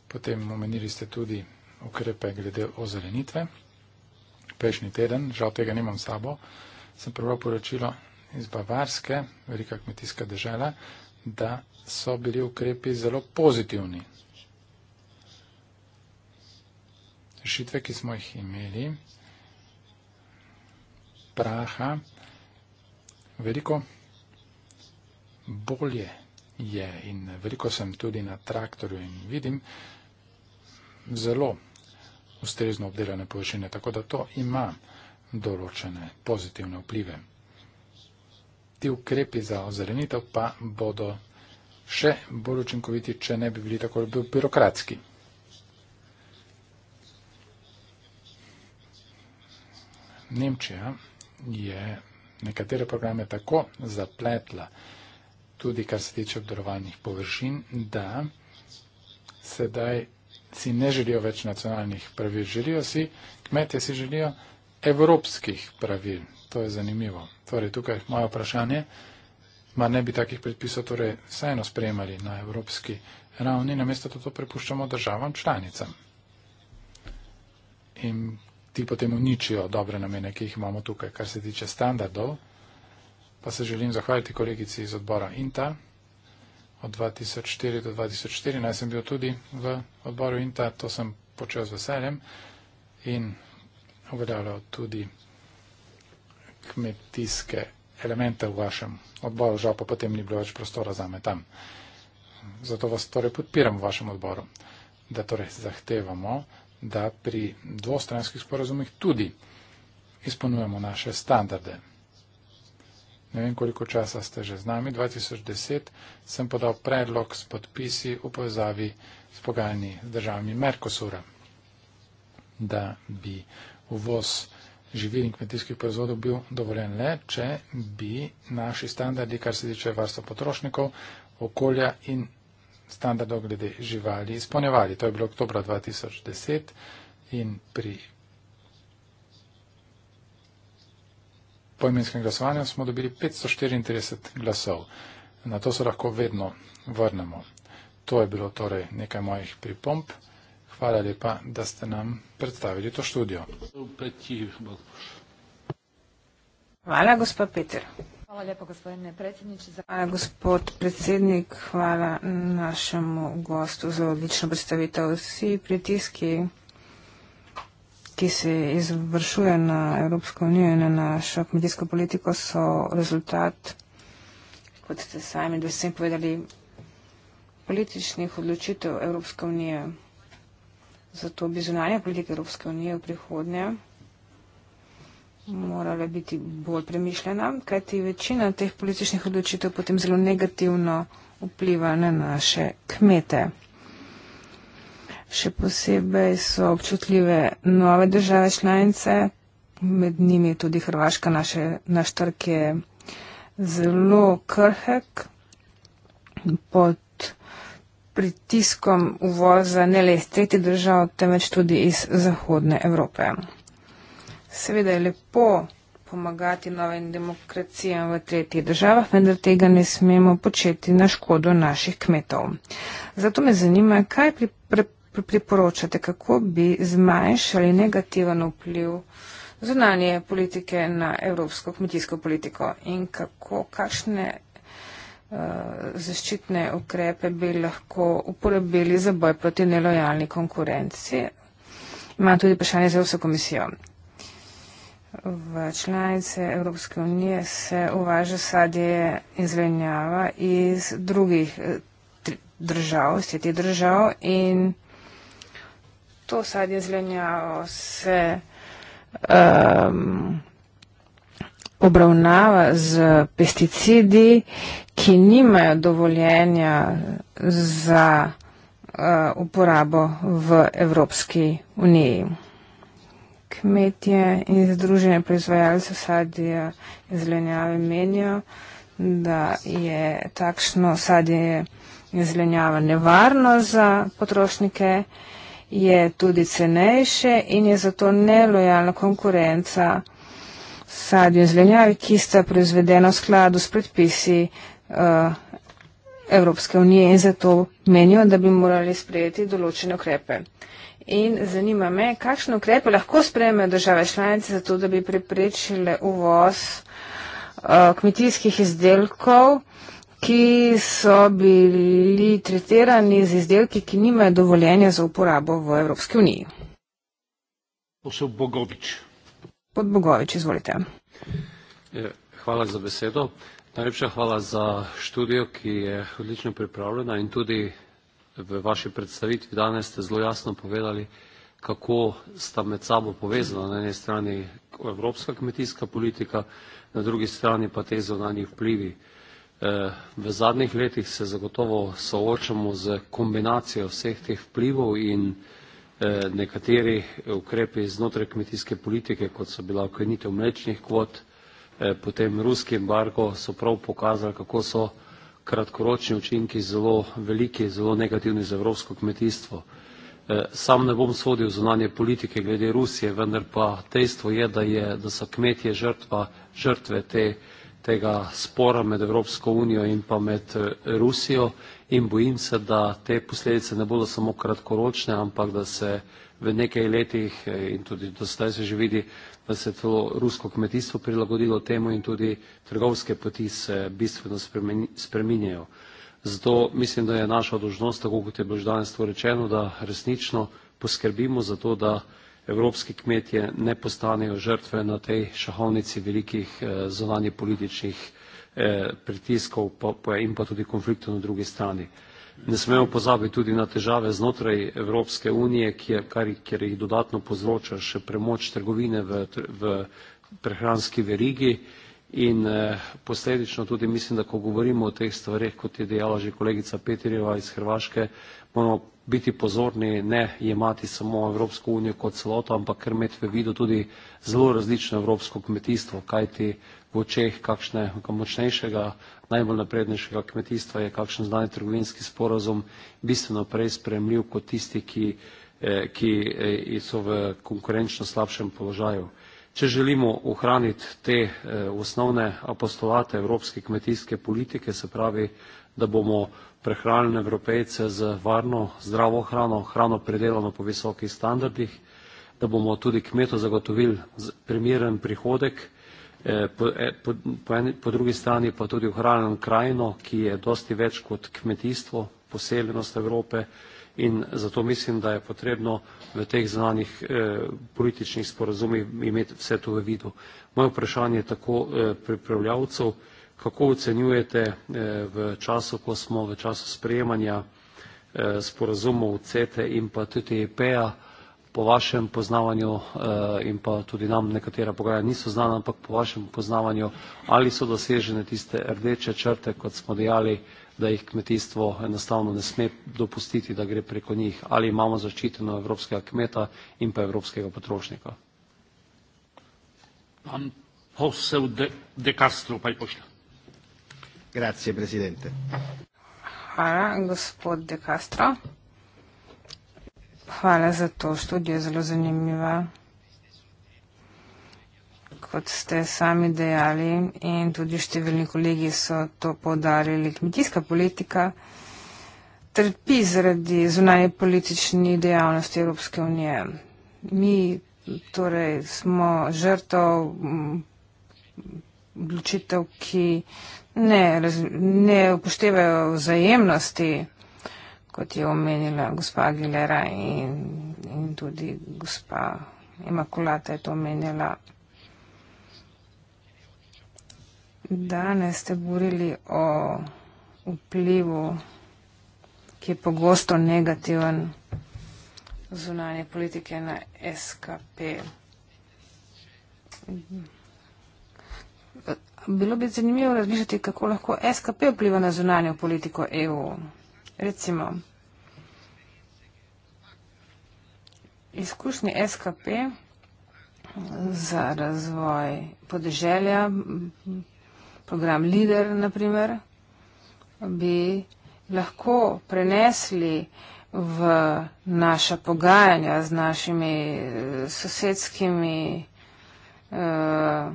Potem omenili ste tudi ukrepe glede ozelenitve. Prejšnji teden, žal tega nimam sabo, sem prebral poročilo iz Bavarske, velika kmetijska dežela, da so bili ukrepi zelo pozitivni. rešitve, ki smo jih imeli, praha, veliko bolje je in veliko sem tudi na traktorju in vidim zelo ustrezno obdelane površine, tako da to ima določene pozitivne vplive. Ti ukrepi za ozelenitev pa bodo še bolj učinkoviti, če ne bi bili tako birokratski. Nemčija je nekatere programe tako zapletla, tudi kar se tiče obdorovalnih površin, da sedaj si ne želijo več nacionalnih pravil, želijo si, kmetje si želijo evropskih pravil. To je zanimivo. Torej, tukaj je moje vprašanje, mar ne bi takih predpisov torej vseeno sprejemali na evropski ravni, namesto da to prepuščamo državam članicam. In ti potem uničijo dobre namene, ki jih imamo tukaj, kar se tiče standardov. Pa se želim zahvaliti kolegici iz odbora INTA. Od 2004 do 2014 sem bil tudi v odboru INTA, to sem počel z veseljem in uveljavljal tudi kmetijske elemente v vašem odboru, žal pa potem ni bilo več prostora za me tam. Zato vas torej podpiram v vašem odboru, da torej zahtevamo, da pri dvostranskih sporazumih tudi izpolnjujemo naše standarde. Ne vem, koliko časa ste že z nami. 2010 sem podal predlog s podpisi v povezavi s pogajanji z državami Merkosura, da bi uvoz živil in kmetijskih proizvodov bil dovoljen le, če bi naši standardi, kar se tiče varstva potrošnikov, okolja in standardov glede živali izpolnjevali. To je bilo oktobra 2010 in pri poimenskem glasovanju smo dobili 534 glasov. Na to se lahko vedno vrnemo. To je bilo torej nekaj mojih pripomp. Hvala lepa, da ste nam predstavili to študijo. Hvala, gospod Peter. Hvala lijepo gospodine predsjedniče. Hvala gospod predsjednik, hvala našemu gostu za odličnu predstavitev. Vsi pritiski, ki se izvršuje na Evropsko unijo in na našo kmetijsko politiko, so rezultat, kot ste sami dosem povedali, političnih odločitev Evropske unije. Zato bi zunanja politika Evropske unije v prihodnje morale biti bolj premišljena, kajti večina teh političnih odločitev potem zelo negativno vpliva na naše kmete. Še posebej so občutljive nove države članice, med njimi tudi Hrvaška, naše, naš trg je zelo krhek pod pritiskom uvoza ne le iz tretjih držav, temveč tudi iz zahodne Evrope. Seveda je lepo pomagati novim demokracijam v tretjih državah, vendar tega ne smemo početi na škodo naših kmetov. Zato me zanima, kaj pri, pri, pri, priporočate, kako bi zmanjšali negativen vpliv zunanje politike na evropsko kmetijsko politiko in kako, kakšne eh, zaščitne ukrepe bi lahko uporabili za boj proti nelojalni konkurenci. Imam tudi vprašanje za vso komisijo v članice Evropske unije se uvaža sadje in zelenjava iz drugih eh, držav, sveti držav in to sadje zelenjavo se um, obravnava z pesticidi, ki nimajo dovoljenja za uh, uporabo v Evropski uniji kmetje in združenje proizvajalcev sadja in zelenjave menijo, da je takšno sadje in zelenjava nevarno za potrošnike, je tudi cenejše in je zato nelojalna konkurenca sadju in zelenjavi, ki sta proizvedena v skladu s predpisi uh, Evropske unije in zato menijo, da bi morali sprejeti določene ukrepe. In zanima me, kakšne ukrepe lahko sprejme države članice za to, da bi preprečile uvoz eh, kmetijskih izdelkov, ki so bili tretirani z izdelki, ki nimajo dovoljenja za uporabo v Evropski uniji. Posel Bogovič. Pod Bogovič, izvolite. Hvala za besedo. Najlepša hvala za študijo, ki je odlično pripravljena in tudi v vaši predstavitvi danes ste zelo jasno povedali, kako sta med sabo povezana na eni strani evropska kmetijska politika, na drugi strani pa te zunanji vplivi. Eh, v zadnjih letih se zagotovo soočamo z kombinacijo vseh teh vplivov in eh, nekateri ukrepi znotraj kmetijske politike, kot so bila ukrenitev mlečnih kvot, eh, potem ruski embargo, so prav pokazali, kako so kratkoročni učinki zelo veliki, zelo negativni za evropsko kmetijstvo. Eh, sam ne bom sodil zunanje politike glede Rusije, vendar pa dejstvo je, da, je, da so kmetije žrtva, žrtve te, tega spora med Evropsko unijo in pa med eh, Rusijo in bojim se, da te posledice ne bodo samo kratkoročne, ampak da se v nekaj letih eh, in tudi do zdaj se že vidi, da se je to rusko kmetijstvo prilagodilo temu in tudi trgovske poti se bistveno spreminjajo. Zato mislim, da je naša dožnost, tako kot je bilo že danes to rečeno, da resnično poskrbimo za to, da evropski kmetje ne postanejo žrtve na tej šahovnici velikih eh, zunanje političnih eh, pritiskov pa, pa in pa tudi konfliktov na drugi strani. Ne smemo pozabiti tudi na težave znotraj Evropske unije, kjer, kar, kjer jih dodatno povzroča še premoč trgovine v, v prehranski verigi in eh, posledično tudi mislim, da ko govorimo o teh stvarih, kot je dejala že kolegica Petirjeva iz Hrvaške, moramo biti pozorni, ne jemati samo Evropsko unijo kot celoto, ampak ker imeti v vidu tudi zelo različno evropsko kmetijstvo, kajti v očeh kakšnega močnejšega, najbolj naprednejšega kmetijstva je kakšen znani trgovinski sporazum bistveno prej sprejemljiv kot tisti, ki, eh, ki eh, so v konkurenčno slabšem položaju če želimo ohraniti te eh, osnovne apostolate evropske kmetijske politike, se pravi, da bomo prehranili evropejce z varno, zdravo hrano, hrano predelano po visokih standardih, da bomo tudi kmetu zagotovili primeren prihodek, eh, po, eh, po, po, eni, po drugi strani pa tudi ohranjen krajino, ki je dosti več kot kmetijstvo, poseljenost Evrope, in zato mislim, da je potrebno v teh znanih eh, političnih sporozumih imeti vse to v vidu. Moje vprašanje je tako eh, pripravljavcev, kako ocenjujete eh, v času, ko smo v času sprejemanja sporozumov CETE in pa TTIP-a, e po vašem poznavanju eh, in pa tudi nam nekatera pogajanja niso znana, ampak po vašem poznavanju, ali so dosežene tiste rdeče črte, kot smo dejali, da jih kmetijstvo enostavno ne sme dopustiti, da gre preko njih, ali imamo zaščiteno evropskega kmeta in pa evropskega potrošnika. Pan posel De, de Castro, pa je pošla. Grazie, presidente. Hvala, gospod De Castro. Hvala za to študijo, zelo zanimiva, kot ste sami dejali in tudi številni kolegi so to podarili. Kmetijska politika trpi zaradi zunanje politični dejavnosti Evropske unije. Mi torej smo žrtov odločitev, ki ne, ne upoštevajo vzajemnosti kot je omenila gospa Aguilera in, in tudi gospa Imakulata je to omenjala. Danes ste govorili o vplivu, ki je pogosto negativen zunanje politike na SKP. Bilo bi zanimivo razmišljati, kako lahko SKP vpliva na zunanjo politiko EU recimo izkušnje SKP za razvoj podeželja, program LIDER, naprimer, bi lahko prenesli v naša pogajanja z našimi eh, sosedskimi, eh,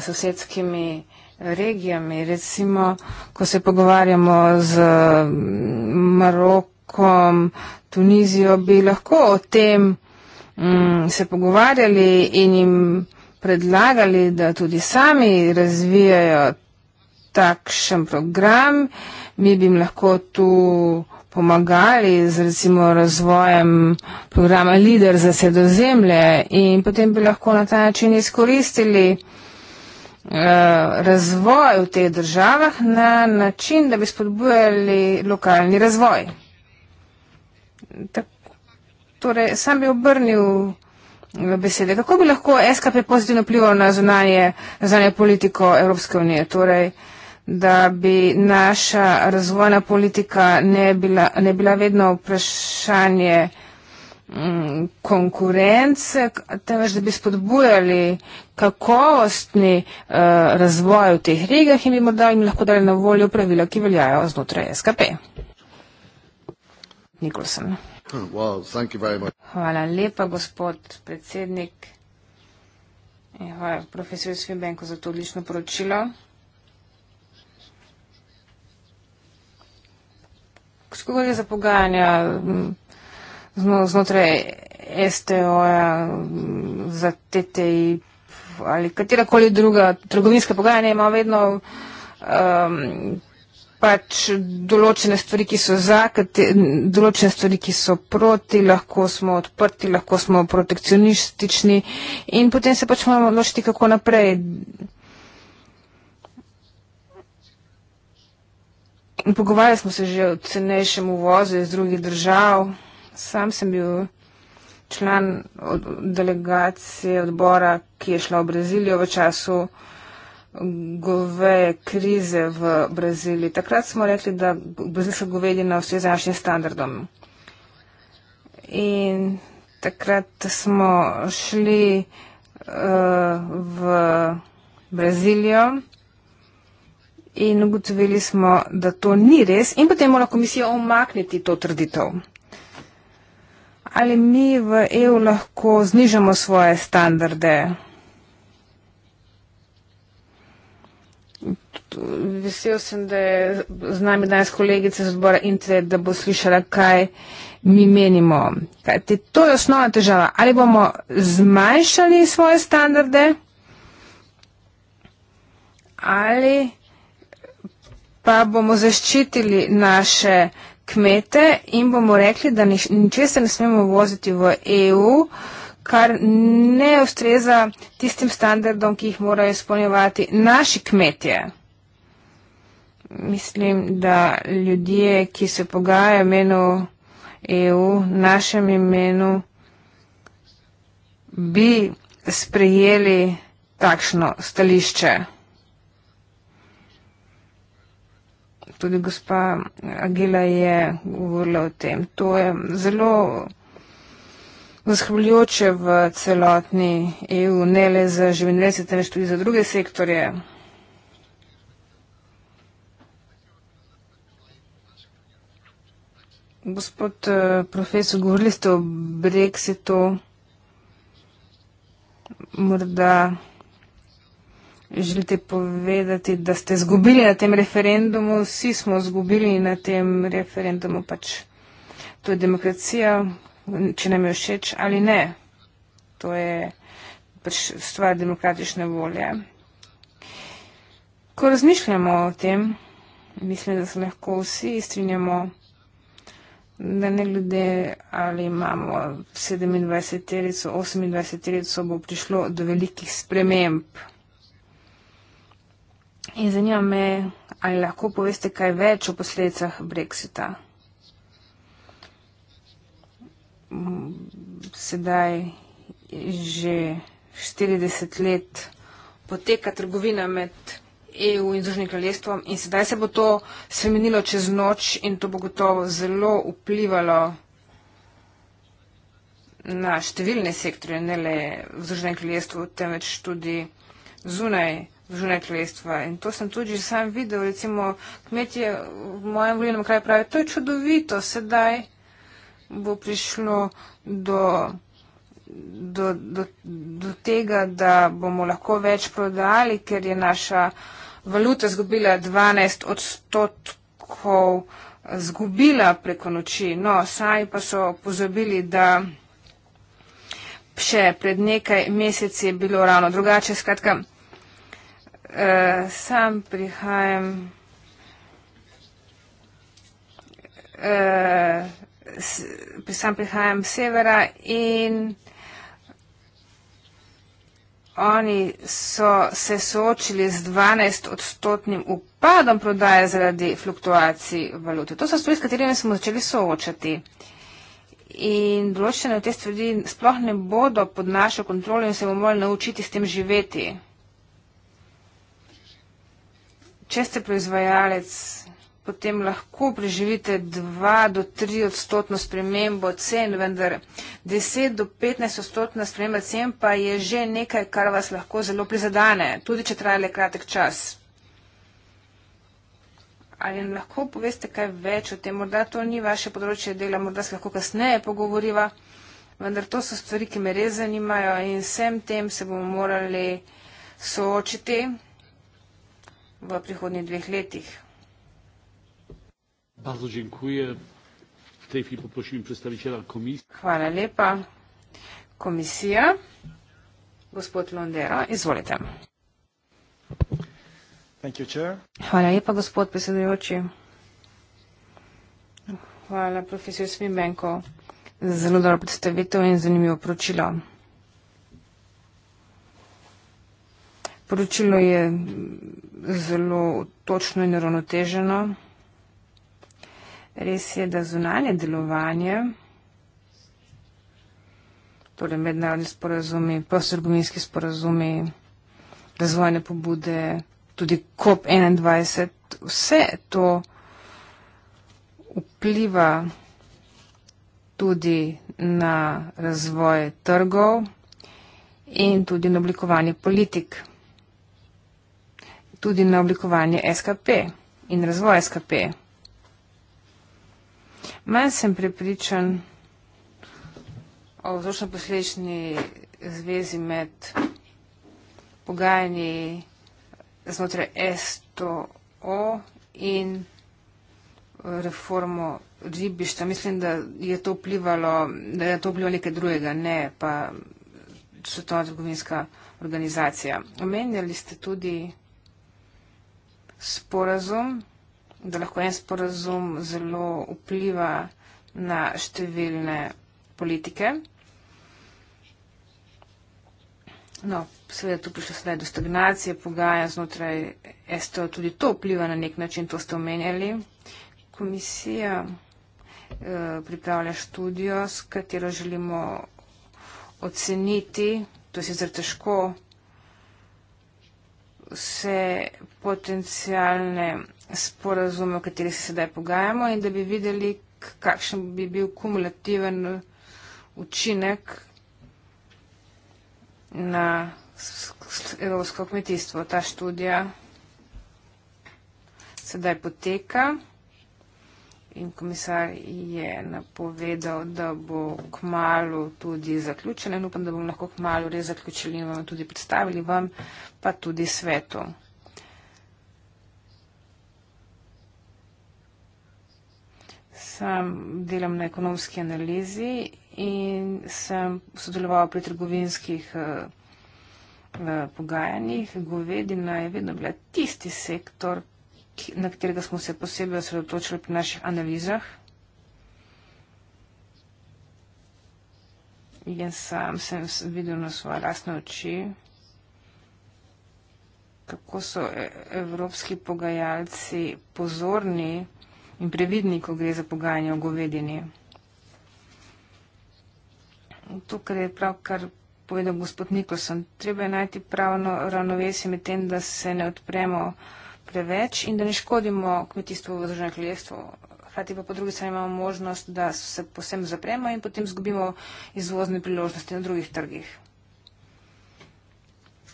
sosedskimi regijami. Recimo, ko se pogovarjamo z mm, Marokom, Tunizijo, bi lahko o tem mm, se pogovarjali in jim predlagali, da tudi sami razvijajo takšen program. Mi bi jim lahko tu pomagali z recimo razvojem programa Lider za sredozemlje in potem bi lahko na ta način izkoristili Eh, razvoj v teh državah na način, da bi spodbujali lokalni razvoj. Torej, sam bi obrnil eh, besede. Kako bi lahko SKP pozitivno plival na zunanje, zunanje politiko Evropske unije? Torej, da bi naša razvojna politika ne bila, ne bila vedno vprašanje uh, Mm, konkurence, temveč da bi spodbujali kakovostni eh, razvoj v teh regijah in bi morda jim lahko dali na voljo pravila, ki veljajo znotraj SKP. Nikolson. Hvala lepa, gospod predsednik. Hvala profesorju Svinbenku za to odlično poročilo. Skoga je za pogajanja znotraj STO-ja, za TTI ali katerakoli druga trgovinska pogajanja ima vedno um, pač določene stvari, ki so za, kate, določene stvari, ki so proti, lahko smo odprti, lahko smo protekcionistični in potem se pač moramo odločiti, kako naprej. Pogovarjali smo se že o cenejšem uvozu iz drugih držav. Sam sem bil član od delegacije odbora, ki je šla v Brazilijo v času goveje krize v Braziliji. Takrat smo rekli, da brazilska govedina vse z našim standardom. In takrat smo šli uh, v Brazilijo in ugotovili smo, da to ni res in potem mora komisija omakniti to trditev ali mi v EU lahko znižamo svoje standarde? Vesel sem, da je z nami danes kolegica z odbora Intre, da bo slišala, kaj mi menimo. Kaj te, to je osnovna težava. Ali bomo zmanjšali svoje standarde ali pa bomo zaščitili naše uh, kmete in bomo rekli, da ničesar ne smemo voziti v EU, kar ne ustreza tistim standardom, ki jih morajo izpolnjevati naši kmetje. Mislim, da ljudje, ki se pogajajo imenu EU, našem imenu, bi sprejeli takšno stališče. tudi gospa Agila je govorila o tem. To je zelo zaskrbljujoče v celotni EU, ne le za živinorejce, temveč tudi za druge sektorje. Gospod eh, profesor, govorili ste o brexitu. Morda želite povedati, da ste izgubili na tem referendumu, vsi smo izgubili na tem referendumu, pač to je demokracija, če nam je všeč ali ne. To je pač stvar demokratične volje. Ko razmišljamo o tem, mislim, da se lahko vsi strinjamo, da ne glede ali imamo 27-28-28 bo prišlo do velikih sprememb. In zanima me, ali lahko poveste kaj več o posledicah Brexita. Sedaj že 40 let poteka trgovina med EU in Združenim kraljestvom in sedaj se bo to spremenilo čez noč in to bo gotovo zelo vplivalo na številne sektorje, ne le v Združenem kraljestvu, temveč tudi zunaj zunaj kmetstva. In to sem tudi že sam videl, recimo kmetje v mojem volilnem kraju pravijo, to je čudovito, sedaj bo prišlo do, do, do, do tega, da bomo lahko več prodali, ker je naša valuta zgubila 12 odstotkov, zgubila preko noči. No, sami pa so pozabili, da. Še pred nekaj meseci je bilo ravno drugače. Skratka, uh, sam prihajam uh, sam prihajam z severa in oni so se soočili z 12 odstotnim upadom prodaje zaradi fluktuacij valute. To so stvari, s katerimi smo začeli soočati. In določene te stvari sploh ne bodo pod našo kontrolo in se bomo morali naučiti s tem živeti če ste proizvajalec, potem lahko preživite 2 do 3 odstotno spremembo cen, vendar 10 do 15 odstotna sprememba cen pa je že nekaj, kar vas lahko zelo prizadane, tudi če traja le kratek čas. Ali nam lahko poveste kaj več o tem? Morda to ni vaše področje dela, morda se lahko kasneje pogovoriva, vendar to so stvari, ki me res zanimajo in vsem tem se bomo morali soočiti v prihodnjih dveh letih. Hvala lepa. Komisija, gospod Londero, izvolite. You, Hvala lepa, gospod predsedujoči. Hvala, profesor Svinbenko, za zelo dobro predstavitev in zanimivo poročilo. Poročilo je zelo točno in uravnoteženo. Res je, da zunanje delovanje, torej mednarodni sporazumi, posrbominski sporazumi, razvojne pobude, tudi COP21, vse to vpliva tudi na razvoj trgov in tudi na oblikovanje politik tudi na oblikovanje SKP in razvoj SKP. Manj sem prepričan o vzročno-posledični zvezi med pogajanji znotraj STO in reformo ribišča. Mislim, da je to vplivalo, da je to vplivalo nekaj drugega, ne pa svetovna trgovinska organizacija. Omenjali ste tudi sporazum, da lahko en sporazum zelo vpliva na številne politike. No, seveda tu prišlo sedaj do stagnacije, pogaja znotraj STO, tudi to vpliva na nek način, to ste omenjali. Komisija eh, pripravlja študijo, s katero želimo oceniti, to je sicer težko vse potencijalne sporazume, o katerih se sedaj pogajamo in da bi videli, kakšen bi bil kumulativen učinek na evropsko kmetijstvo. Ta študija sedaj poteka in komisar je napovedal, da bo k malu tudi zaključen in upam, da bomo lahko k malu res zaključili in vam tudi predstavili vam pa tudi svetu. Sam delam na ekonomski analizi in sem sodeloval pri trgovinskih eh, pogajanjih. Govedina je vedno bila tisti sektor, na katerega smo se posebej osredotočili pri naših analizah. In sam sem videl na svoje lastne oči, kako so e, evropski pogajalci pozorni in previdni, ko gre za pogajanje o govedini. Tukaj je prav, kar povedal gospod Nikolson, treba je najti pravno ravnovesje med tem, da se ne odpremo preveč in da ne škodimo kmetijstvu v državnem kraljestvu. Hrati pa po drugi strani imamo možnost, da se posebno zapremo in potem zgubimo izvozne priložnosti na drugih trgih.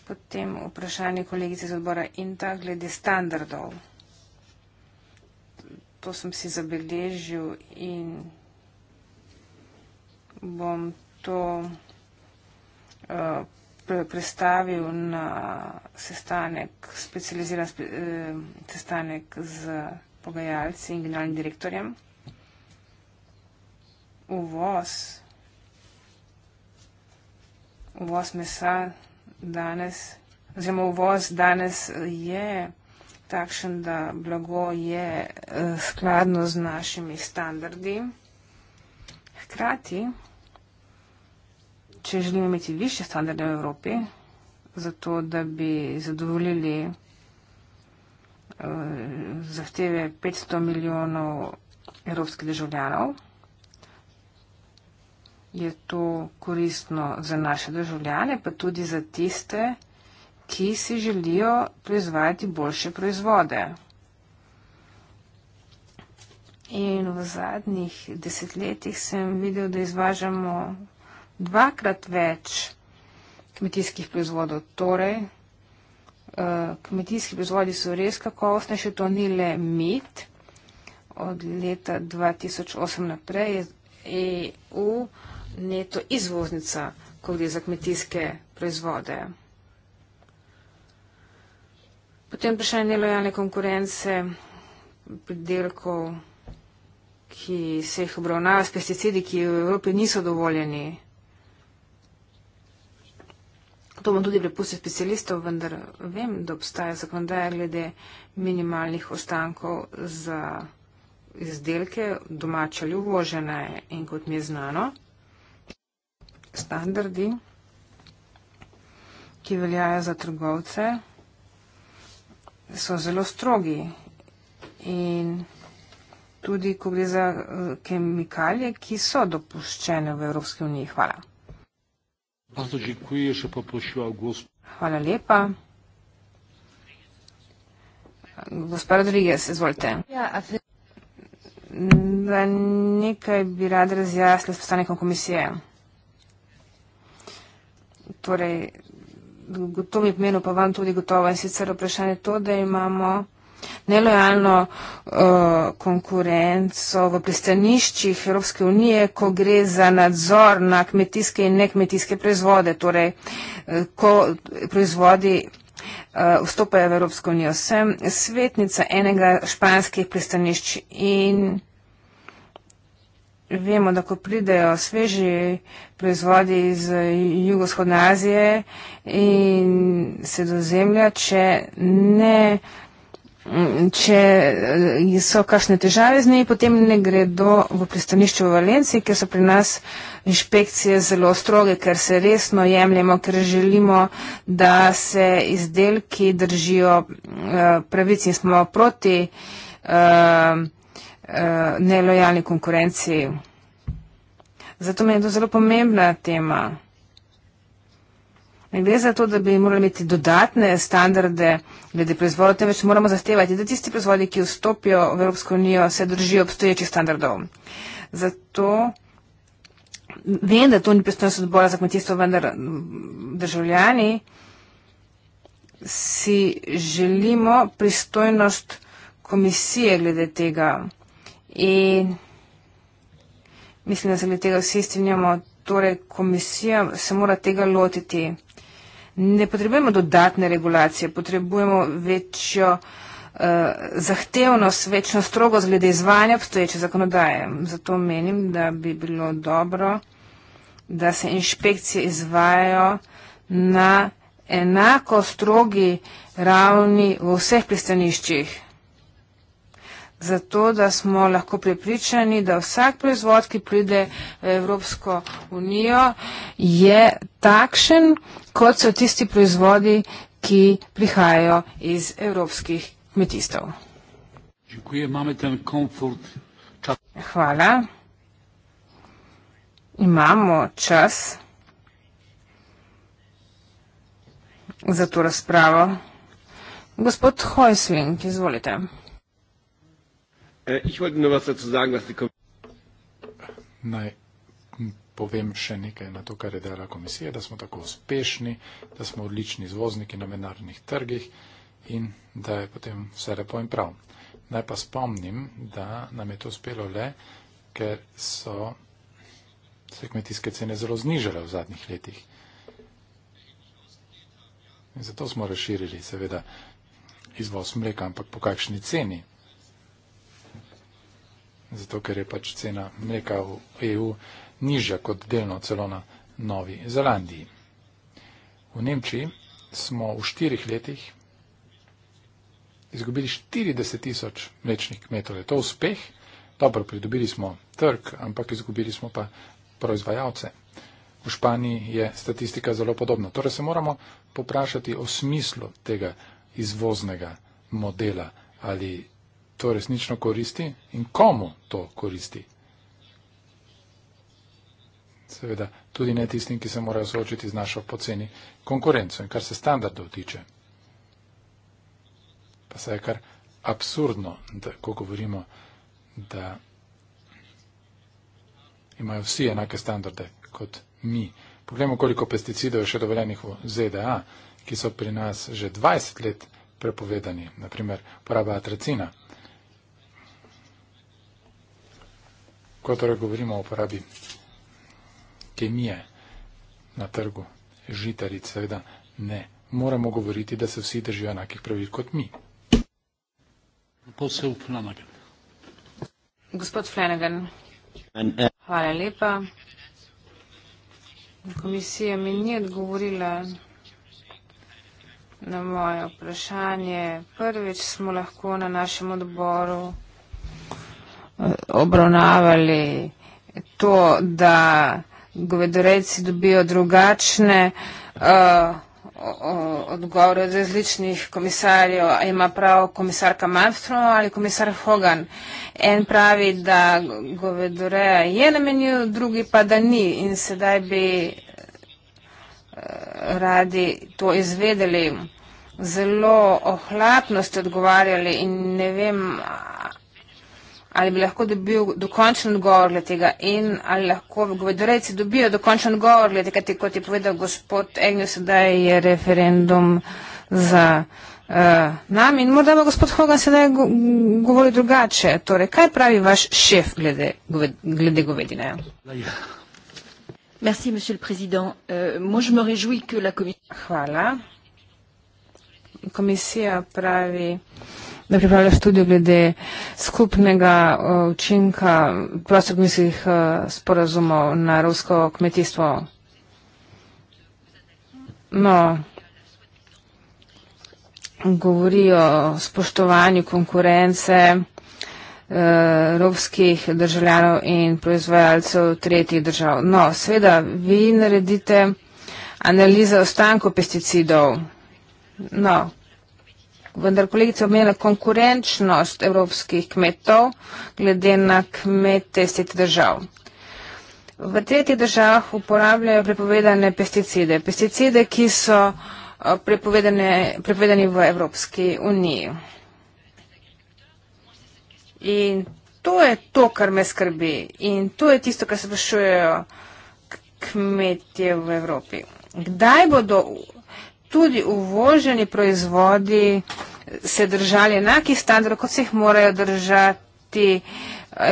Potem vprašanje kolegice iz odbora INTA glede standardov. To sem si zabeležil in bom to uh, pre prestavil na sestanek, specializiran spe, uh, sestanek z pogajalci in generalnim direktorjem. Uvoz, uvoz mesa danes, oziroma uvoz danes je takšen, da blago je eh, skladno z našimi standardi. Hkrati, če želimo imeti više standarde v Evropi, zato da bi zadovoljili eh, zahteve 500 milijonov evropskih državljanov, je to koristno za naše državljane, pa tudi za tiste, ki si želijo proizvajati boljše proizvode. In v zadnjih desetletjih sem videl, da izvažamo dvakrat več kmetijskih proizvodov. Torej, eh, kmetijski proizvodi so res kakovostni, še to ni le mit. Od leta 2008 naprej je EU neto izvoznica, ko gre za kmetijske proizvode. Potem vprašanje nelojalne konkurence pridelkov, ki se jih obravnava s pesticidi, ki v Evropi niso dovoljeni. To bom tudi prepustil specialistov, vendar vem, da obstaja zakonodaja glede minimalnih ostankov za izdelke domače ali uvožene in kot mi je znano standardi, ki veljajo za trgovce, so zelo strogi. In tudi, ko gre za eh, kemikalije, ki so dopuščene v Evropski uniji. Hvala. Hvala lepa. Gospod Rodriguez, izvolite. Ja, da nekaj bi rad razjasnil s predstavnikom komisije torej, to mi pomeni, pa vam tudi gotovo, in sicer vprašanje to, da imamo nelojalno uh, konkurenco v pristaniščih Evropske unije, ko gre za nadzor na kmetijske in nekmetijske proizvode, torej, eh, ko proizvodi eh, vstopajo v Evropsko unijo. Sem svetnica enega španskih pristanišč in vemo, da ko pridejo sveži proizvodi iz eh, jugoshodne Azije in se do zemlja, če ne. Mm, če eh, so kakšne težave z njimi, potem ne gredo v pristanišče v Valenciji, ker so pri nas inšpekcije zelo stroge, ker se resno jemljemo, ker želimo, da se izdelki držijo eh, pravici in smo proti. Uh, Eh, nelojalni konkurenci. Zato meni je to zelo pomembna tema. Ne gre za to, da bi morali imeti dodatne standarde glede proizvodov, temveč moramo zahtevati, da tisti proizvodi, ki vstopijo v Evropsko unijo, se držijo obstoječih standardov. Zato vem, da to ni pristojnost odbora za kmetijstvo, vendar mm, državljani si želimo pristojnost komisije glede tega. In mislim, da se glede tega vsi strinjamo, torej komisija se mora tega lotiti. Ne potrebujemo dodatne regulacije, potrebujemo večjo uh, zahtevnost, večjo strogo zglede izvanja obstoječe zakonodaje. Zato menim, da bi bilo dobro, da se inšpekcije izvajajo na enako strogi ravni v vseh pristaniščih zato da smo lahko prepričani, da vsak proizvod, ki pride v Evropsko unijo, je takšen, kot so tisti proizvodi, ki prihajajo iz evropskih kmetistov. Hvala. Imamo čas za to razpravo. Gospod Hojsving, izvolite. Eh, ich wollte nur was dazu sagen, was die Naj povem še nekaj na to, kar je dala komisija, da smo tako uspešni, da smo odlični izvozniki na mednarodnih trgih in da je potem vse lepo in prav. Naj pa spomnim, da nam je to uspelo le, ker so se kmetijske cene zelo znižale v zadnjih letih. In zato smo razširili seveda izvoz mleka, ampak po kakšni ceni zato ker je pač cena mleka v EU nižja kot delno celo na Novi Zelandiji. V Nemčiji smo v štirih letih izgubili 40 tisoč mlečnih kmetov. Je to uspeh? Dobro, pridobili smo trg, ampak izgubili smo pa proizvajalce. V Španiji je statistika zelo podobna. Torej se moramo poprašati o smislu tega izvoznega modela ali to resnično koristi in komu to koristi. Seveda, tudi ne tistim, ki se morajo soočiti z našo poceni konkurenco in kar se standardov tiče. Pa se je kar absurdno, da, ko govorimo, da imajo vsi enake standarde kot mi. Poglejmo, koliko pesticidov je še dovoljenih v ZDA, ki so pri nas že 20 let prepovedani, naprimer poraba atracina. Kadar torej govorimo o uporabi kemije na trgu, žitaric, seveda ne. Moramo govoriti, da se vsi držijo enakih pravil kot mi. Gospod Flanagan. Hvala lepa. Komisija mi ni odgovorila na moje vprašanje. Prvič smo lahko na našem odboru obravnavali to, da govedorejci dobijo drugačne eh, odgovore od različnih komisarjev. Ima prav komisarka Malmström ali komisar Hogan. En pravi, da govedoreja je na menju, drugi pa da ni in sedaj bi eh, radi to izvedeli. Zelo ohlapno ste odgovarjali in ne vem, ali bi lahko dobil dokončen odgovor glede tega in ali lahko govedorejci dobijo dokončen odgovor glede tega, kot je povedal gospod Egnus, da je referendum za uh, nami in morda bo gospod Hogan sedaj govoril drugače. Torej, kaj pravi vaš šef glede, glede govedine? Merci, uh, moi je me réjouis, la komis Hvala. Komisija pravi da pripravlja študijo glede skupnega učinka prostorkminskih sporazumov na rusko kmetijstvo. No, govori o spoštovanju konkurence e, evropskih državljanov in proizvajalcev tretjih držav. No, sveda, vi naredite analize ostankov pesticidov. No, vendar kolegica omenila konkurenčnost evropskih kmetov glede na kmete iz tretjih držav. V tretjih državah uporabljajo prepovedane pesticide, pesticide, ki so eh, prepovedani v Evropski uniji. In to je to, kar me skrbi. In to je tisto, kar se vprašujejo kmetje v Evropi. Kdaj bodo tudi uvoženi proizvodi se držali enakih standardov, kot se jih morajo držati eh,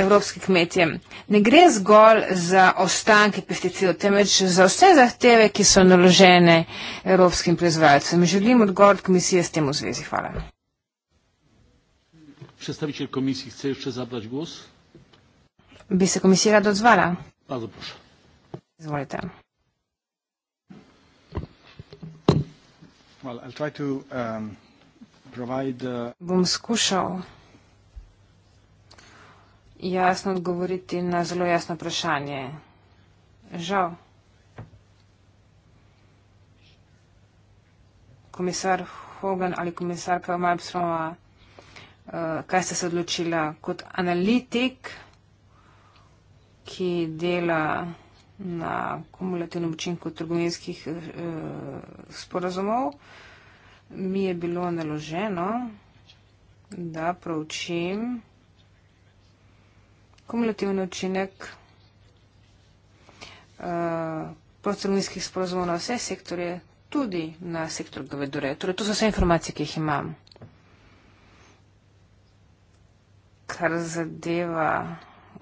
evropski kmetje. Ne gre zgolj za ostanke pesticidov, temveč za vse zahteve, ki so naložene evropskim proizvajalcem. Želim odgovor od komisije s tem v zvezi. Hvala. Predstavitelj komisije, chce še zabrať głos? Bi se komisija rada odzvala? Bardzo proszę. Izvolite. Um, uh, Bom skušal jasno odgovoriti na zelo jasno vprašanje. Žal. Komisar Hogan ali komisarka Malmstromova, uh, kaj ste se odločila kot analitik, ki dela vsega, na kumulativnem učinku trgovinskih eh, sporazumov, mi je bilo naloženo, da pravčim kumulativni učinek eh, protrgovinskih sporazumov na vse sektorje, tudi na sektor govedore. Torej, to so vse informacije, ki jih imam. Kar zadeva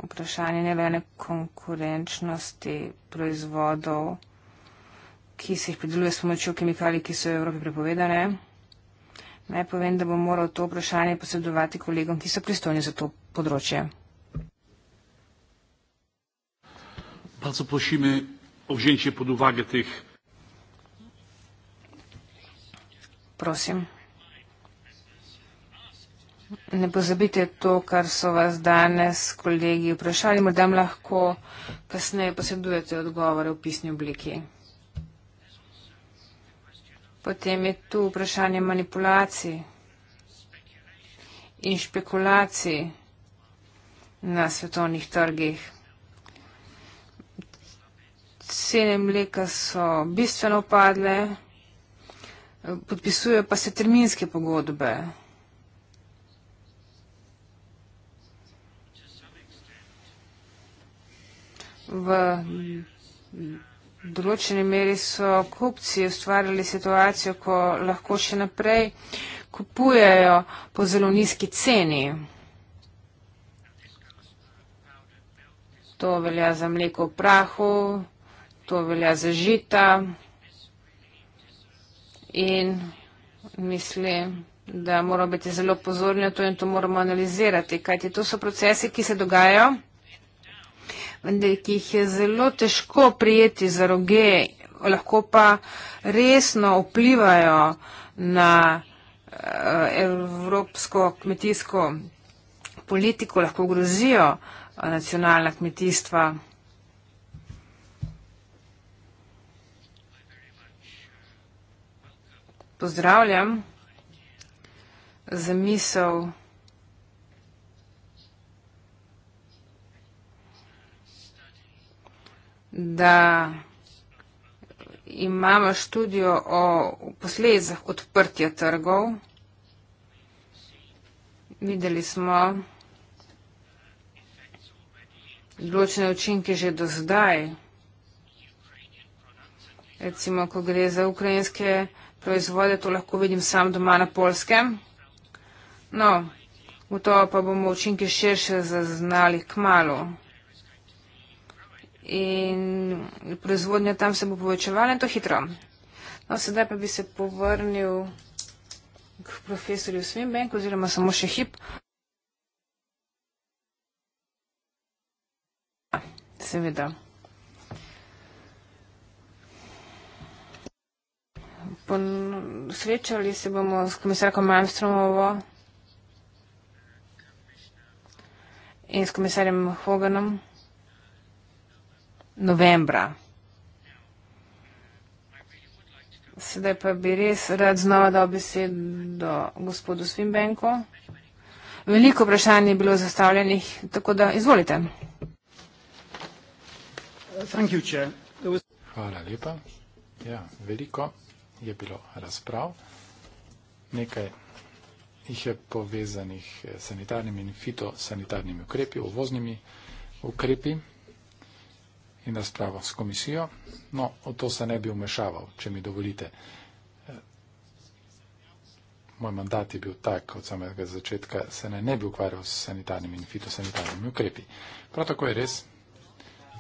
vprašanje nevene konkurenčnosti proizvodov, ki se jih predeluje s pomočjo kemikalij, ki so v Evropi prepovedane. Naj povem, da bom moral to vprašanje posredovati kolegom, ki so pristojni za to področje. Bardzo prosimy o wzięcie pod uwagę tych. Prosim. Ne pozabite to, kar so vas danes kolegi vprašali, morda lahko kasneje posredujete odgovore v pisni obliki. Potem je tu vprašanje manipulacij in špekulacij na svetovnih trgih. Cene mleka so bistveno upadle, podpisujejo pa se terminske pogodbe. v določeni meri so kupci ustvarjali situacijo, ko lahko še naprej kupujejo po zelo nizki ceni. To velja za mleko v prahu, to velja za žita in mislim, da moramo biti zelo pozorni na to in to moramo analizirati, kajti to so procesi, ki se dogajajo vendar ki jih je zelo težko prijeti za roge, lahko pa resno vplivajo na eh, evropsko kmetijsko politiko, lahko grozijo eh, nacionalna kmetijstva. Pozdravljam za misel. da imamo študijo o posledicah odprtja trgov. Videli smo odločene učinke že do zdaj. Recimo, ko gre za ukrajinske proizvode, to lahko vidim sam doma na polskem. No, v to pa bomo učinke širše zaznali k malu in proizvodnja tam se bo povečevala in to hitro. No, sedaj pa bi se povrnil k profesorju Svinbenk oziroma samo še hip. Seveda. Pon srečali se bomo s komisarko Malmstromovo in s komisarjem Hoganom novembra. Sedaj pa bi res rad znova dal besedo gospodu Svinbenko. Veliko vprašanj je bilo zastavljenih, tako da izvolite. Hvala lepa. Ja, veliko je bilo razprav. Nekaj jih je povezanih s sanitarnimi in fitosanitarnimi ukrepi, uvoznimi ukrepi in razpravo s komisijo. No, o to se ne bi umešaval, če mi dovolite. Moj mandat je bil tak, od samega začetka se ne, ne bi ukvarjal s sanitarnimi in fitosanitarnimi ukrepi. Prav tako je res,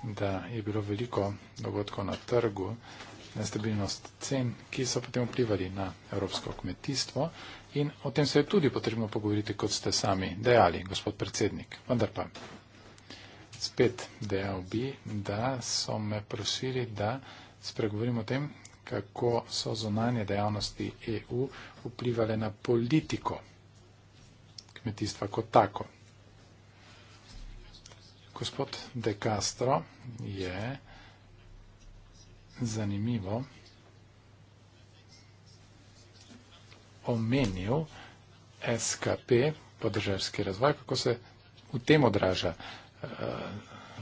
da je bilo veliko dogodkov na trgu, nestabilnost cen, ki so potem vplivali na evropsko kmetijstvo in o tem se je tudi potrebno pogovoriti, kot ste sami dejali, gospod predsednik. Vendar pa spet dejal bi, da so me prosili, da spregovorim o tem, kako so zunanje dejavnosti EU vplivali na politiko kmetijstva kot tako. Gospod De Castro je zanimivo omenil SKP, podržavski razvoj, kako se v tem odraža. Eh,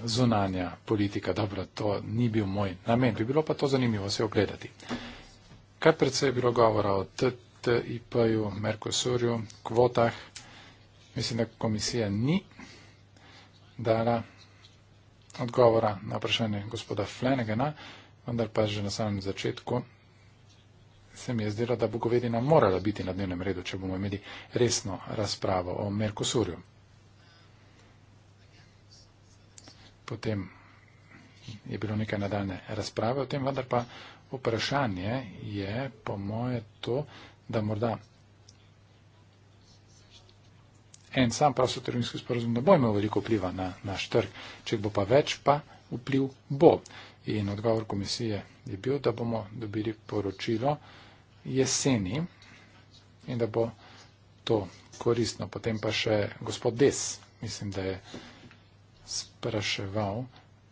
zunanja politika. Dobro, to ni bil moj namen, bi bilo pa to zanimivo se ogledati. Kar predvsej je bilo govora o TTIP-ju, Merkosurju, kvotah, mislim, da komisija ni dala odgovora na vprašanje gospoda Flanagana, vendar pa že na samem začetku se mi je zdelo, da bo govedina morala biti na dnevnem redu, če bomo imeli resno razpravo o Merkosurju. potem je bilo nekaj nadaljne razprave o tem, vendar pa vprašanje je po moje to, da morda en sam prostotrgovinski sporozum ne bo imel veliko vpliva na naš trg, če bo pa več, pa vpliv bo. In odgovor komisije je bil, da bomo dobili poročilo jeseni in da bo to koristno. Potem pa še gospod Des, mislim, da je spraševal,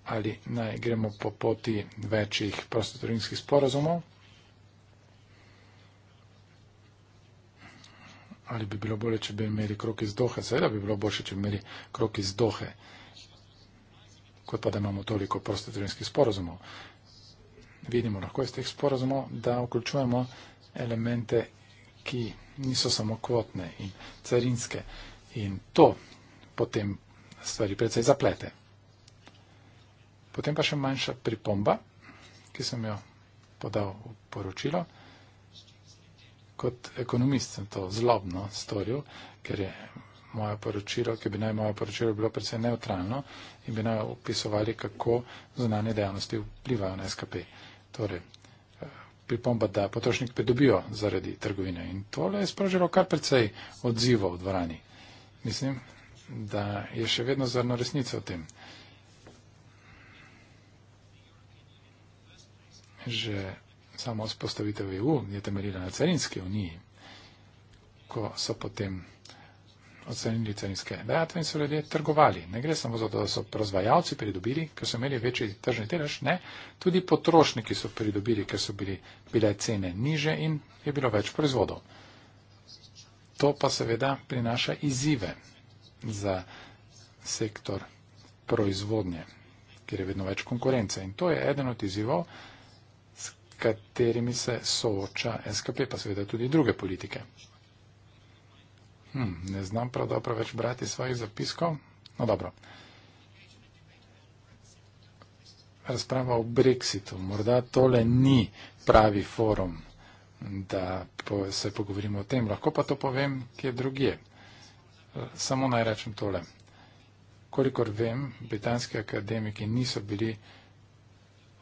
ali naj gremo po poti večjih prostotrinskih sporazumov, ali bi bilo bolje, če bi imeli krok iz dohe. Seveda bi bilo boljše, če bi imeli krok iz dohe, kot pa da imamo toliko prostotrinskih sporazumov. Vidimo lahko iz teh sporazumov, da vključujemo elemente, ki niso samo kvotne in carinske. In to potem stvari precej zaplete. Potem pa še manjša pripomba, ki sem jo podal v poročilo. Kot ekonomist sem to zlobno storil, ker je moje poročilo, ki bi naj moje poročilo bilo precej neutralno in bi naj opisovali, kako zunanje dejavnosti vplivajo na SKP. Torej, eh, pripomba, da potrošnik pridobijo zaradi trgovine. In tole je sprožilo kar precej odzivov v dvorani. Mislim, da je še vedno zrno resnice v tem. Že samo vzpostavitev EU je temeljila na carinski uniji, ko so potem ocenili carinske dajatve in so ljudje trgovali. Ne gre samo za to, da so proizvajalci pridobili, ker so imeli večji tržni delež, ne, tudi potrošniki so pridobili, ker so bili, bile cene niže in je bilo več proizvodov. To pa seveda prinaša izzive za sektor proizvodnje, kjer je vedno več konkurence. In to je eden od izzivov, s katerimi se sooča SKP, pa seveda tudi druge politike. Hm, ne znam prav dobro več brati svojih zapiskov. No dobro. Razprava o Brexitu. Morda tole ni pravi forum, da se pogovorimo o tem. Lahko pa to povem, kje drugje. Samo naj rečem tole. Kolikor vem, britanski akademiki niso bili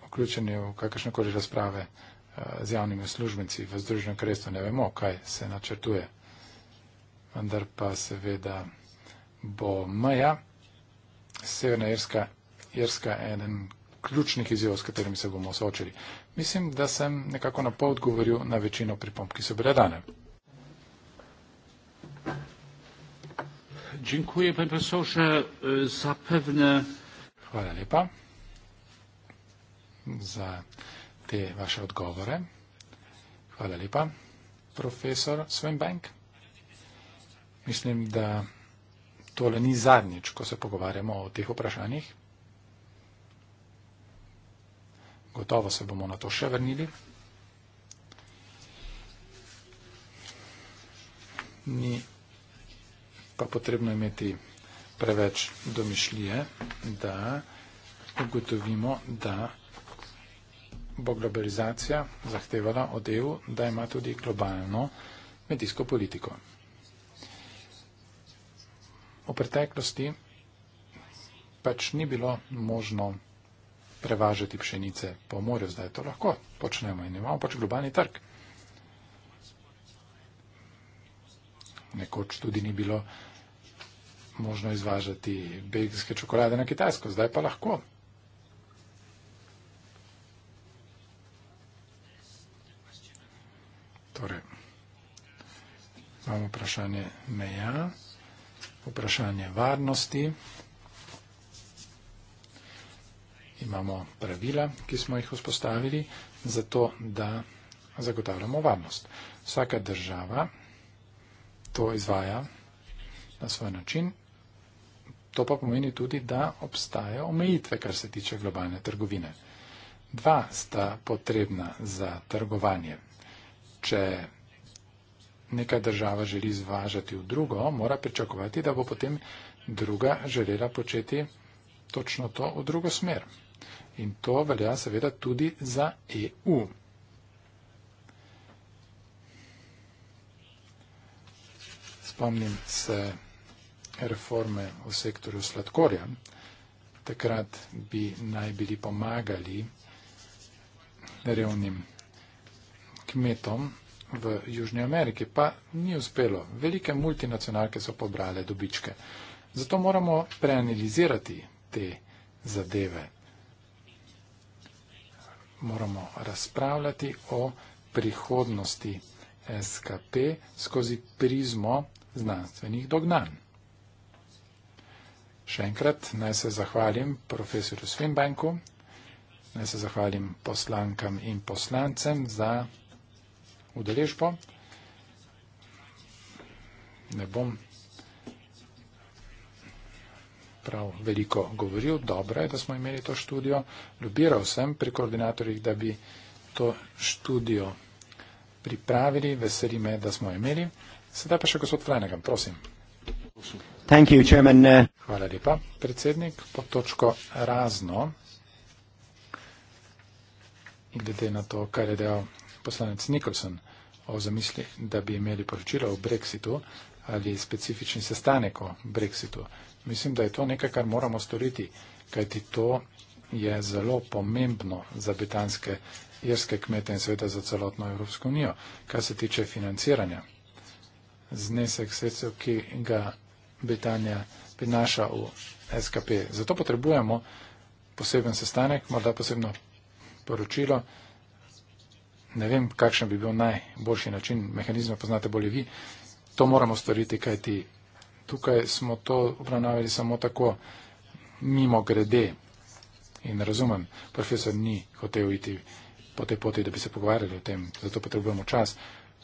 vključeni v kakršnekoli razprave eh, z javnimi službenci v Združenem kraljestvu. Ne vemo, kaj se načrtuje. Vendar pa seveda bo meja Severna Irska, Irska eden ključnih izjev, s katerimi se bomo soočili. Mislim, da sem nekako na pol odgovoril na večino pripomb, ki so bile dane. Dziękuję panie profesorze. Zapewne. Hvala lepa za te vaše odgovore. Hvala lepa, profesor Svenbank. Mislim, da tole ni zadnjič, ko se pogovarjamo o teh vprašanjih. Gotovo se bomo na to še vrnili. Ni pa potrebno imeti preveč domišljije, da ugotovimo, da bo globalizacija zahtevala od EU, da ima tudi globalno medijsko politiko. V preteklosti pač ni bilo možno prevažati pšenice po morju, zdaj to lahko počnemo in imamo pač globalni trg. Nekoč tudi ni bilo možno možno izvažati belgijske čokolade na Kitajsko, zdaj pa lahko. Torej, imamo vprašanje meja, vprašanje varnosti, imamo pravila, ki smo jih vzpostavili, zato da zagotavljamo varnost. Vsaka država to izvaja na svoj način To pa pomeni tudi, da obstajajo omejitve, kar se tiče globalne trgovine. Dva sta potrebna za trgovanje. Če neka država želi zvažati v drugo, mora pričakovati, da bo potem druga želela početi točno to v drugo smer. In to velja seveda tudi za EU. Spomnim se reforme v sektorju sladkorja. Takrat bi naj bili pomagali revnim kmetom v Južni Ameriki, pa ni uspelo. Velike multinacionalke so pobrale dobičke. Zato moramo preanalizirati te zadeve. Moramo razpravljati o prihodnosti SKP skozi prizmo znanstvenih dognanj. Še enkrat naj se zahvalim profesorju Svinbanku, naj se zahvalim poslankam in poslancem za udeležbo. Ne bom prav veliko govoril, dobro je, da smo imeli to študijo. Lobiral sem pri koordinatorjih, da bi to študijo pripravili, veseli me, da smo imeli. Sedaj pa še gospod Flanagan, prosim. prosim. You, Chairman, uh... Hvala lepa, predsednik. Pod točko razno, glede na to, kar je dejal poslanec Nikolson o zamisli, da bi imeli poročilo o Brexitu ali specifični sestanek o Brexitu. Mislim, da je to nekaj, kar moramo storiti, kajti to je zelo pomembno za britanske irske kmete in seveda za celotno Evropsko unijo, kar se tiče financiranja. Znesek sredstev, ki ga Britanija prinaša v SKP. Zato potrebujemo poseben sestanek, morda posebno poročilo. Ne vem, kakšen bi bil najboljši način, mehanizme poznate bolje vi. To moramo storiti, kajti tukaj smo to obravnavali samo tako mimo grede. In razumem, profesor ni hotel iti po tej poti, da bi se pogovarjali o tem, zato potrebujemo čas.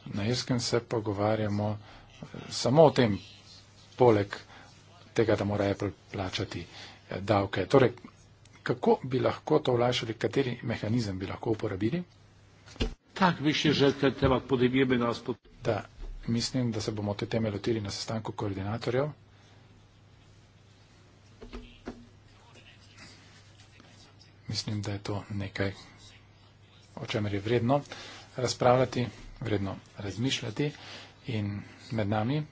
Na Irskem se pogovarjamo eh, samo o tem, poleg tega, da mora Apple plačati eh, davke. Torej, kako bi lahko to olajšali, kateri mehanizem bi lahko uporabili? Tak, vi še želite, da vam podebijo bi nas pod... Da, mislim, da se bomo te teme lotili na sestanku koordinatorjev. Mislim, da je to nekaj, o čemer je vredno razpravljati, vredno razmišljati in med nami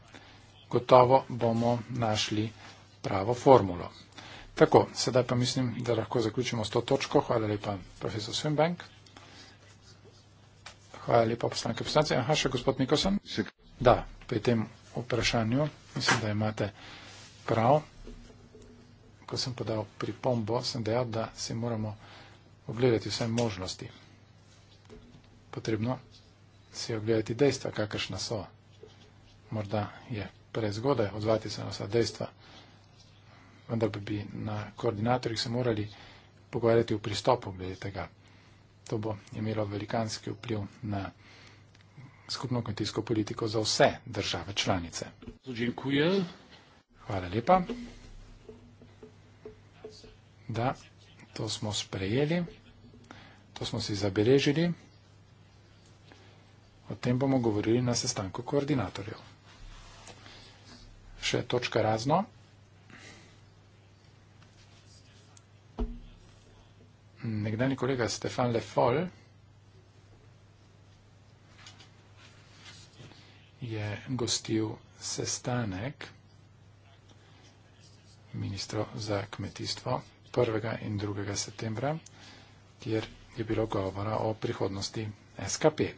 gotovo bomo našli pravo formulo. Tako, sedaj pa mislim, da lahko zaključimo s to točko. Hvala lepa, profesor Swinbank. Hvala lepa, poslanke poslance. Aha, še gospod Nikosen? Da, pri tem vprašanju mislim, da imate prav. Ko sem podal pripombo, sem dejal, da si moramo ogledati vse možnosti. Potrebno si ogledati dejstva, kakršna so. Morda je prezgodaj odzvati se na vsa dejstva, vendar bi, bi na koordinatorjih se morali pogovarjati v pristopu glede tega. To bo imelo velikanski vpliv na skupno kmetijsko politiko za vse države članice. Hvala lepa. Da, to smo sprejeli, to smo si zabeležili. O tem bomo govorili na sestanku koordinatorjev še točka razno. Nekdani kolega Stefan Lefol je gostil sestanek ministrov za kmetijstvo 1. in 2. septembra, kjer je bilo govora o prihodnosti SKP.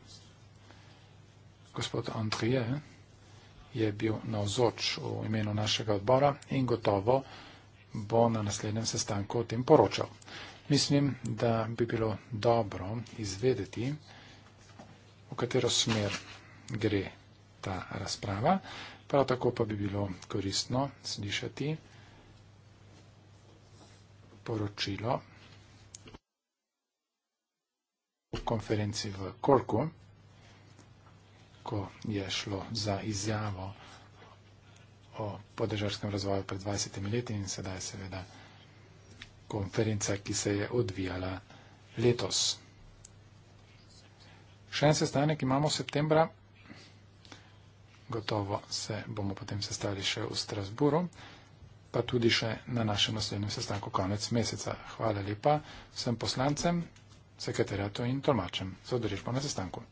Gospod Andrije je bil navzoč v imenu našega odbora in gotovo bo na naslednjem sestanku o tem poročal. Mislim, da bi bilo dobro izvedeti, v katero smer gre ta razprava. Prav tako pa bi bilo koristno slišati poročilo v konferenci v Korku ko je šlo za izjavo o podeželskem razvoju pred 20 leti in sedaj seveda konferenca, ki se je odvijala letos. Še en sestanek imamo v septembra. Gotovo se bomo potem sestali še v Strasburu, pa tudi še na našem naslednjem sestanku konec meseca. Hvala lepa vsem poslancem, sekretarjatu in tolmačem. Zadržimo na sestanku.